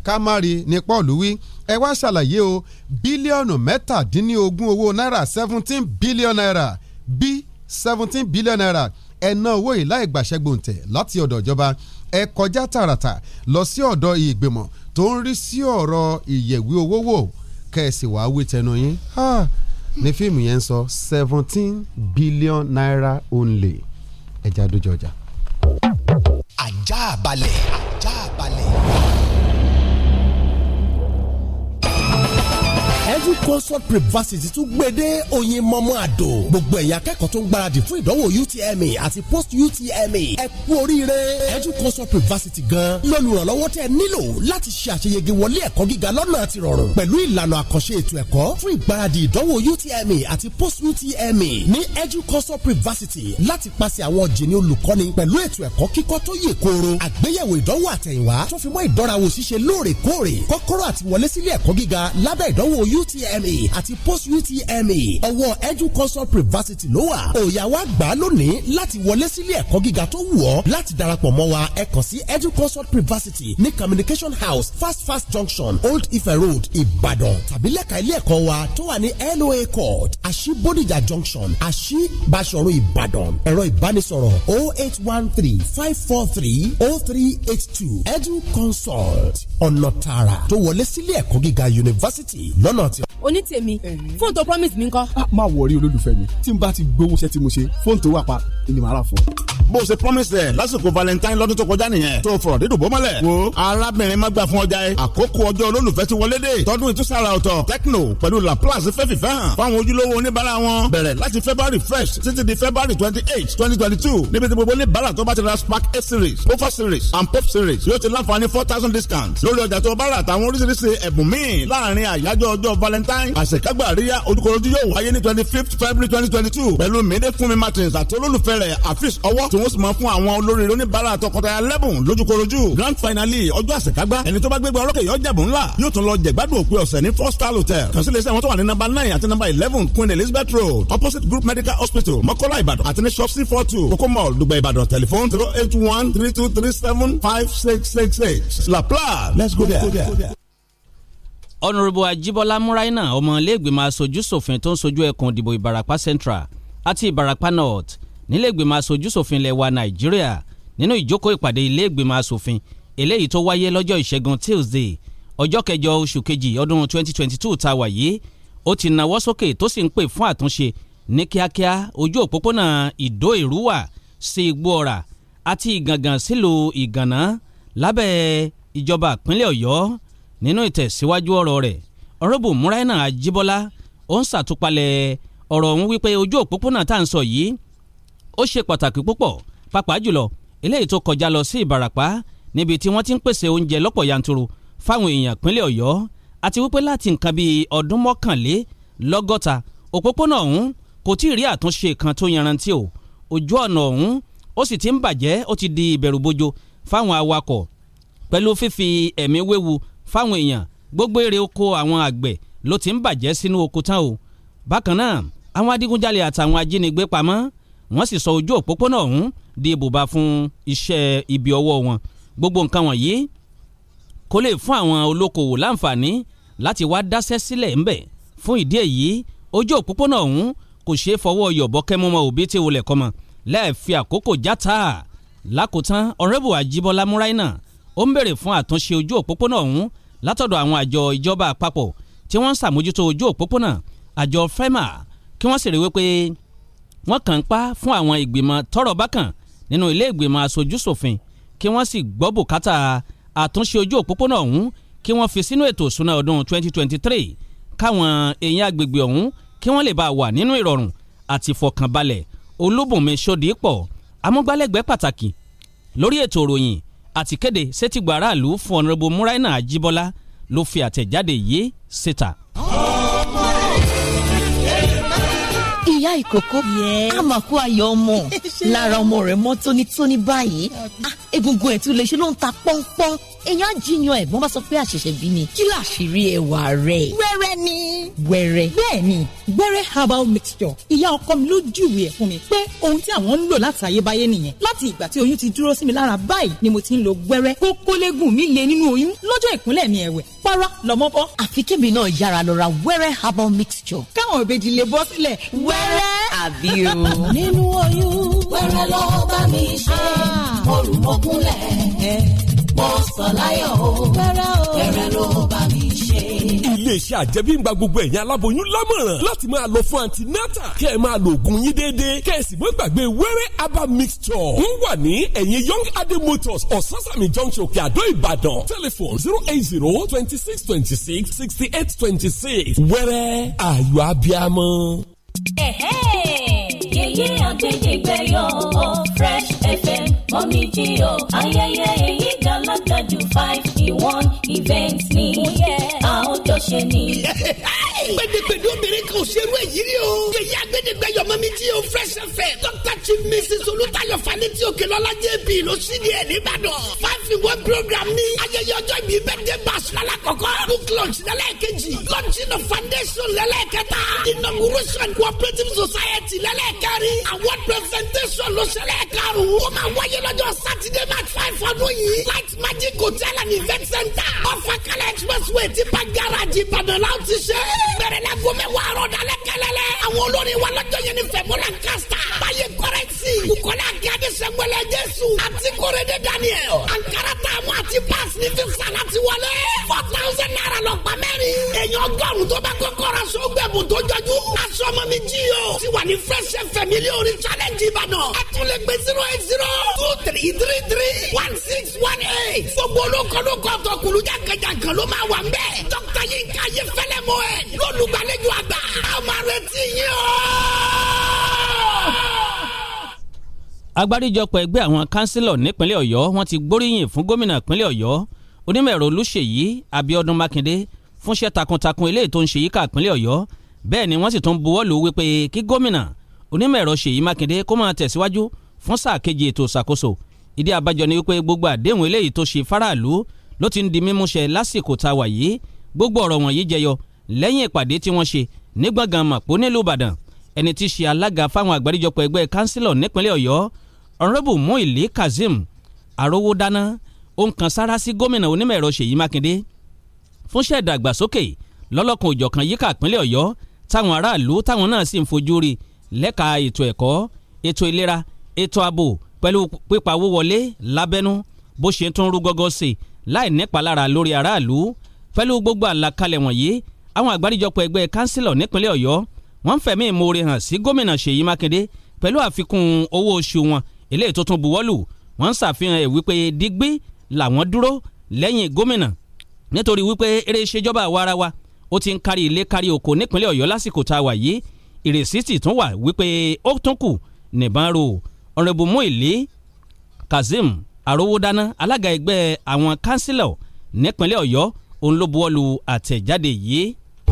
kámárì ní Paul wí ẹ wá ṣàlàyé o bílíọ̀nù mẹ́tàdínlógún owó náírà seventeen billion naira b seventeen billion naira ẹ ná owó yìí láì gbàṣẹ gbòǹtẹ̀ láti ọ̀dọ̀ ìjọba ẹ kọjá tààràtà lọ sí ọ̀dọ̀ ìgbìmọ̀ tó ń rí sí ọ̀rọ̀ ìyẹ̀wé owó wò kẹ̀sì wàá wí tẹnu yín. Ah, ní fíìmù yẹn ń sọ seventeen billion naira only ẹja dojú ọjà. ajá balẹ̀ ajá balẹ̀ edu consult privacy tún gbédé oyin mọ́mọ́ àdó gbogbo ẹ̀yà akẹ́kọ̀ọ́ tó ń gbáradì fún ìdánwò utme àti post utme ẹ kú oríire edu consult privacy gan lọ́lùrànlọ́wọ́ tẹ́ nílò láti ṣe àṣeyege wọlé ẹ̀kọ́ gíga lọ́nà àti rọrùn pẹ̀lú ìlànà àkànṣe ètò ẹ̀kọ́ fún ìgbáradì ìdánwò utme àti post utme ní edu consult privacy láti pàṣẹ àwọn jìnnì olùkọ́ni pẹ̀lú ètò ẹ̀kọ́ kíkọ́ tó yè kooro àgbéyẹ̀wò ìdánwò àtẹ̀yìnwá tó fi mọ́ ìdánrawò ṣíṣe lóòrèkóòrè kọ́kọ́rọ́ àtiwọlé sílé ẹ̀kọ́ gíga lábẹ́ ìdánwò UTME àti post UTME ọwọ́ Educonsult Privacy ló wà òòyà wa gbà á lónìí láti wọlé sílé ẹ̀kọ́ gíga tó wù ọ́ láti darapọ̀ mọ́ wa ẹ kàn sí Educonsult Privacy ní Communication House Fast Fast Junction Old Ife Road Ìbàdàn tàbí lẹ́ka ilé ẹ̀kọ́ wa tó wà ní LOA Court àṣì Bódìjà Junction àṣì oh five four three o oh three eight two Educonsult ọ̀nà tààrà tó wọlé sílé ẹ̀kọ́ gíga yunifásitì lọ́nà àti. oní tèmi fóònù tó promise mi ńkọ́. Ah, má wọrí olólùfẹ́ mi tí n bá ti gbowó iṣẹ́ tí mo ṣe fóònù tó wà pa ni màá rà fún ọ bó ṣe promise ẹ lásìkò valentine lọ́dún tó kọjá nìyẹn tó fọ̀rọ̀ dídùn bó mọ́lẹ̀. wo arábìnrin má gbà fún ọjà yẹn àkókò ọjọ́ olólùfẹ́ ti wọlé dé tọdún ìtúsára ọ̀tọ̀ tecno pẹ̀lú laplace fẹ́ fìfẹ́ hàn fáwọn ojúlówó oníbàárà wọn bẹ̀rẹ̀ láti february first títí di february twenty eight twenty twenty two níbi tí gbogbo oníbàárà tó bá ti ra spark eight series pofa series and pop series yóò ti láǹfààní four thousand discount lórí ọjà tó bá rà àtàwọn oríṣiríṣi ẹ̀bùn míì láàrin àyájọ́ ọjọ́ of valentine àṣekágbà àríyá olùkọ́lójú yóò wáyé ní twenty fifth february twenty twenty two pẹ̀lú mèdè fúnmi martins àti olólùfẹ́ rẹ̀ afis ọwọ́ tí wọ́n sì máa fún àwọn olórí oníbàárà tọkọtaya lẹ́bùn lójúkọ́lójú grand finale ọjọ́ àṣekágbà ẹni tó bá gbégbá ọlọ́kẹ́ yọ jẹ̀bù ńlá yóò tún lọ jẹ̀gbádùn òpin ọ̀sẹ̀ ní four star hotel kàn sí iléeṣẹ́ wọn tó wà ní number nine àti number eleven queen elizabeth road opposite group medical hospital mọ́kọ́lá ìbàdàn àti ní shop c four two kókó mall dùgbà ìbàdàn telephone zero eight one three two three seven five six six six la plan let's go there. Let's go there ọ̀nùrùbù Ajibola múráínà ọmọ iléègbìmọ̀ aṣojú ṣòfin tó ń sojú ẹkùn ìdìbò ìbarapá central àti ìbarapá north níléègbìmọ̀ aṣojú ṣòfin ilẹ̀ wa nàìjíríà nínú ìjókòó ìpàdé iléègbìmọ̀ aṣòfin eléyìí tó wáyé lọ́jọ́ ìṣẹ́gun tuesday ọjọ́ kẹjọ oṣù kejì ọdún 2022 tá wà yìí ó ti nawọ́ sókè tó sì ń pè fún àtúnṣe ní kíákíá ojú òpópónà ìdó ìrúwà sí igbó ọ̀rà àti ìgàngàn sílùú ìgànná lábẹ́ ìjọba ìpínlẹ̀ ọ̀yọ́ nínú ìtẹ̀síwájú ọ̀rọ̀ rẹ̀ ọ̀rọ̀bù múraínà àjíbọ́lá ó ń ṣàtúpalẹ̀ ọ̀rọ̀ ọ̀hún wípé ojú òpópónà tá à ń sọ yìí ó ṣe pàtàkì púpọ̀ pàápàá jùlọ eléyìí tó kọjá lọ sí ìbàràpá níbi tí wọ́n ti ń pèsè oúnjẹ lọ́pọ̀ yanturu fáwọn èèyàn ìpínlẹ̀ ọ̀yọ́ àti wípé láti nǹkan bíi ọdún mọ́kànlé lọ́gọ́ta òpópónà ọ̀hún di ìbẹ̀rùbojo fáwọn awakọ̀ pẹ̀lú fífi ẹ̀mí fáwọn èèyàn gbogbo èrè oko àwọn àgbẹ̀ ló ti ń bàjẹ́ sínú oko tán o bákan náà àwọn adigunjalè àtàwọn ajínigbé pamọ́ wọ́n sì sọ ojú òpópónà ọ̀hún di ibùba fún iṣẹ́ ibi ọwọ́ wọn gbogbo nǹkan wọ̀nyí kó lè fún àwọn olókoòwò láǹfààní láti wá dáṣẹ́ sílẹ̀ ńbẹ̀ fún ìdí èyí ojú òpópónà ọ̀hún kò ṣeé fọwọ́ yọ̀bọ kẹ́mọ́mọ́ òbí tí wọlé kọ́mọ lẹ́ẹ̀fi àkókò játa lákòótán ọ̀rẹ́bù àjíbọ́lá múráìnà ó ń bèrè fún àtúnṣe ojú òpópónà ọ̀hún látọ̀dọ̀ àwọn àjọ ìjọba àpapọ̀ tí wọ́n ń ṣàmójútó ojú òpópónà àjọ FEMA kí wọ́n sì rí wípé wọ́n kàn ń pa fún àwọn ìgbìmọ̀ tọ́rọ̀ bá kàn nínú ilé ìgbìmọ̀ aṣojúṣòfin kí wọ́n sì gbọ́ bùkátà àtúnṣe ojú òpópónà ọ̀hún kí wọ́n fi sínú ètò ìṣúná ọdún 2023 káwọn èèyàn agbègbè ọ̀hún kí wọ́n lè bá wà nínú ìrọ̀rùn àti ìfọkànbalẹ̀ Olúbùnmi Ṣódìpọ̀ amúgbálẹ́gbẹ̀ẹ́ pàtàkì lórí ètò ìròyìn àtìkéde sétìgbà aráàlú fún ọ̀nàrẹ́bù múráìnà àjíbọ́lá ló fi àtẹ̀jáde yìí síta. ìyá ìkókó àmàkù ayọ̀ ọmọ lára ọmọ rẹ̀ mọ́ tónítóní báyìí ah, egungun ẹ̀ tún lè ṣe ló ń ta pọ́npọ́n èèyàn jiyan ẹ̀gbọ́n bá sọ pé àṣẹ̀ṣẹ̀ bí ni kí làṣírí ẹwà rẹ̀. wẹ́rẹ́ ni. wẹ́rẹ́. bẹ́ẹ̀ni wẹ́rẹ́ herbal mixture ìyá ọkọ mi ló júwèé ẹ̀ fún mi pé ohun tí àwọn ń lò láti ayébáyé nìyẹn láti ìgbà tí oyún ti dúró sí mi lára báyìí ni mo ti ń lo wẹ́rẹ́ kókólégùn mi lè nínú oyún lọ́jọ́ ìkúnlẹ̀ mi ẹ̀wẹ̀ para lọ́mọ bọ́. àfi kébì náà yára lọ ra wẹ́rẹ́ herbal mixture. káwọn òbejì lè bọ́ sílẹ̀ wẹ́rẹ́. àbí o. nínú oyún wẹ́rẹ́ lọ bá mi ṣe ah. mo rù mo kúnlẹ̀ eh. mo sọ láyọ̀ o wẹ́rẹ́ ló bá mi ṣe. iléeṣẹ́ àjẹmíngba gbogbo ẹ̀yin aláboyún lámọ̀ràn láti máa lọ fún antinata kẹ́ ẹ máa lo oògùn yín déédéé kẹ́ ẹ sì mọ́ gbàgbé wẹ́rẹ́ aba mixture ń wà ní ẹ̀yìn young adé motors ososani junction kíadó ìbàdàn telephone zero eight zero twenty six twenty six sixty eight twenty six wẹ́rẹ́ ayọ̀ abiamọ. ẹ̀hẹ́ nàìjíríà gbèdégbé yọ ọ fresh fm mọ́mìjì o ayẹyẹ èyí gàlágà ju five in one event ni àwọn oh, jọ ṣe ni. gbẹdẹgbẹdẹ obìnrin kan ò ṣerú èyí rí o. yèyí agbẹdẹgbẹ yọmọ mi tí o fresh fẹ. dr chief mrs olutayo fani tí o kele ọlajẹ bi ló sì di ẹ nìbàdàn. five in one program ni. ayẹyẹ ọjọ́ ìbí birthday bash lọ́la kọ̀kọ́. book launch lọ́la kejì. launching of foundation lọ́la kẹta. inauguration cooperative society lọ́la kẹrin. award presentation ló ṣẹlẹ̀ karùn-ún. ó máa wáyé lọ́jọ́ saturday march five ọdún yìí. light magic hotel and event center. ọ̀fà kala expressway ti bá garaji ìbàdàn láti ṣe é bẹ̀rẹ̀ la gomẹ wàrọ̀ dalẹ̀ àwọn olórin wa lọ́jọ́ yẹn ni fẹ̀mọ́lá ń ka sa. báyé kọ́rẹ́ sí. u kọ́lá gíadé jésù. àti kóre de daniel. ankara taamu àti paasi ní fi salati wọlé. four thousand naira lọ gba mẹ́rin. èèyàn gbọ́rù tó bá kọ́kọ́ ra so gbẹ̀bù tó jọjú. asọ́mọ mi jí o. ti wà ní fresh fm mílíọ̀nù challenge ìbàdàn. a tún lè gbé zero eight zero two three three three one six one eight. gbogbo olókòlókò tó kulujà kẹjà kan ló máa wà ń bẹ́ẹ̀. dókítà yín ká yé fẹ́lẹ́ mọ́ ẹ̀ lólùgbàlejò àgbà. a máa retí yín o. agbáríjọpọ̀ ẹgbẹ́ àwọn kánsílọ̀ nípínlẹ̀ ọ̀yọ́ wọ́n ti gbóríyìn fún gómìnà ìpínlẹ̀ ọ̀yọ́ onímọ̀ẹ̀rọ olùṣèyí abiodun makinde fúnṣẹ́ takuntakun eléyìí tó ń ṣe yíká ìpínlẹ̀ ọ̀yọ́ bẹ́ẹ̀ ni wọ́n sì tún buwọ́ lù ú wípé kí gómìnà onímọ̀ẹ̀rọ ṣèyí makinde kó máa tẹ̀síwájú fún sáà kejì ètò ìṣàkóso ìdí abájọ ni wípé gbogbo àdéhùn lẹ́yìn ìpàdé tí wọ́n ṣe ní gbọ̀ngàn mọ̀pó nílùú ìbàdàn ẹni tí í ṣe alága fáwọn àgbáríjọpọ̀ ẹgbẹ́ kánsílọ̀ nípínlẹ̀ ọ̀yọ́ ọ̀rẹ́bù muili kazeem arówódáná ó ń kan sára sí gómìnà onímọ̀ ẹ̀rọ ṣèyí mákindé fúnṣẹ́ ìdàgbàsókè lọ́lọ́kan òjọ̀kan yíká ìpínlẹ̀ ọ̀yọ́ táwọn aráàlú táwọn náà sì ń fojú rí lẹ́ka ètò ẹ̀kọ́ ètò ìlera ètò ààbò pẹ̀lú pípa owó wọlé lábẹ́nú bó ṣe tún rú gọ́gọ́ sí láì nípalára lórí aráàlú pẹ̀lú gbogbo àlàkalẹ̀ wọ̀nyí àwọn àgbáríjọpọ̀ ẹgbẹ́ kánsílọ̀ nípínlẹ̀ ọ̀yọ́ wọ́n ń fẹ̀mí ìmoore hàn sí gómìnà ṣèyí mákindé pẹ̀lú àfikún owó oṣù wọn eléyìí tó tún buwọ́lù wọ́n ń ṣàfihàn ẹ̀ wípé digbí làwọn dúró lẹ́yìn gómìnà nítorí wípé eré ìṣèjọba àwarawa ó ti ń kárí ilé kárí oko nípínlẹ̀ ọ̀yọ́ lásìkò tá a wà yìí ìrèsí sì tún wà wípé ó tún kù nìbọn ro ọ̀rẹ́bù Muili Kazeem Arówódáná alága ẹgbẹ́ àwọn kánsílọ̀ nípínlẹ̀ ọ̀yọ́ òun ló buwọ́lù àtẹ̀jáde yìí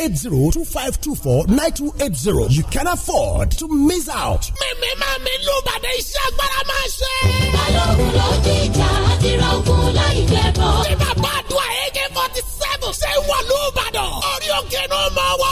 eight zero two five two four nine two eight zero. You can afford to miss out. ṣe. ló Ìbàdàn. Orí òkè ni ó máa wọ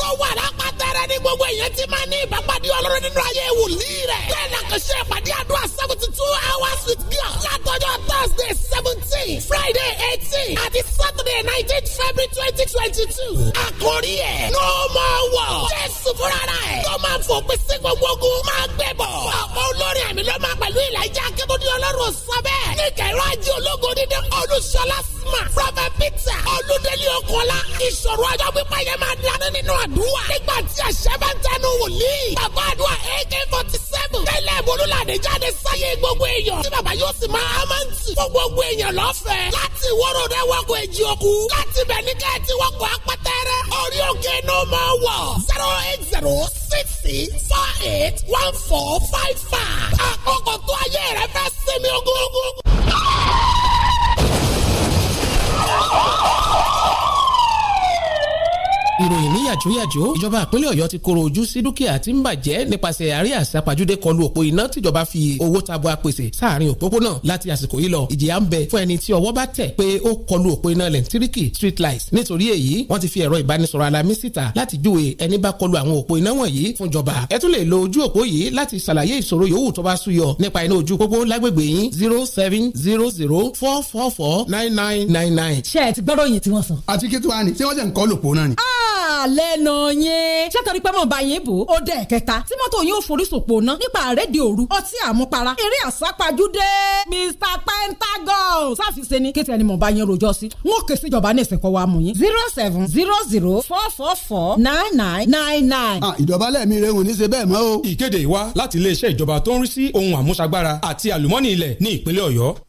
Tó wà lápá rẹ̀ ni gbogbo èèyàn ti máa ní ìbápadì ọlọ́run nínú ayé wòlíì rẹ̀. bẹ́ẹ̀ la kàn ṣe ìpàdé àdúrà seventy two hours with God. látọjọ́ thursday seventeen friday eighteen àti saturday nineteen february twenty twenty two. àkórí ẹ̀ no more war. jésù fúnra rẹ̀ tó máa fòpin sí gbogbo ogun máa gbẹ bọ̀. ọ̀pọ̀ olórin àmì ló máa pẹ̀lú ìlàjà akébódé ọlọ́run sọ bẹ́ẹ̀. ní kẹ̀rọ ajé ológo dídé olùṣọlá sma prophet peter olùdélé ọkọlá ìṣòro ọjọ́ pípa yẹn máa dáná nínú àdúrà. nígbà tí àṣẹ́bẹ̀ntẹ́nu wòlíì. bàbá àdúrà ak forty seven. tẹ́lẹ̀ bolúlàdé jáde sáyé gbogbo èèyàn. tí bàbá yóò sì máa amáǹtì. fún gbogbo èèyàn lọ́fẹ̀ẹ́. láti wóró rẹ wọ́kọ̀ èjì òkú. láti bẹ̀ ní káàtì wọ́kọ̀ apẹ́tẹ́rẹ́. orí òkè ni ó máa wọ̀. zero eight zero six six four eight one four five five. àkókò tó ayé rẹ fẹ́ sinmi ogógó ìròyìn níyàjóyàjó ìjọba ìpínlẹ̀ ọ̀yọ́ ti koro ojú sí dúkìá tí ń bàjẹ́ nípasẹ̀ àárẹ̀ àṣàpàjúdé kọlu òpó iná tìjọba fi owó tabua pèsè sáàrin òpópónà láti àsìkò yìí lọ ìjìyà ń bẹ fún ẹni tí ọwọ́ bá tẹ̀ pé ó kọlu òpó iná lẹ́ńtíríkì street light nítorí èyí wọ́n ti fi ẹ̀rọ ìbánisọ̀rọ̀ alamí síta láti júwe ẹni bá kọlu àwọn òpó iná wọ̀nyí fún ìjọba ẹ tún lè lo ojú òpó yìí láti ṣàlàyé ìṣòro yòówù tó bá súyọ nípa iná ojú pópó lágbègbè zero seven zero zero four four four nine nine nine nine. ṣé ẹ ti gbọ́dọ̀ yìí tí wọ́n sọ. àti kí tí wàá ní tí lẹ́nu yẹn. ṣé torí pé bá yín bò ó dẹ̀ kẹta tí mọ́tò yóò forísòpò ná nípa àrédìí òru ọtí àmupara eré àsápajúdé Mr Pentagon sáfìsẹ́ ni kéte ẹni mo bá yín rojọ́ sí. n ó ké síjọba ní ìsìnkọ́ wa mú yín. zero seven zero zero four four four nine nine nine nine. Ah, ìdọ̀bálẹ̀ mi rẹ̀ wò ní ṣe bẹ́ẹ̀ mọ́ o. ìkéde wa láti iléeṣẹ́ ìjọba tó ń rí sí ohun àmúṣagbára àti àlùmọ́nì ilẹ̀ ní ìpínlẹ̀ Ọ̀yọ́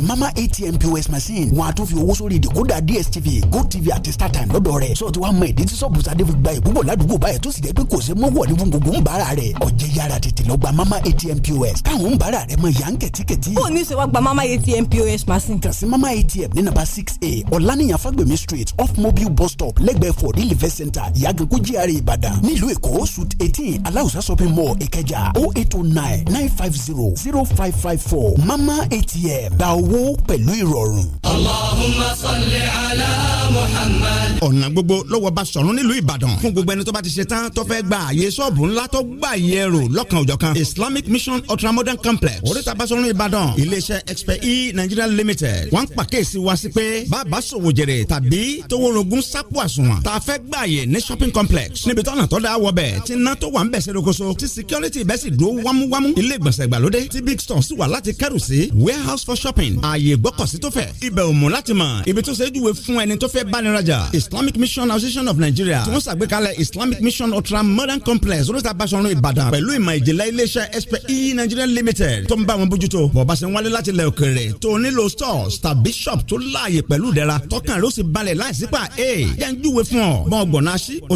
mama atm pos machine wọn a tún fi owó sórí ìdìkúdà dstv gotv àti startime lọ́dọ̀ rẹ̀ sọ ti wá mọ ìdí tí sọ́ọ̀bù sadé fi gba ìbúbọ̀ ládùúgbò báyìí tó sì jẹ́ pé kò sí mọ́wọ́ ní gbogbo ń bára rẹ̀ ọ̀jẹ̀ yára tètè lọ gba mama atm pos táwọn ń bára rẹ̀ mọ yàn kẹ̀tíkẹ̀tí. ó ní sèwá gba mama atm pos machine. kàn sí mama atm ní nàbà six a ọ̀lànìyàn fagbemi street off mobile bus stop lẹ́gbẹ̀ẹ́ for the live center ìyàgànkú gra ìbàdàn nílùú èkó suit eighteen aláùsá shopping mall ìkẹjà o oh eight o oh nine nine five zero zero five five four mama atm gba owó owó pẹ̀lú ìrọ̀rùn. Allahumma salli ala Muhammad. ọ̀nà gbogbo lọ́wọ́ Basọ̀rún nílùú Ìbàdàn fún gbogbo ẹni tó bá ti ṣe tán tó fẹ́ gba àyè sọ́ọ̀bù ńlá tó gbà yẹ rò lọ́kàn òjọ̀kan Islamic Mission Ultramodern Complex oríta Basọ̀rún Ìbàdàn iléeṣẹ́ Expert E Nigeria Limited wọ́n ń pàkíyèsí wa sí pé bàbá sòwò jèrè tàbí toworogun sápò àsùnwọ̀n tá fẹ́ gbà yẹ ní shopping complex níbi tọ́nà tó dá wọ bẹ̀ tí ná tó wà ń bẹ̀ ṣerokoso tí security bẹ́ẹ̀ sì dúró wámúwámú ilé ìgbọ̀nsẹ̀ ìgbàlódé tí big store sì wà láti kẹ́rù sí warehouse for shopping ààyè ìgbọ́kọ̀sí tó fẹ̀. ibẹ̀ ò mú láti mọ̀ ibi tó ṣe é fún ẹni tó fẹ́ báni rajà islamic mission association of nigeria tí wọ́n ṣàgbékalẹ̀ islamic mission ultra modern complex rosa basọ̀run ìbàdàn pẹ̀lú ìmọ̀ ìjìnlẹ̀ iléeṣẹ́ expe nigeria limited tó ń bá wọn bójútó bọ̀bá ṣe ń wálé láti ilẹ̀ òkèèrè tó nílò stores ta bishop tó láàyè pẹ̀lú ìdẹ̀ra tọkàn ló sì balẹ̀ láìsí pa e yẹn júwe fún ọ bọ́n gbọ̀nà sí o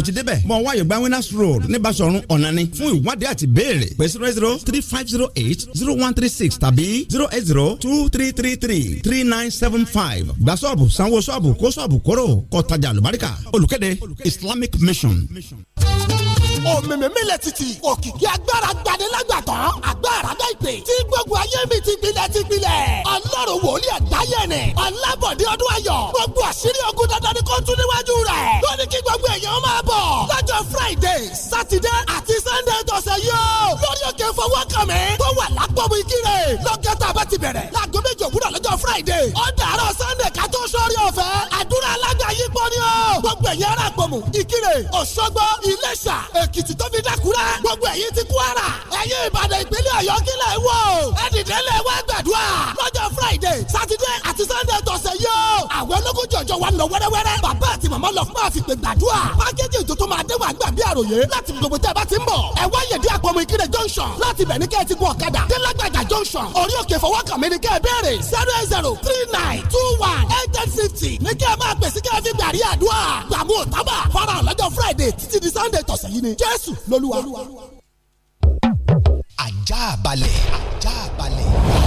road ní basọ̀run ọ̀nani fún ìwádìí àti béèrè zero zero three five zero eight zero one three six tàbí zero eight zero two three three three three three nine seven five gba sọ́ọ̀bù sanwó sọ́ọ̀bù kó sọ́ọ̀bù kóró kó tajà olùkéde Islamic Mission òmìnirílẹ̀ títì òkìkí agbára gbanilágbàtàn agbáradá ìpè tí gbogbo ayé mi ti gbilẹ̀ ti gbilẹ̀ ọlọ́run wòlíì ẹ̀dáyé ni ọlábọ̀dé ọdún ayọ̀ gbogbo àṣírí ogun dandan ni kò tún níwájú rẹ̀ lónìí kí gbogbo èèyàn máa bọ̀ lọ́jọ́ friday saturday àti tọ̀sẹ̀ yóò lórí òkè fọwọ́kànmí tó wà lápọ̀mù ìkírè a bá ti bẹ̀rẹ̀ láago méjì òwúrọ̀ lọ́jọ́ friday ó dàárọ̀ sunday ká tó sọ́ọ́rí ọ̀fẹ́ àdúrà alága yìí pọ̀ ni ó gbogbo ẹ̀yẹ ara àpọ̀mù ìkírè òṣogbo iléṣà èkìtì tó fi dákúrẹ́ gbogbo ẹ̀yìn ti kwara ẹ̀yìn ìbàdàn ìpínlẹ̀ ọ̀yọ́ kílẹ̀ wò ẹ̀dìdẹ́lẹ̀ wá gbàdúrà lọ́jọ́ friday saturday tọ̀sẹ̀ yóò. àwọn ológun jọjọ wa lọ wẹ́rẹ́wẹ́rẹ́. bàbá àti màmá lọ fún àfìgbè gbàdúrà. pákéjì ètò tó máa dé wà gbà bí àròyé. láti gbogbo tẹ́ ẹ bá ti ń bọ̀. ẹ wá yẹ̀dí àpamọ́ ìkírè junction. láti bẹ̀ ní kẹ́ ẹ ti gun ọ̀kadà. délágbàjà junction. orí òkè fọwọ́kànmí ni kẹ́ ẹ béèrè. zero eight zero three nine two one eight eight fifty. ní kẹ́ ẹ máa pèsè kẹ́ ẹ fi gbàrí àdúrà. gbàmú òtábà fara lọ́jọ́ friday títí di sunday tọ̀sẹ̀ yìí ni. jésù lolúwa. ajá balẹ̀ ajá balẹ̀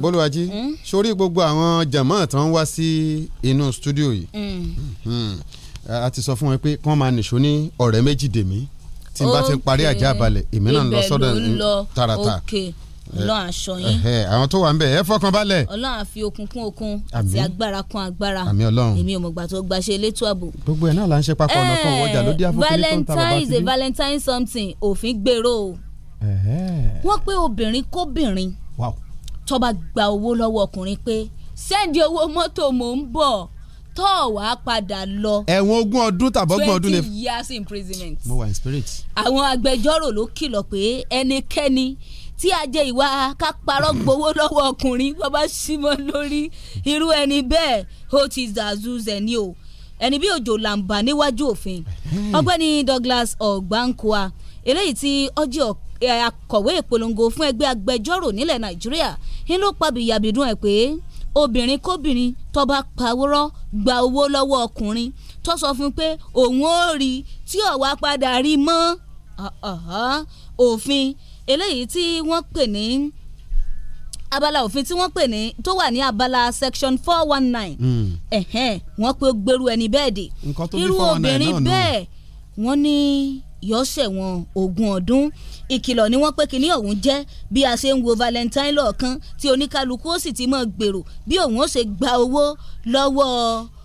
bolúwají hmm? sórí gbogbo àwọn jàmọ́ tán wá sí inú stúdíò yìí hmm. Hmm. a ti sọ fún wọn pé kí máa nìṣó ní ọ̀rẹ́ méjì dèmí tí n bá ti parí àjà balẹ̀ èmi náà lọ sọ́dọ̀ tààràtà ọlọ́run aṣọ yín àwọn tó wà ń bẹ ẹ fọkàn balẹ̀. ọlọ́run àfi okun kún okun àti agbára kún agbára àmì ọlọ́run èmi ò mọ̀gbà tó gbaṣẹ́ elétò ààbò. gbogbo ẹ̀ náà là ń ṣe papọ̀ ọ̀nà kan ọjà ló dé àfọkùnrin tó ń ta bàbá valentine is a valentine something òfin gbèrò wọ́n pé obìnrin kóbìnrin tó gba owó lọ́wọ́ ọkùnrin pé sẹ́ndì owó mọ́tò mò ń bọ̀ tó wà á padà lọ. ẹ̀wọ̀n ogún ọdún tàbọ̀gbọ̀n ọdún ni. twenty years imprisonment. mo wà in spirit. àwọn agbẹjọ́rò ló kìlọ̀ pé ẹnikẹ́ni tí a jẹ ìwà kápárọ̀ gbowó lọ́wọ́ ọkùnrin wọ́n bá símọ́ lórí irú ẹni bẹ́ẹ̀ ó ti zazu zẹni o ẹni bí òjò làǹbà níwájú òfin ọ̀gbẹ́ni Douglas Ọ̀gbánkúà eléyìí tí ọjọ́ akọ̀wé ìpolongo fún ẹgbẹ́ agbẹjọ́rò nílẹ̀ nàìjíríà ń ló pàbí yàbídún ẹ̀ pé obìnrin kóbìnrin tó bá pawọ́rọ́ gba owó lọ́wọ́ ọkùnrin tó sọ fún pé òun ò rí tí ọ̀wá padà rí mọ́ òfin eléyìí tí wọ́n pè ní abala òfin tí wọ́n pè ní tó wà ní abala section four one nine hmm. ẹ̀hẹ́n wọ́n pé gbèrú ẹni bẹ́ẹ̀ dé irú obìnrin bẹ́ẹ̀ wọ́n ní yóò ṣẹ̀wọ̀n ogún ọdún ìkìlọ̀ ni wọ́n pé kíní ọ̀hún jẹ́ bí a ṣe ń wo Valentine lọ́ọ̀kan tí oníkálukú ó sì ti mọ̀ gbèrò bí òun ó ṣe gba owó lọ́wọ́